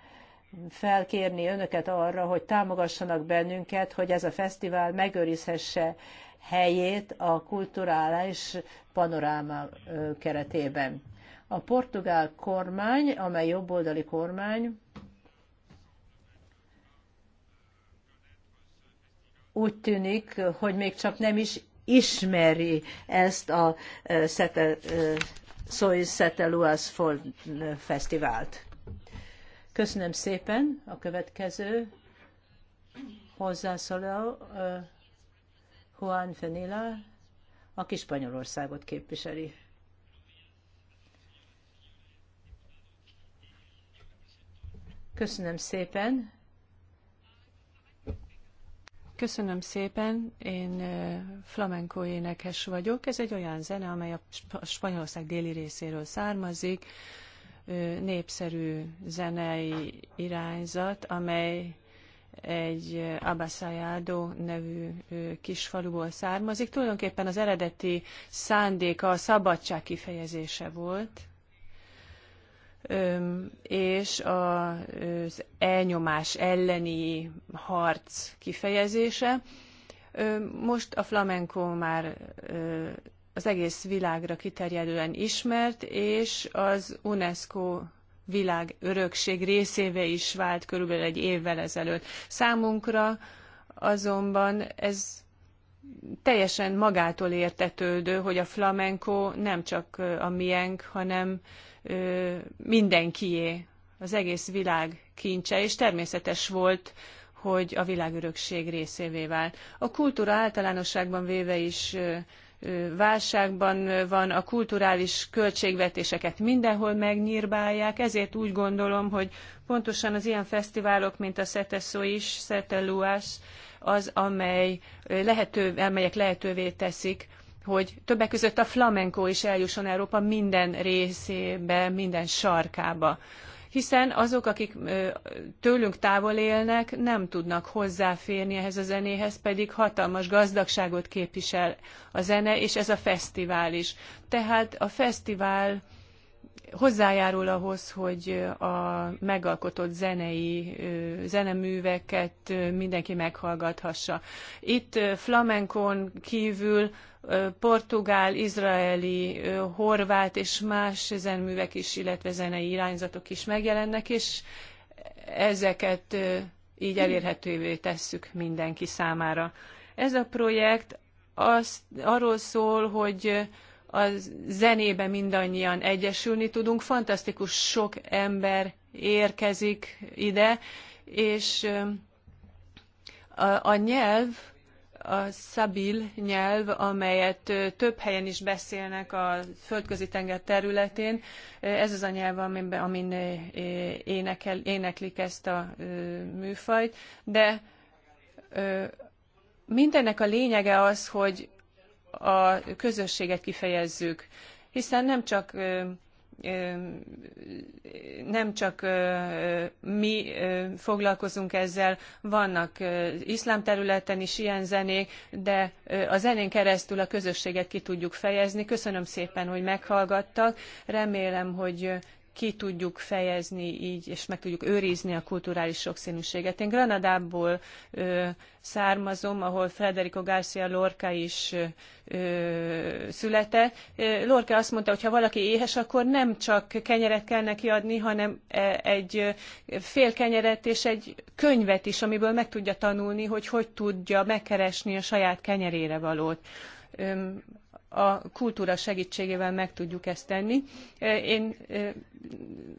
felkérni önöket arra, hogy támogassanak bennünket, hogy ez a fesztivál megőrizhesse helyét a kulturális panoráma keretében. A portugál kormány, amely jobboldali kormány, úgy tűnik, hogy még csak nem is ismeri ezt a Soy Szeteluas Fesztivált. Köszönöm szépen. A következő hozzászóló Juan Fenila, aki Spanyolországot képviseli. Köszönöm szépen. Köszönöm szépen, én flamenco énekes vagyok. Ez egy olyan zene, amely a Spanyolország déli részéről származik. Népszerű zenei irányzat, amely egy Abasajado nevű kisfaluból származik. Tulajdonképpen az eredeti szándéka a szabadság kifejezése volt, és az elnyomás elleni harc kifejezése. Most a flamenco már az egész világra kiterjedően ismert, és az UNESCO világ örökség részévé is vált körülbelül egy évvel ezelőtt. Számunkra azonban ez teljesen magától értetődő, hogy a flamenco nem csak a miénk, hanem mindenkié, az egész világ kincse, és természetes volt, hogy a világörökség részévé vált. A kultúra általánosságban véve is válságban van, a kulturális költségvetéseket mindenhol megnyírbálják, ezért úgy gondolom, hogy pontosan az ilyen fesztiválok, mint a Szeteszó is, Szeteluás, az, amely lehető, amelyek lehetővé teszik, hogy többek között a flamenco is eljusson Európa minden részébe, minden sarkába. Hiszen azok, akik tőlünk távol élnek, nem tudnak hozzáférni ehhez a zenéhez, pedig hatalmas gazdagságot képvisel a zene, és ez a fesztivál is. Tehát a fesztivál hozzájárul ahhoz, hogy a megalkotott zenei zeneműveket mindenki meghallgathassa. Itt flamenkon kívül portugál, izraeli, horvát és más zeneművek is, illetve zenei irányzatok is megjelennek, és ezeket így elérhetővé tesszük mindenki számára. Ez a projekt az, arról szól, hogy a zenébe mindannyian egyesülni tudunk, fantasztikus sok ember érkezik ide, és a, a nyelv, a szabil nyelv, amelyet több helyen is beszélnek a földközi tenger területén. Ez az a nyelv, amiben, amin énekel, éneklik ezt a műfajt, de mindennek a lényege az, hogy a közösséget kifejezzük, hiszen nem csak nem csak mi foglalkozunk ezzel, vannak iszlám területen is ilyen zenék, de a zenén keresztül a közösséget ki tudjuk fejezni. Köszönöm szépen, hogy meghallgattak. Remélem, hogy ki tudjuk fejezni így, és meg tudjuk őrizni a kulturális sokszínűséget. Én Granadából ö, származom, ahol Federico Garcia Lorca is ö, született. Lorca azt mondta, hogy ha valaki éhes, akkor nem csak kenyeret kell neki adni, hanem e, egy fél kenyeret és egy könyvet is, amiből meg tudja tanulni, hogy hogy tudja megkeresni a saját kenyerére valót. Ö, a kultúra segítségével meg tudjuk ezt tenni. Én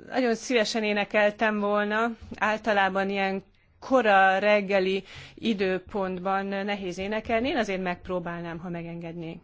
nagyon szívesen énekeltem volna, általában ilyen kora reggeli időpontban nehéz énekelni, én azért megpróbálnám, ha megengednék.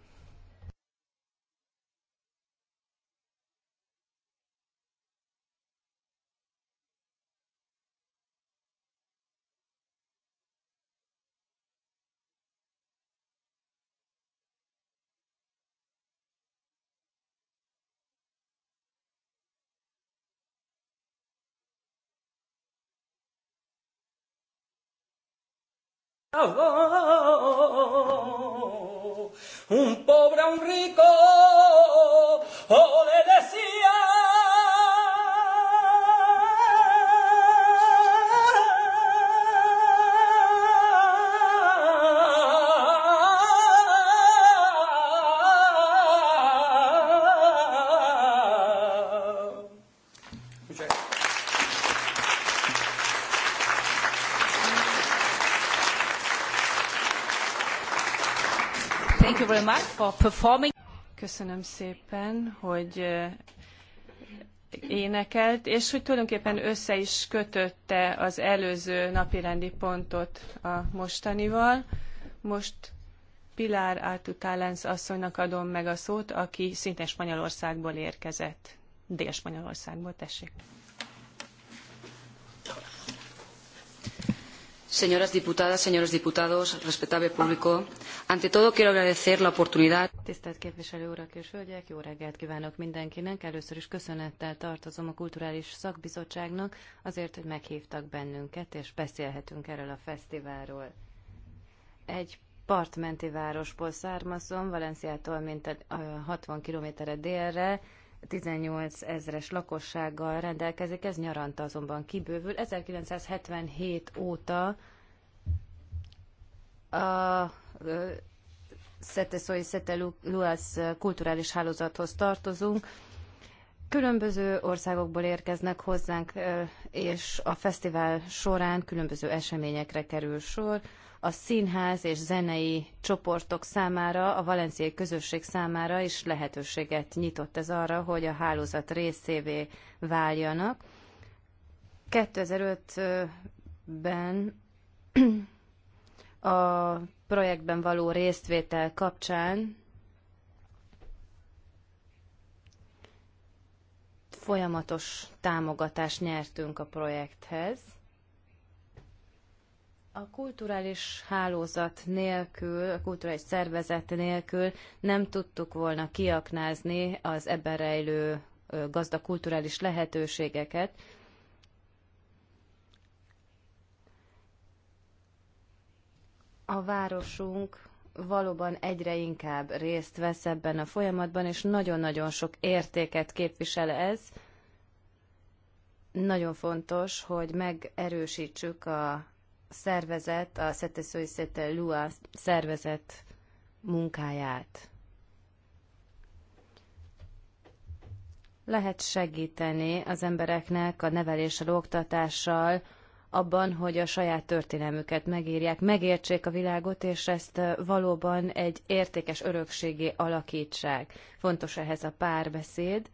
Un pobre, un rico, Köszönöm szépen, hogy eh, énekelt, és hogy tulajdonképpen össze is kötötte az előző napirendi pontot a mostanival. Most Pilar Artutálenc asszonynak adom meg a szót, aki szintén Spanyolországból érkezett. Dél-Spanyolországból, tessék. señoras diputadas, señores diputados, respetable público, ante todo quiero agradecer la oportunidad. Tisztelt képviselő urak és hölgyek, jó reggelt kívánok mindenkinek. Először is köszönettel tartozom a Kulturális Szakbizottságnak azért, hogy meghívtak bennünket, és beszélhetünk erről a fesztiválról. Egy partmenti városból származom, Valenciától mint 60 kilométerre délre, 18 ezres lakossággal rendelkezik, ez nyaranta azonban kibővül. 1977 óta a Szeteszói Szeteluász kulturális hálózathoz tartozunk. Különböző országokból érkeznek hozzánk, és a fesztivál során különböző eseményekre kerül sor a színház és zenei csoportok számára, a valenciai közösség számára is lehetőséget nyitott ez arra, hogy a hálózat részévé váljanak. 2005-ben a projektben való résztvétel kapcsán folyamatos támogatást nyertünk a projekthez. A kulturális hálózat nélkül, a kulturális szervezet nélkül nem tudtuk volna kiaknázni az ebben rejlő gazda kulturális lehetőségeket. A városunk valóban egyre inkább részt vesz ebben a folyamatban, és nagyon-nagyon sok értéket képvisel ez. Nagyon fontos, hogy megerősítsük a szervezet, a Sete Suicete Lua szervezet munkáját. Lehet segíteni az embereknek a neveléssel, oktatással, abban, hogy a saját történelmüket megírják, megértsék a világot, és ezt valóban egy értékes örökségé alakítsák. Fontos ehhez a párbeszéd,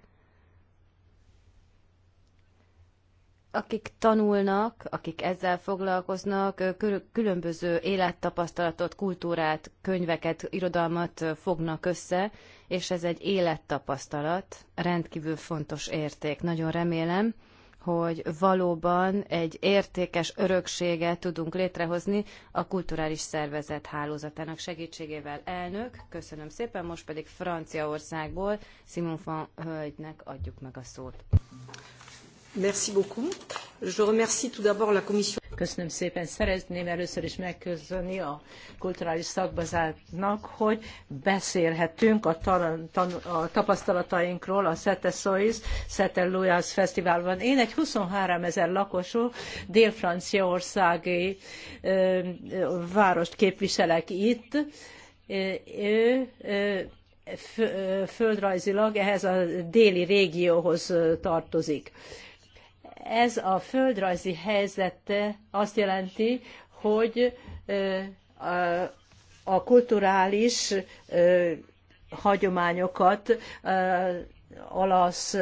akik tanulnak, akik ezzel foglalkoznak, különböző élettapasztalatot, kultúrát, könyveket, irodalmat fognak össze, és ez egy élettapasztalat, rendkívül fontos érték. Nagyon remélem, hogy valóban egy értékes örökséget tudunk létrehozni a kulturális szervezet hálózatának segítségével. Elnök, köszönöm szépen, most pedig Franciaországból Simon van Hölgynek adjuk meg a szót. Merci beaucoup. Je remercie tout d'abord la commission. Köszönöm szépen. Szeretném először is megköszönni a kulturális szakbazátnak, hogy beszélhetünk a, a tapasztalatainkról a Sete Sois, Sete Louis Fesztiválban. Én egy 23 ezer lakosú dél-franciaországi várost képviselek itt. Ö, ö, földrajzilag ehhez a déli régióhoz tartozik ez a földrajzi helyzet azt jelenti, hogy a kulturális hagyományokat olasz,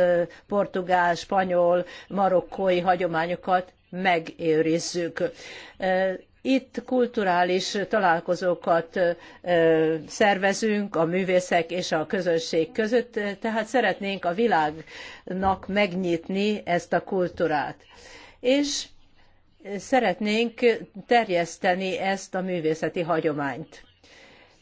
portugál, spanyol, marokkói hagyományokat megőrizzük itt kulturális találkozókat szervezünk a művészek és a közönség között, tehát szeretnénk a világnak megnyitni ezt a kultúrát. És szeretnénk terjeszteni ezt a művészeti hagyományt.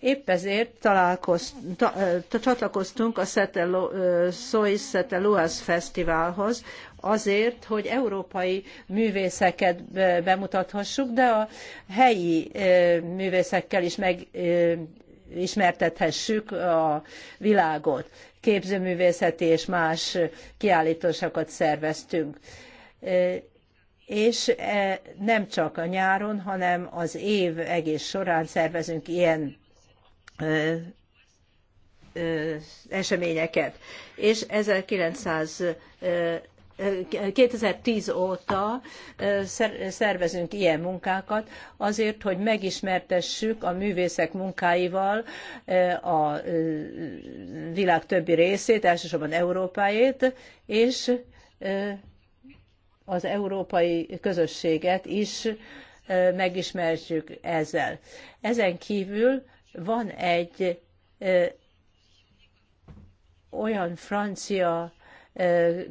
Épp ezért találkoztunk ta, ta, csatlakoztunk a Szetelo, Sois Szeteluas Fesztiválhoz, azért, hogy európai művészeket bemutathassuk, de a helyi művészekkel is megismertethessük a világot. Képzőművészeti és más kiállításokat szerveztünk. És e, nem csak a nyáron, hanem az év egész során szervezünk ilyen eseményeket. És 1900 2010 óta szervezünk ilyen munkákat azért, hogy megismertessük a művészek munkáival a világ többi részét, elsősorban Európáét, és az európai közösséget is megismerjük ezzel. Ezen kívül van egy olyan francia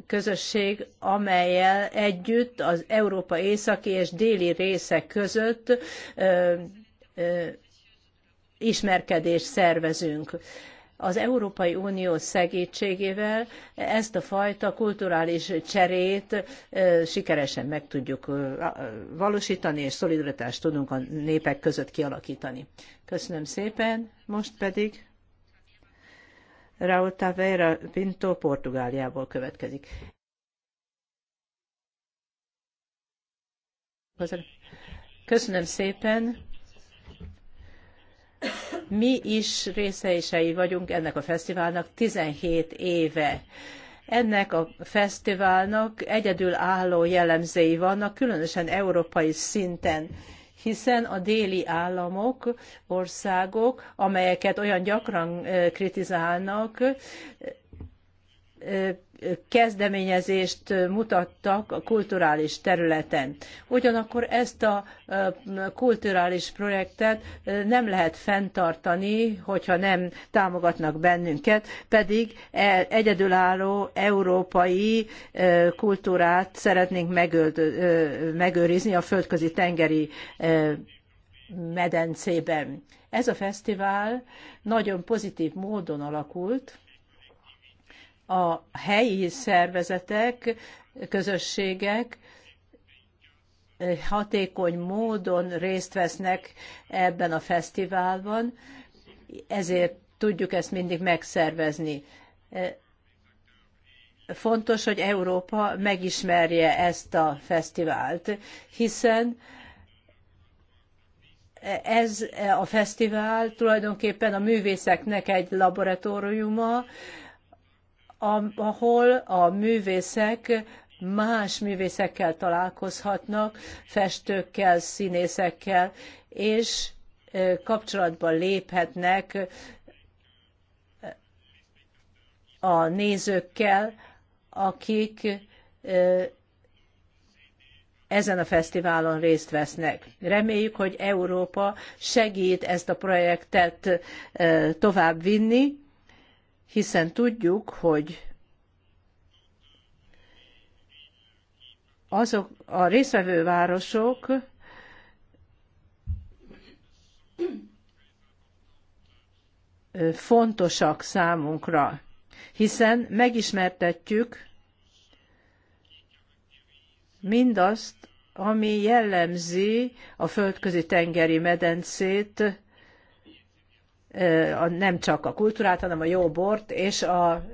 közösség, amelyel együtt az Európa északi és déli része között ismerkedést szervezünk az Európai Unió segítségével ezt a fajta kulturális cserét sikeresen meg tudjuk valósítani, és szolidaritást tudunk a népek között kialakítani. Köszönöm szépen, most pedig Raul Taveira Pinto Portugáliából következik. Köszönöm szépen. Mi is részeisei vagyunk ennek a fesztiválnak 17 éve. Ennek a fesztiválnak egyedülálló jellemzői vannak, különösen európai szinten hiszen a déli államok, országok, amelyeket olyan gyakran eh, kritizálnak, kezdeményezést mutattak a kulturális területen. Ugyanakkor ezt a kulturális projektet nem lehet fenntartani, hogyha nem támogatnak bennünket, pedig e, egyedülálló európai kultúrát szeretnénk megőrizni a földközi tengeri medencében. Ez a fesztivál nagyon pozitív módon alakult, a helyi szervezetek, közösségek hatékony módon részt vesznek ebben a fesztiválban, ezért tudjuk ezt mindig megszervezni. Fontos, hogy Európa megismerje ezt a fesztivált, hiszen ez a fesztivál tulajdonképpen a művészeknek egy laboratóriuma, ahol a művészek más művészekkel találkozhatnak, festőkkel, színészekkel, és kapcsolatba léphetnek a nézőkkel, akik ezen a fesztiválon részt vesznek. Reméljük, hogy Európa segít ezt a projektet továbbvinni, hiszen tudjuk, hogy azok a részvevő városok fontosak számunkra, hiszen megismertetjük mindazt, ami jellemzi a földközi tengeri medencét, nem csak a kultúrát, hanem a jó bort és a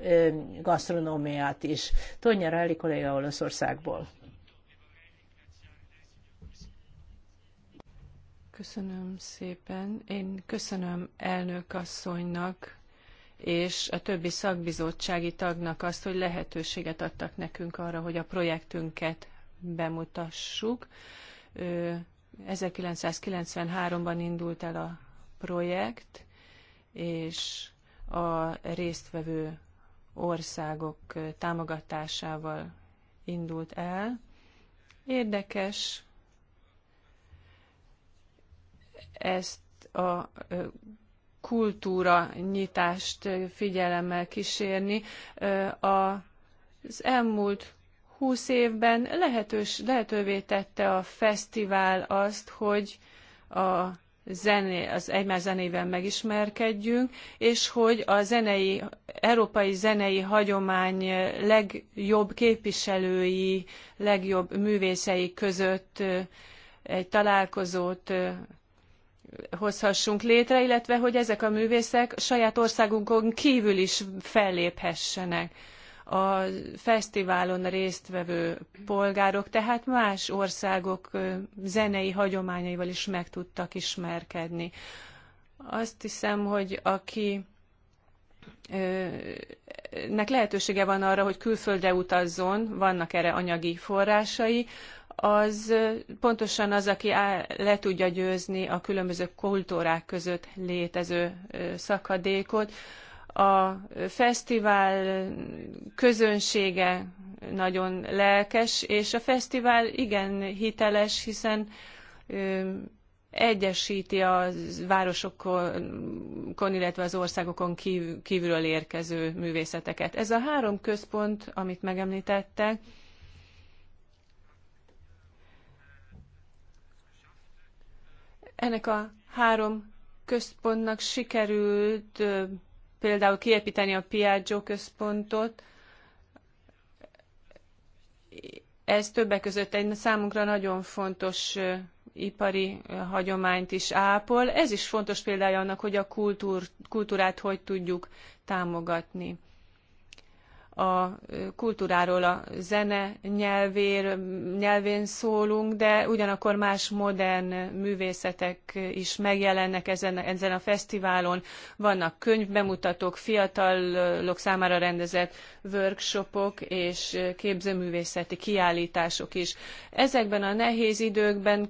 gasztronómiát is. Tonya Rally kolléga Olaszországból. Köszönöm szépen. Én köszönöm elnök asszonynak és a többi szakbizottsági tagnak azt, hogy lehetőséget adtak nekünk arra, hogy a projektünket bemutassuk. 1993-ban indult el a projekt, és a résztvevő országok támogatásával indult el. Érdekes ezt a kultúra nyitást figyelemmel kísérni. Az elmúlt húsz évben lehetős, lehetővé tette a fesztivál azt, hogy a zené, az egymás zenével megismerkedjünk, és hogy a zenei, európai zenei hagyomány legjobb képviselői, legjobb művészei között egy találkozót hozhassunk létre, illetve hogy ezek a művészek saját országunkon kívül is felléphessenek a fesztiválon résztvevő polgárok, tehát más országok zenei hagyományaival is meg tudtak ismerkedni. Azt hiszem, hogy aki nek lehetősége van arra, hogy külföldre utazzon, vannak erre anyagi forrásai, az pontosan az, aki le tudja győzni a különböző kultúrák között létező szakadékot, a fesztivál közönsége nagyon lelkes, és a fesztivál igen hiteles, hiszen egyesíti a városokon, illetve az országokon kívülről érkező művészeteket. Ez a három központ, amit megemlítettek, ennek a három központnak sikerült például kiépíteni a Piaggio központot. Ez többek között egy számunkra nagyon fontos ipari hagyományt is ápol. Ez is fontos példája annak, hogy a kultúr, kultúrát hogy tudjuk támogatni a kultúráról, a zene nyelvér, nyelvén szólunk, de ugyanakkor más modern művészetek is megjelennek ezen, ezen a fesztiválon. Vannak könyvbemutatók, fiatalok számára rendezett workshopok és képzőművészeti kiállítások is. Ezekben a nehéz időkben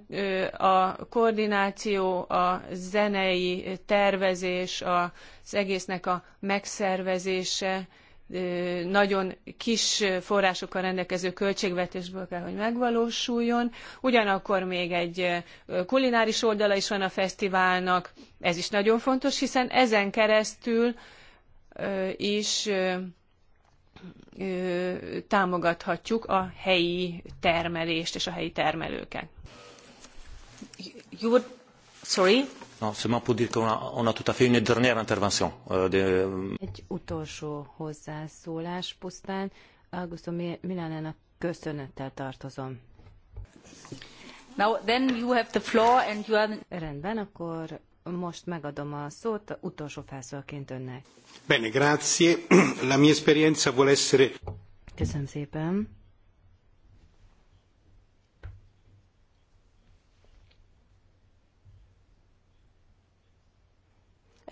a koordináció, a zenei tervezés, az egésznek a megszervezése, nagyon kis forrásokkal rendelkező költségvetésből kell, hogy megvalósuljon. Ugyanakkor még egy kulináris oldala is van a fesztiválnak, ez is nagyon fontos, hiszen ezen keresztül is támogathatjuk a helyi termelést és a helyi termelőket. You would, sorry, a Egy utolsó hozzászólás pusztán. Augusto Milánának köszönettel tartozom. Now then you have the floor and you are... Rendben, akkor most megadom a szót utolsó felszólként önnek. Bene, grazie. [clears throat] La mia esperienza vuole essere... Köszönöm szépen.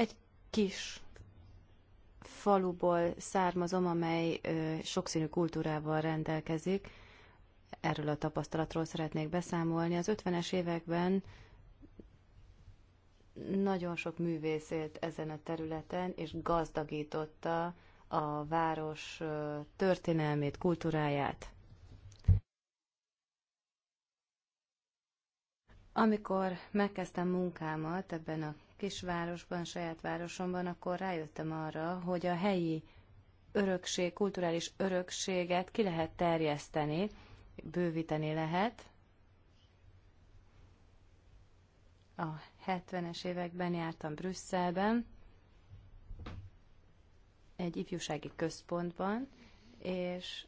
Egy kis faluból származom, amely ö, sokszínű kultúrával rendelkezik. Erről a tapasztalatról szeretnék beszámolni. Az 50-es években nagyon sok művész élt ezen a területen, és gazdagította a város történelmét, kultúráját. Amikor megkezdtem munkámat ebben a kisvárosban, saját városomban, akkor rájöttem arra, hogy a helyi örökség, kulturális örökséget ki lehet terjeszteni, bővíteni lehet. A 70-es években jártam Brüsszelben, egy ifjúsági központban, és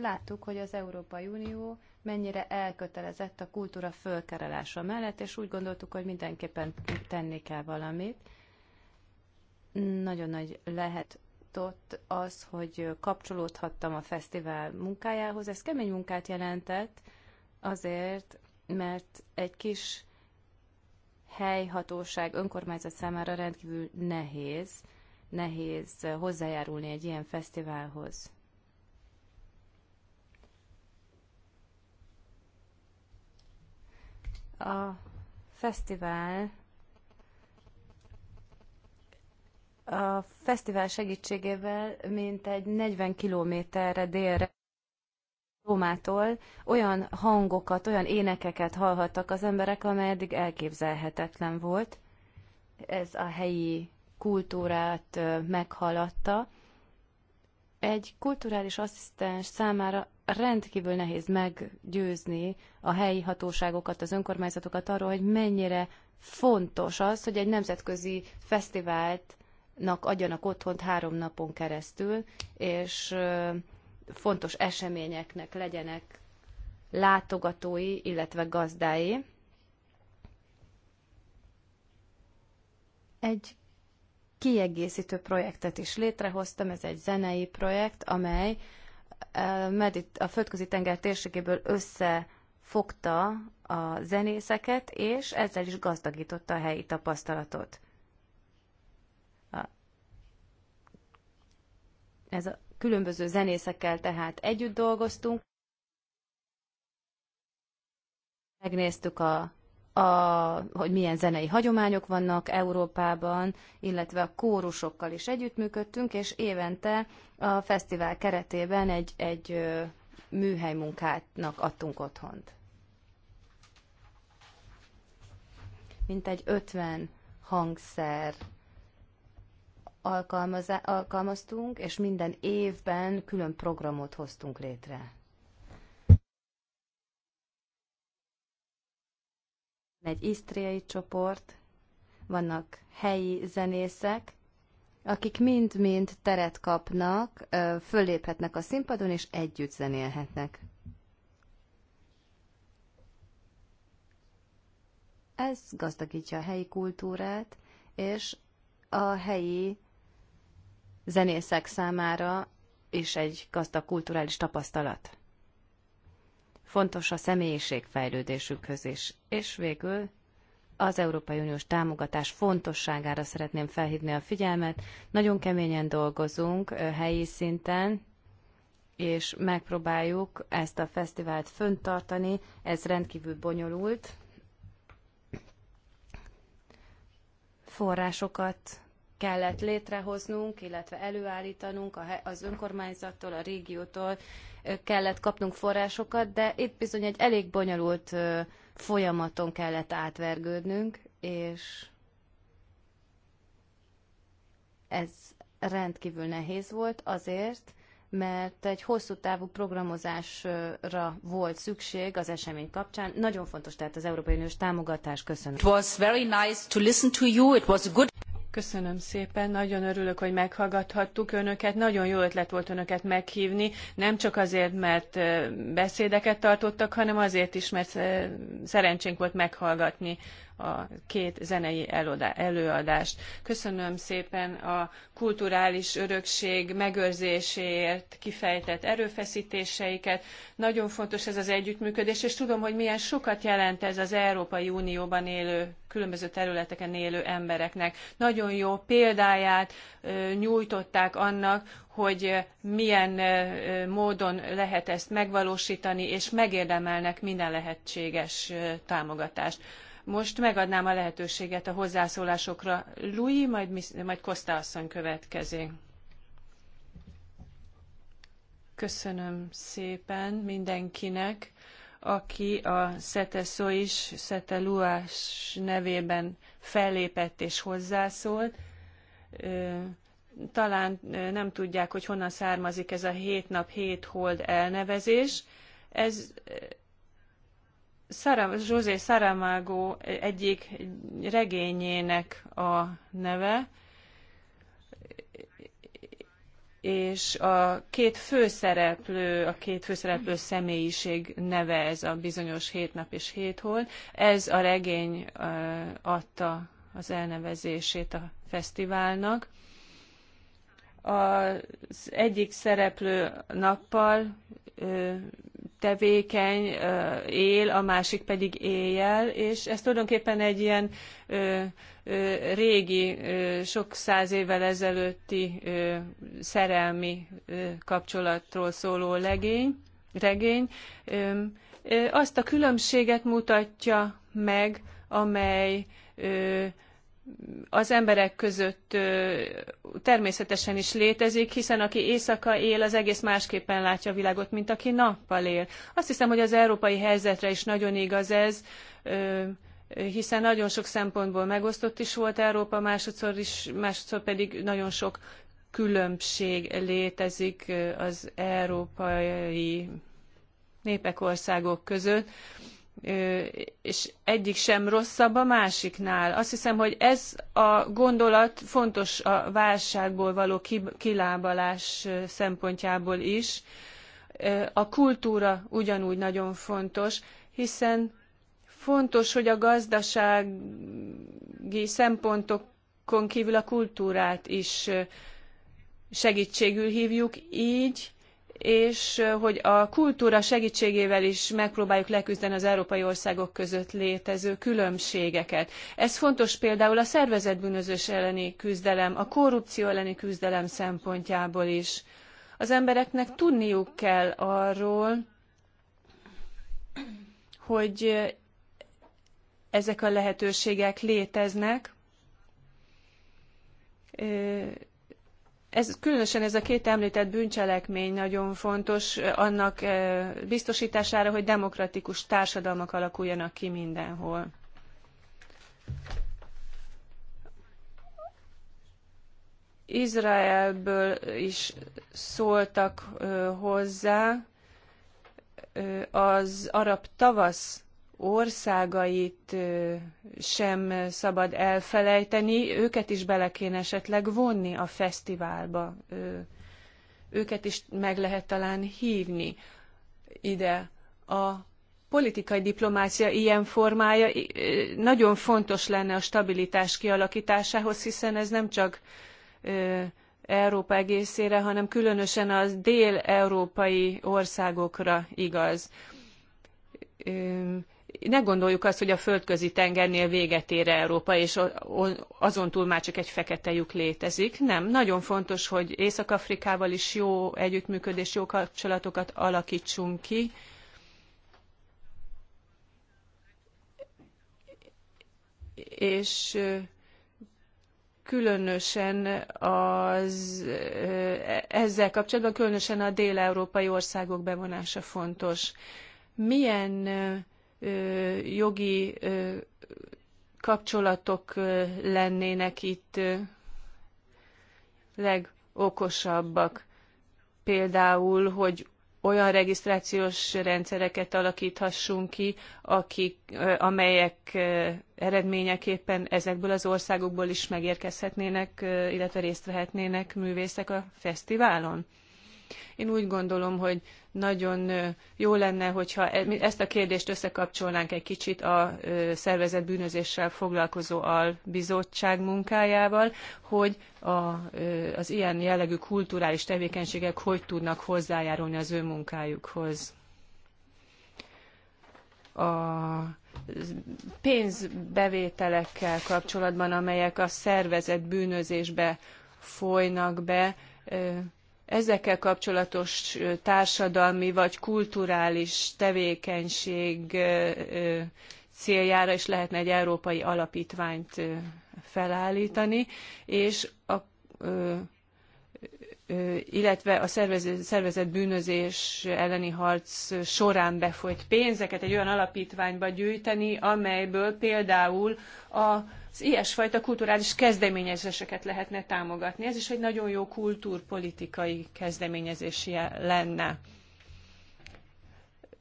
láttuk, hogy az Európai Unió mennyire elkötelezett a kultúra fölkerelása mellett, és úgy gondoltuk, hogy mindenképpen tenni kell valamit. Nagyon nagy lehet ott az, hogy kapcsolódhattam a fesztivál munkájához. Ez kemény munkát jelentett azért, mert egy kis helyhatóság önkormányzat számára rendkívül nehéz, nehéz hozzájárulni egy ilyen fesztiválhoz. A fesztivál a fesztivál segítségével mint egy 40 kilométerre délre Rómától olyan hangokat, olyan énekeket hallhattak az emberek, amely eddig elképzelhetetlen volt. Ez a helyi kultúrát meghaladta. Egy kulturális asszisztens számára rendkívül nehéz meggyőzni a helyi hatóságokat, az önkormányzatokat arról, hogy mennyire fontos az, hogy egy nemzetközi fesztivált adjanak otthont három napon keresztül, és fontos eseményeknek legyenek látogatói, illetve gazdái. Egy kiegészítő projektet is létrehoztam, ez egy zenei projekt, amely medit- a földközi tenger térségéből összefogta a zenészeket, és ezzel is gazdagította a helyi tapasztalatot. Ez a különböző zenészekkel tehát együtt dolgoztunk. Megnéztük a a, hogy milyen zenei hagyományok vannak Európában, illetve a kórusokkal is együttműködtünk, és évente a fesztivál keretében egy, egy műhely munkátnak adtunk otthont. egy 50 hangszer alkalmaztunk, és minden évben külön programot hoztunk létre. egy isztriai csoport, vannak helyi zenészek, akik mind-mind teret kapnak, fölléphetnek a színpadon, és együtt zenélhetnek. Ez gazdagítja a helyi kultúrát, és a helyi zenészek számára is egy gazdag kulturális tapasztalat fontos a fejlődésükhöz is. És végül az Európai Uniós támogatás fontosságára szeretném felhívni a figyelmet. Nagyon keményen dolgozunk helyi szinten, és megpróbáljuk ezt a fesztivált föntartani. Ez rendkívül bonyolult. Forrásokat kellett létrehoznunk, illetve előállítanunk az önkormányzattól, a régiótól kellett kapnunk forrásokat, de itt bizony egy elég bonyolult folyamaton kellett átvergődnünk, és ez rendkívül nehéz volt azért, mert egy hosszú távú programozásra volt szükség az esemény kapcsán. Nagyon fontos tehát az Európai Uniós támogatás. Köszönöm. It was very nice to listen to you. It was good... Köszönöm szépen, nagyon örülök, hogy meghallgathattuk önöket. Nagyon jó ötlet volt önöket meghívni, nem csak azért, mert beszédeket tartottak, hanem azért is, mert szerencsénk volt meghallgatni a két zenei előadást. Köszönöm szépen a kulturális örökség megőrzéséért kifejtett erőfeszítéseiket. Nagyon fontos ez az együttműködés, és tudom, hogy milyen sokat jelent ez az Európai Unióban élő, különböző területeken élő embereknek. Nagyon jó példáját nyújtották annak, hogy milyen módon lehet ezt megvalósítani, és megérdemelnek minden lehetséges támogatást most megadnám a lehetőséget a hozzászólásokra. Louis, majd, majd Koszta asszony következik. Köszönöm szépen mindenkinek, aki a Szete Szóis, Szete Luás nevében fellépett és hozzászólt. Talán nem tudják, hogy honnan származik ez a hét nap, hét hold elnevezés. Ez José Saramago egyik regényének a neve, és a két főszereplő, a két főszereplő személyiség neve ez a bizonyos hét nap és hét hold. Ez a regény adta az elnevezését a fesztiválnak. Az egyik szereplő nappal tevékeny, él, a másik pedig éjjel, és ez tulajdonképpen egy ilyen régi, sok száz évvel ezelőtti szerelmi kapcsolatról szóló legény, regény. Azt a különbséget mutatja meg, amely az emberek között természetesen is létezik, hiszen aki éjszaka él, az egész másképpen látja a világot, mint aki nappal él. Azt hiszem, hogy az európai helyzetre is nagyon igaz ez, hiszen nagyon sok szempontból megosztott is volt Európa, másodszor, is, másodszor pedig nagyon sok különbség létezik az európai népek országok között és egyik sem rosszabb a másiknál. Azt hiszem, hogy ez a gondolat fontos a válságból való kilábalás szempontjából is. A kultúra ugyanúgy nagyon fontos, hiszen fontos, hogy a gazdasági szempontokon kívül a kultúrát is segítségül hívjuk, így és hogy a kultúra segítségével is megpróbáljuk leküzdeni az európai országok között létező különbségeket. Ez fontos például a szervezetbűnözés elleni küzdelem, a korrupció elleni küzdelem szempontjából is. Az embereknek tudniuk kell arról, hogy ezek a lehetőségek léteznek, ez, különösen ez a két említett bűncselekmény nagyon fontos eh, annak eh, biztosítására, hogy demokratikus társadalmak alakuljanak ki mindenhol. Izraelből is szóltak eh, hozzá, az arab tavasz országait sem szabad elfelejteni, őket is bele kéne esetleg vonni a fesztiválba, őket is meg lehet talán hívni ide. A politikai diplomácia ilyen formája nagyon fontos lenne a stabilitás kialakításához, hiszen ez nem csak Európa egészére, hanem különösen az dél-európai országokra igaz ne gondoljuk azt, hogy a földközi tengernél véget ér Európa, és azon túl már csak egy fekete lyuk létezik. Nem, nagyon fontos, hogy Észak-Afrikával is jó együttműködés, jó kapcsolatokat alakítsunk ki. És különösen az, ezzel kapcsolatban különösen a dél-európai országok bevonása fontos. Milyen jogi kapcsolatok lennének itt legokosabbak. Például, hogy olyan regisztrációs rendszereket alakíthassunk ki, akik, amelyek eredményeképpen ezekből az országokból is megérkezhetnének, illetve részt vehetnének művészek a fesztiválon. Én úgy gondolom, hogy nagyon jó lenne, hogyha e, ezt a kérdést összekapcsolnánk egy kicsit a szervezet bűnözéssel foglalkozó albizottság munkájával, hogy a, az ilyen jellegű kulturális tevékenységek hogy tudnak hozzájárulni az ő munkájukhoz. A pénzbevételekkel kapcsolatban, amelyek a szervezet bűnözésbe folynak be, ezekkel kapcsolatos társadalmi vagy kulturális tevékenység céljára is lehetne egy európai alapítványt felállítani, és a, illetve a szervezet, szervezet bűnözés elleni harc során befolyt pénzeket egy olyan alapítványba gyűjteni, amelyből például a az ilyesfajta kulturális kezdeményezéseket lehetne támogatni. Ez is egy nagyon jó kultúrpolitikai kezdeményezés lenne.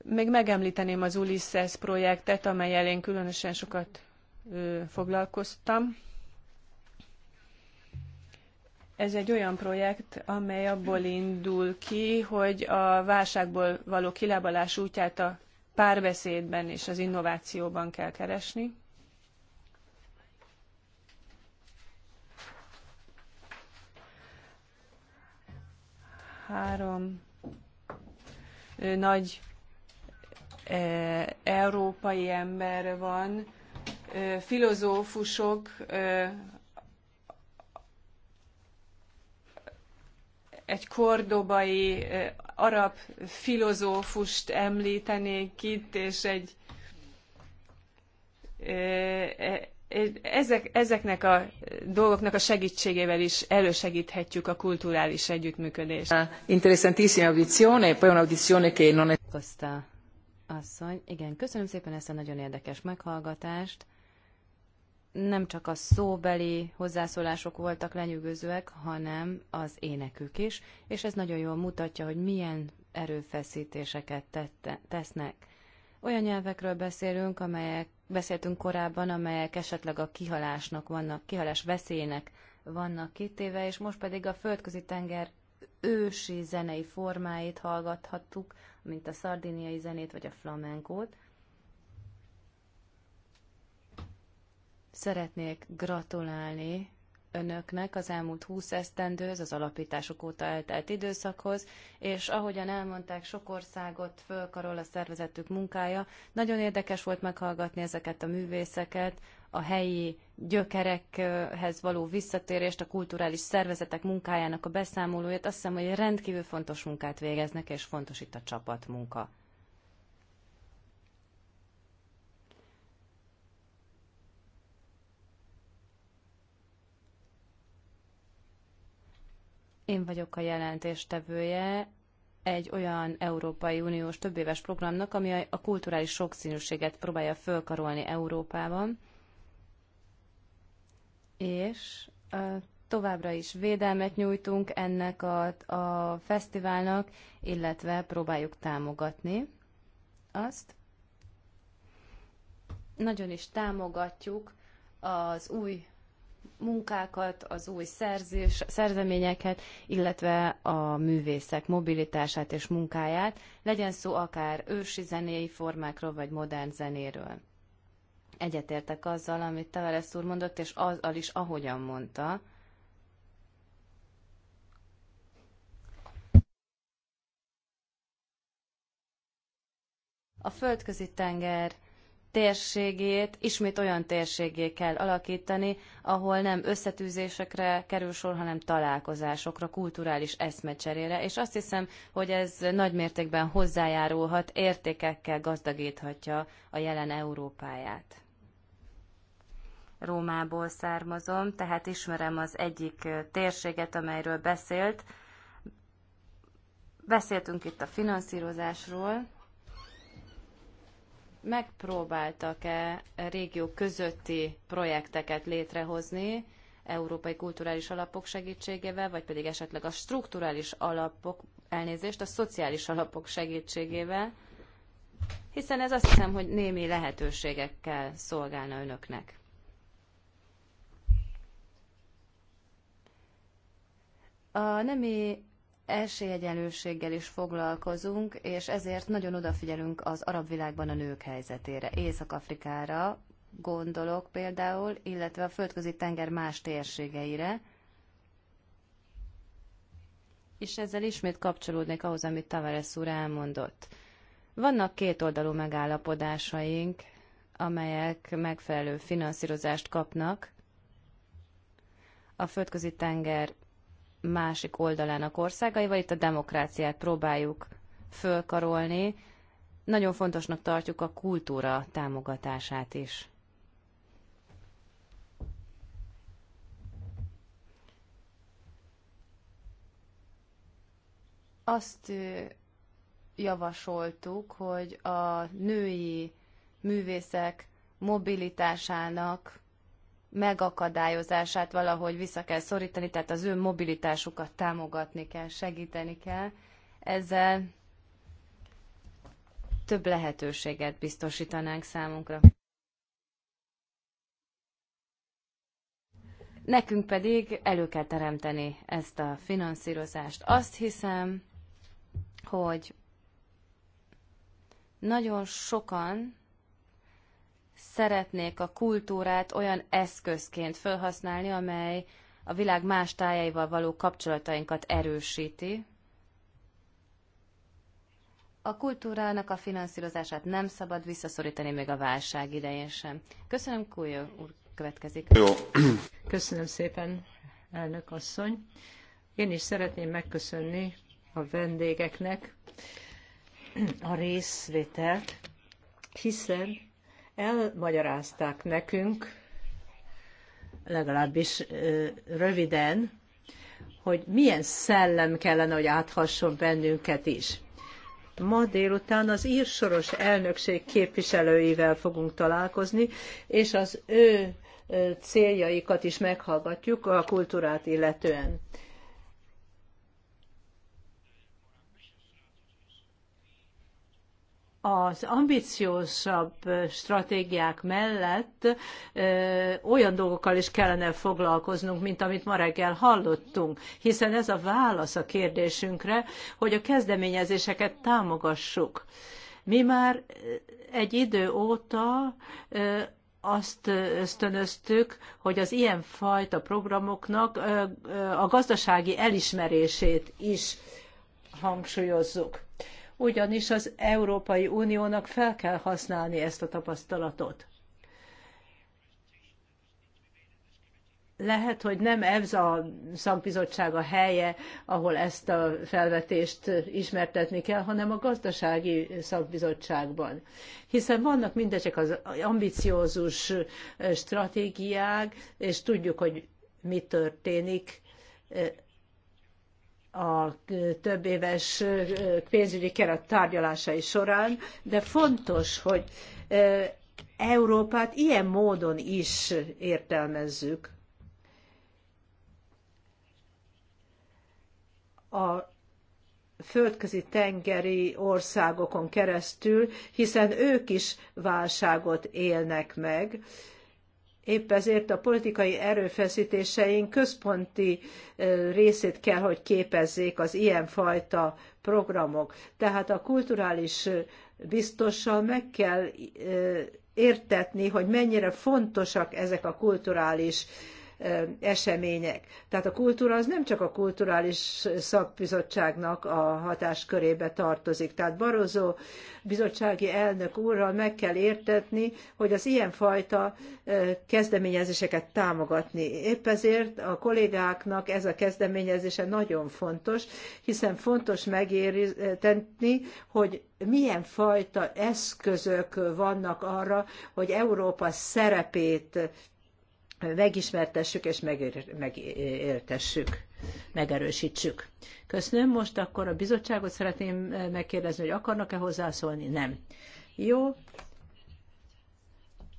Még megemlíteném az Ulysses projektet, amelyel én különösen sokat ö, foglalkoztam. Ez egy olyan projekt, amely abból indul ki, hogy a válságból való kilábalás útját a párbeszédben és az innovációban kell keresni három nagy e, európai ember van, e, filozófusok, e, egy kordobai arab filozófust említenék itt, és egy e, ezek, ezeknek a dolgoknak a segítségével is elősegíthetjük a kulturális együttműködést. Interessantissima audizione, poi un'audizione che non è... Costa asszony, igen, köszönöm szépen ezt a nagyon érdekes meghallgatást. Nem csak a szóbeli hozzászólások voltak lenyűgözőek, hanem az énekük is, és ez nagyon jól mutatja, hogy milyen erőfeszítéseket tette, tesznek. Olyan nyelvekről beszélünk, amelyek beszéltünk korábban, amelyek esetleg a kihalásnak vannak, kihalás veszélynek vannak kitéve, és most pedig a földközi tenger ősi zenei formáit hallgathattuk, mint a szardiniai zenét vagy a flamenkót. Szeretnék gratulálni önöknek az elmúlt 20 esztendőhöz, az alapítások óta eltelt időszakhoz, és ahogyan elmondták, sok országot fölkarol a szervezetük munkája. Nagyon érdekes volt meghallgatni ezeket a művészeket, a helyi gyökerekhez való visszatérést, a kulturális szervezetek munkájának a beszámolóját. Azt hiszem, hogy rendkívül fontos munkát végeznek, és fontos itt a csapatmunka. Én vagyok a jelentéstevője egy olyan Európai Uniós többéves programnak, ami a kulturális sokszínűséget próbálja fölkarolni Európában, és továbbra is védelmet nyújtunk ennek a, a fesztiválnak, illetve próbáljuk támogatni azt. Nagyon is támogatjuk az új munkákat, az új szerzés, szerzeményeket, illetve a művészek mobilitását és munkáját, legyen szó akár ősi zenéi formákról, vagy modern zenéről. Egyetértek azzal, amit Tavares úr mondott, és azzal is, ahogyan mondta, A földközi tenger térségét ismét olyan térségé kell alakítani, ahol nem összetűzésekre kerül sor, hanem találkozásokra, kulturális eszmecserére, és azt hiszem, hogy ez nagy mértékben hozzájárulhat, értékekkel gazdagíthatja a jelen Európáját. Rómából származom, tehát ismerem az egyik térséget, amelyről beszélt. Beszéltünk itt a finanszírozásról, megpróbáltak-e régiók közötti projekteket létrehozni európai kulturális alapok segítségével, vagy pedig esetleg a strukturális alapok, elnézést, a szociális alapok segítségével, hiszen ez azt hiszem, hogy némi lehetőségekkel szolgálna önöknek. A nemi esélyegyenlőséggel is foglalkozunk, és ezért nagyon odafigyelünk az arab világban a nők helyzetére, Észak-Afrikára gondolok például, illetve a földközi tenger más térségeire. És ezzel ismét kapcsolódnék ahhoz, amit Tavares úr elmondott. Vannak kétoldalú megállapodásaink, amelyek megfelelő finanszírozást kapnak a földközi tenger másik oldalának országaival. Itt a demokráciát próbáljuk fölkarolni. Nagyon fontosnak tartjuk a kultúra támogatását is. Azt javasoltuk, hogy a női művészek mobilitásának megakadályozását valahogy vissza kell szorítani, tehát az ő mobilitásukat támogatni kell, segíteni kell. Ezzel több lehetőséget biztosítanánk számunkra. Nekünk pedig elő kell teremteni ezt a finanszírozást. Azt hiszem, hogy nagyon sokan szeretnék a kultúrát olyan eszközként felhasználni, amely a világ más tájaival való kapcsolatainkat erősíti. A kultúrának a finanszírozását nem szabad visszaszorítani még a válság idején sem. Köszönöm, Kújó úr, következik. Jó. Köszönöm szépen, elnök asszony. Én is szeretném megköszönni a vendégeknek a részvételt, hiszen Elmagyarázták nekünk, legalábbis röviden, hogy milyen szellem kellene, hogy áthasson bennünket is. Ma délután az írsoros elnökség képviselőivel fogunk találkozni, és az ő céljaikat is meghallgatjuk a kultúrát illetően. az ambiciósabb stratégiák mellett ö, olyan dolgokkal is kellene foglalkoznunk, mint amit ma reggel hallottunk, hiszen ez a válasz a kérdésünkre, hogy a kezdeményezéseket támogassuk. Mi már egy idő óta ö, azt ösztönöztük, hogy az ilyen fajta programoknak ö, ö, a gazdasági elismerését is hangsúlyozzuk ugyanis az Európai Uniónak fel kell használni ezt a tapasztalatot. Lehet, hogy nem ez a szakbizottság a helye, ahol ezt a felvetést ismertetni kell, hanem a gazdasági szakbizottságban. Hiszen vannak mindezek az ambiciózus stratégiák, és tudjuk, hogy mi történik a több éves pénzügyi keret tárgyalásai során, de fontos, hogy Európát ilyen módon is értelmezzük. A földközi tengeri országokon keresztül, hiszen ők is válságot élnek meg, Épp ezért a politikai erőfeszítéseink központi részét kell, hogy képezzék az ilyenfajta programok. Tehát a kulturális biztossal meg kell értetni, hogy mennyire fontosak ezek a kulturális események. Tehát a kultúra az nem csak a kulturális szakbizottságnak a hatáskörébe tartozik. Tehát Barozó bizottsági elnök úrral meg kell értetni, hogy az ilyenfajta kezdeményezéseket támogatni. Épp ezért a kollégáknak ez a kezdeményezése nagyon fontos, hiszen fontos megérteni, hogy milyen fajta eszközök vannak arra, hogy Európa szerepét megismertessük és megértessük, megerősítsük. Köszönöm. Most akkor a bizottságot szeretném eh, megkérdezni, hogy akarnak-e hozzászólni? Nem. Jó,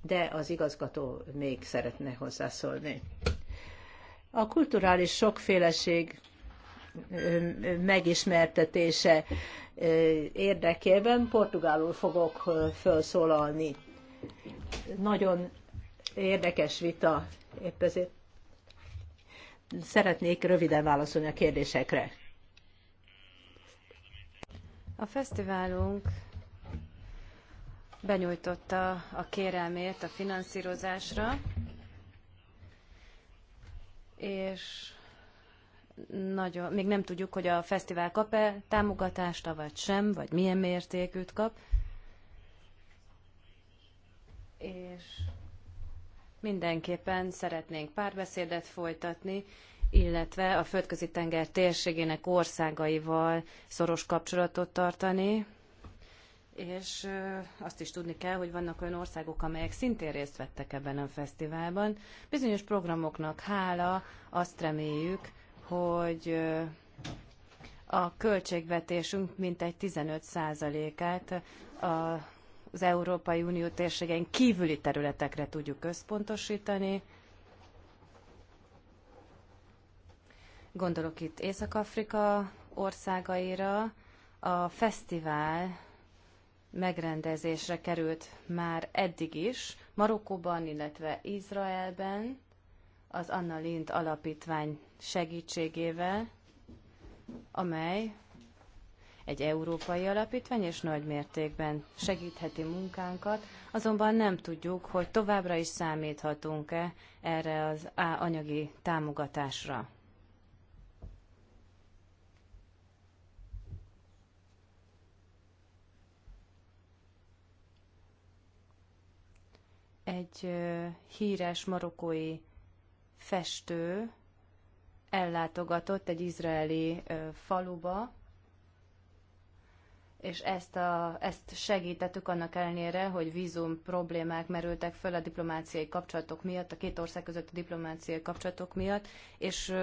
de az igazgató még szeretne hozzászólni. A kulturális sokféleség eh, megismertetése eh, érdekében portugálul fogok felszólalni. Nagyon érdekes vita, épp ezért szeretnék röviden válaszolni a kérdésekre. A fesztiválunk benyújtotta a kérelmét a finanszírozásra, és nagyon, még nem tudjuk, hogy a fesztivál kap-e támogatást, vagy sem, vagy milyen mértékűt kap. És Mindenképpen szeretnénk párbeszédet folytatni, illetve a földközi tenger térségének országaival szoros kapcsolatot tartani, és azt is tudni kell, hogy vannak olyan országok, amelyek szintén részt vettek ebben a fesztiválban. Bizonyos programoknak hála azt reméljük, hogy a költségvetésünk mintegy 15%-át a az Európai Unió térségein kívüli területekre tudjuk központosítani. Gondolok itt Észak-Afrika országaira. A fesztivál megrendezésre került már eddig is, Marokkóban, illetve Izraelben, az Anna Lind Alapítvány segítségével, amely egy európai alapítvány, és nagy mértékben segítheti munkánkat, azonban nem tudjuk, hogy továbbra is számíthatunk-e erre az anyagi támogatásra. Egy híres marokkói festő ellátogatott egy izraeli faluba, és ezt, a, ezt segítettük annak ellenére, hogy vízum problémák merültek föl a diplomáciai kapcsolatok miatt, a két ország között a diplomáciai kapcsolatok miatt, és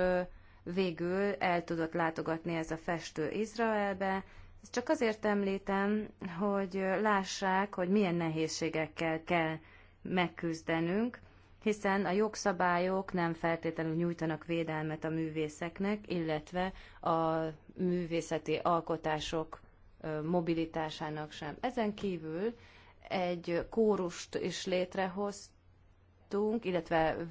végül el tudott látogatni ez a festő Izraelbe. Ezt csak azért említem, hogy lássák, hogy milyen nehézségekkel kell megküzdenünk, hiszen a jogszabályok nem feltétlenül nyújtanak védelmet a művészeknek, illetve a művészeti alkotások mobilitásának sem. Ezen kívül egy kórust is létrehoztunk, illetve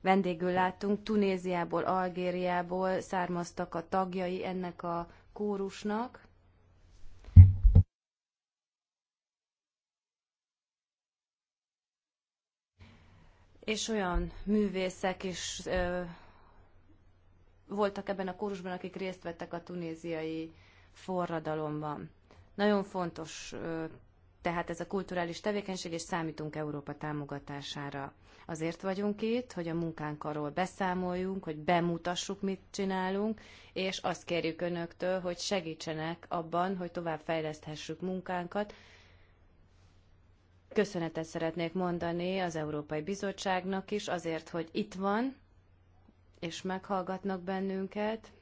vendégül láttunk, Tunéziából, Algériából származtak a tagjai ennek a kórusnak. És olyan művészek is voltak ebben a kórusban, akik részt vettek a tunéziai forradalomban. Nagyon fontos tehát ez a kulturális tevékenység, és számítunk Európa támogatására. Azért vagyunk itt, hogy a munkánk arról beszámoljunk, hogy bemutassuk, mit csinálunk, és azt kérjük önöktől, hogy segítsenek abban, hogy tovább fejleszthessük munkánkat. Köszönetet szeretnék mondani az Európai Bizottságnak is azért, hogy itt van, és meghallgatnak bennünket.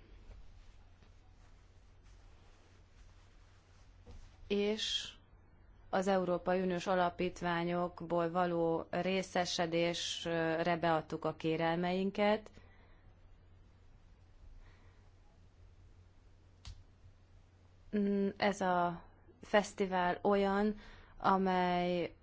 És az Európai Uniós alapítványokból való részesedésre beadtuk a kérelmeinket. Ez a fesztivál olyan, amely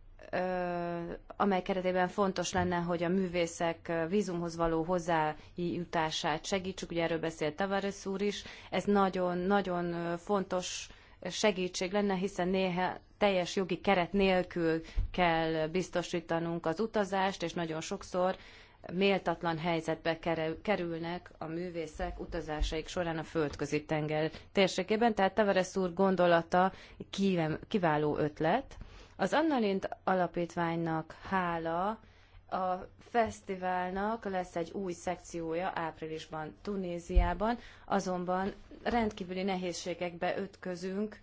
amely keretében fontos lenne, hogy a művészek vízumhoz való hozzájutását segítsük, ugye erről beszélt Tavares úr is, ez nagyon-nagyon fontos segítség lenne, hiszen néha teljes jogi keret nélkül kell biztosítanunk az utazást, és nagyon sokszor méltatlan helyzetbe kerülnek a művészek utazásaik során a földközi tenger térségében. Tehát Tavares úr gondolata kiváló ötlet, az Annalint alapítványnak hála a fesztiválnak lesz egy új szekciója áprilisban Tunéziában, azonban rendkívüli nehézségekbe ötközünk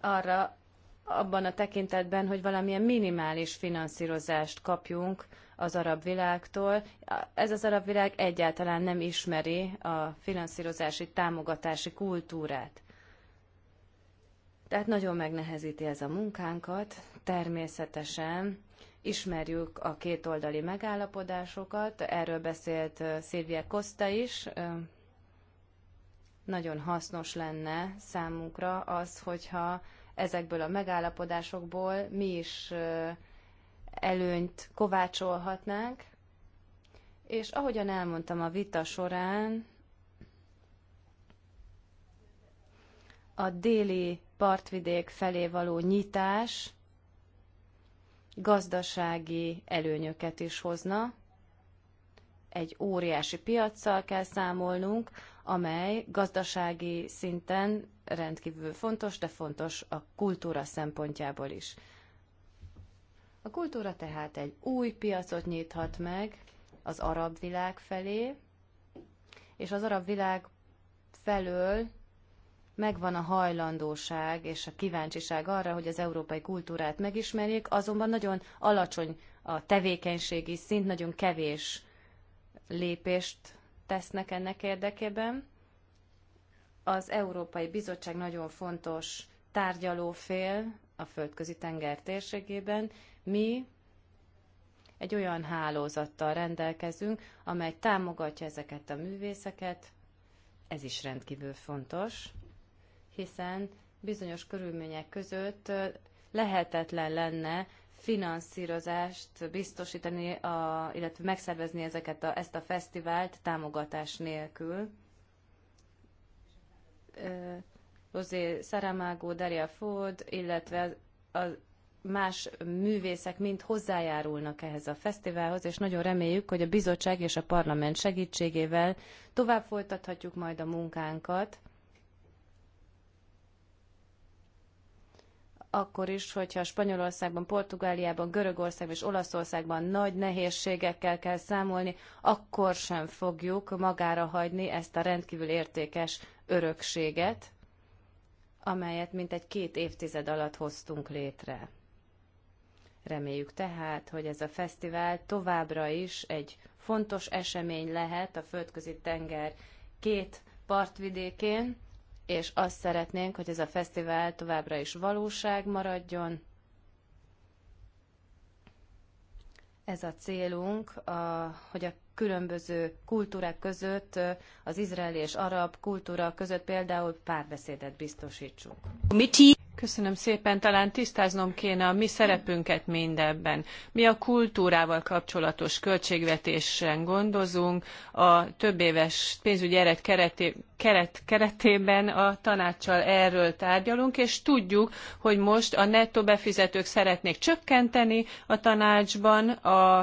arra, abban a tekintetben, hogy valamilyen minimális finanszírozást kapjunk az arab világtól. Ez az arab világ egyáltalán nem ismeri a finanszírozási támogatási kultúrát. Tehát nagyon megnehezíti ez a munkánkat. Természetesen ismerjük a kétoldali megállapodásokat, erről beszélt Szilvia Kosta is. Nagyon hasznos lenne számunkra az, hogyha ezekből a megállapodásokból mi is előnyt kovácsolhatnánk. És ahogyan elmondtam a vita során, a déli partvidék felé való nyitás gazdasági előnyöket is hozna. Egy óriási piacsal kell számolnunk, amely gazdasági szinten rendkívül fontos, de fontos a kultúra szempontjából is. A kultúra tehát egy új piacot nyithat meg az arab világ felé, és az arab világ felől megvan a hajlandóság és a kíváncsiság arra, hogy az európai kultúrát megismerjék, azonban nagyon alacsony a tevékenységi szint, nagyon kevés lépést tesznek ennek érdekében. Az Európai Bizottság nagyon fontos tárgyalófél a földközi tenger térségében. Mi egy olyan hálózattal rendelkezünk, amely támogatja ezeket a művészeket, ez is rendkívül fontos hiszen bizonyos körülmények között lehetetlen lenne finanszírozást biztosítani, a, illetve megszervezni ezeket a, ezt a fesztivált támogatás nélkül. Rosé Saramago, Daria Ford, illetve a más művészek mind hozzájárulnak ehhez a fesztiválhoz, és nagyon reméljük, hogy a bizottság és a parlament segítségével tovább folytathatjuk majd a munkánkat akkor is, hogyha Spanyolországban, Portugáliában, Görögországban és Olaszországban nagy nehézségekkel kell számolni, akkor sem fogjuk magára hagyni ezt a rendkívül értékes örökséget, amelyet mintegy két évtized alatt hoztunk létre. Reméljük tehát, hogy ez a fesztivál továbbra is egy fontos esemény lehet a földközi tenger két partvidékén, és azt szeretnénk, hogy ez a fesztivál továbbra is valóság maradjon. Ez a célunk, a, hogy a különböző kultúrák között, az izraeli és arab kultúra között például párbeszédet biztosítsunk. Köszönöm szépen. Talán tisztáznom kéne a mi szerepünket mindebben. Mi a kultúrával kapcsolatos költségvetésen gondozunk, a többéves pénzügyi eret kereté, keret keretében a tanácssal erről tárgyalunk, és tudjuk, hogy most a nettó befizetők szeretnék csökkenteni a tanácsban a,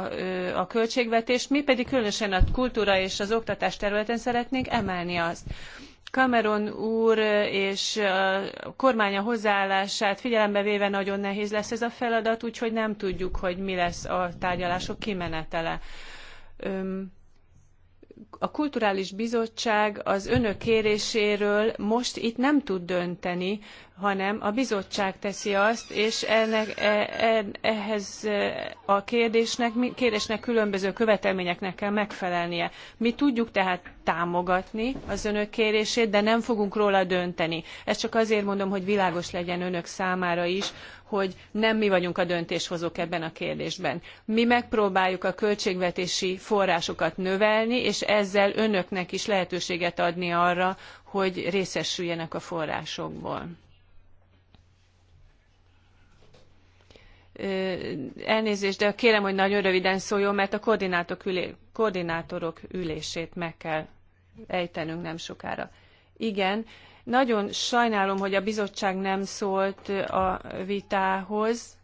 a költségvetést, mi pedig különösen a kultúra és az oktatás területen szeretnénk emelni azt Cameron úr és a kormánya hozzáállását figyelembe véve nagyon nehéz lesz ez a feladat, úgyhogy nem tudjuk, hogy mi lesz a tárgyalások kimenetele. A Kulturális Bizottság az önök kéréséről most itt nem tud dönteni, hanem a bizottság teszi azt, és ennek, e, e, ehhez e, a kérdésnek, kérdésnek különböző követelményeknek kell megfelelnie. Mi tudjuk tehát támogatni az önök kérését, de nem fogunk róla dönteni. Ezt csak azért mondom, hogy világos legyen önök számára is, hogy nem mi vagyunk a döntéshozók ebben a kérdésben. Mi megpróbáljuk a költségvetési forrásokat növelni, és ezzel önöknek is lehetőséget adni arra, hogy részesüljenek a forrásokból. elnézést, de kérem, hogy nagyon röviden szóljon, mert a koordinátorok, ülé, koordinátorok ülését meg kell ejtenünk nem sokára. Igen, nagyon sajnálom, hogy a bizottság nem szólt a vitához,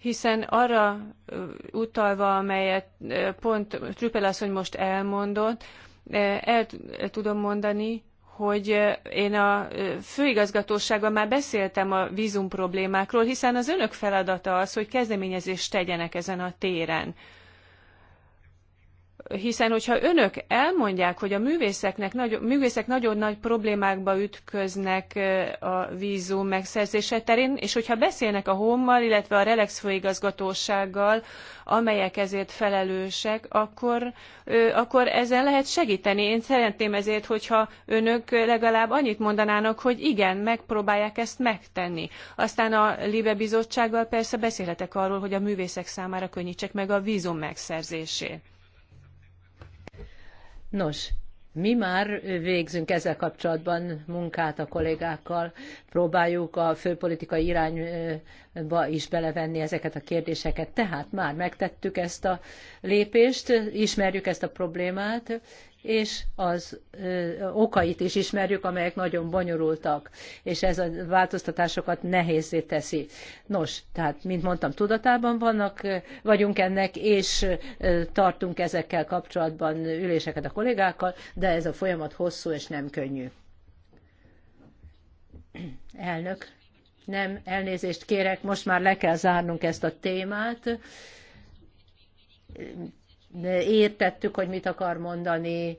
hiszen arra utalva, amelyet pont Trüppel asszony most elmondott, el tudom mondani, hogy én a főigazgatósággal már beszéltem a vízum problémákról, hiszen az önök feladata az, hogy kezdeményezést tegyenek ezen a téren hiszen hogyha önök elmondják, hogy a művészeknek nagy, művészek nagyon nagy problémákba ütköznek a vízum megszerzése terén, és hogyha beszélnek a hommal, illetve a Relex főigazgatósággal, amelyek ezért felelősek, akkor, akkor ezen lehet segíteni. Én szeretném ezért, hogyha önök legalább annyit mondanának, hogy igen, megpróbálják ezt megtenni. Aztán a Libe Bizottsággal persze beszélhetek arról, hogy a művészek számára könnyítsek meg a vízum megszerzését. Nos, mi már végzünk ezzel kapcsolatban munkát a kollégákkal, próbáljuk a főpolitikai irányba is belevenni ezeket a kérdéseket. Tehát már megtettük ezt a lépést, ismerjük ezt a problémát, és az okait is ismerjük, amelyek nagyon bonyolultak, és ez a változtatásokat nehézé teszi. Nos, tehát, mint mondtam, tudatában vannak, vagyunk ennek, és tartunk ezekkel kapcsolatban üléseket a kollégákkal, de ez a folyamat hosszú és nem könnyű. Elnök, nem, elnézést kérek, most már le kell zárnunk ezt a témát értettük, hogy mit akar mondani,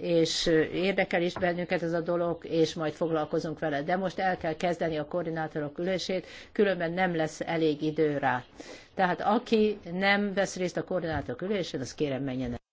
és érdekel is bennünket ez a dolog, és majd foglalkozunk vele. De most el kell kezdeni a koordinátorok ülését, különben nem lesz elég idő rá. Tehát aki nem vesz részt a koordinátorok ülésén, az kérem menjen el.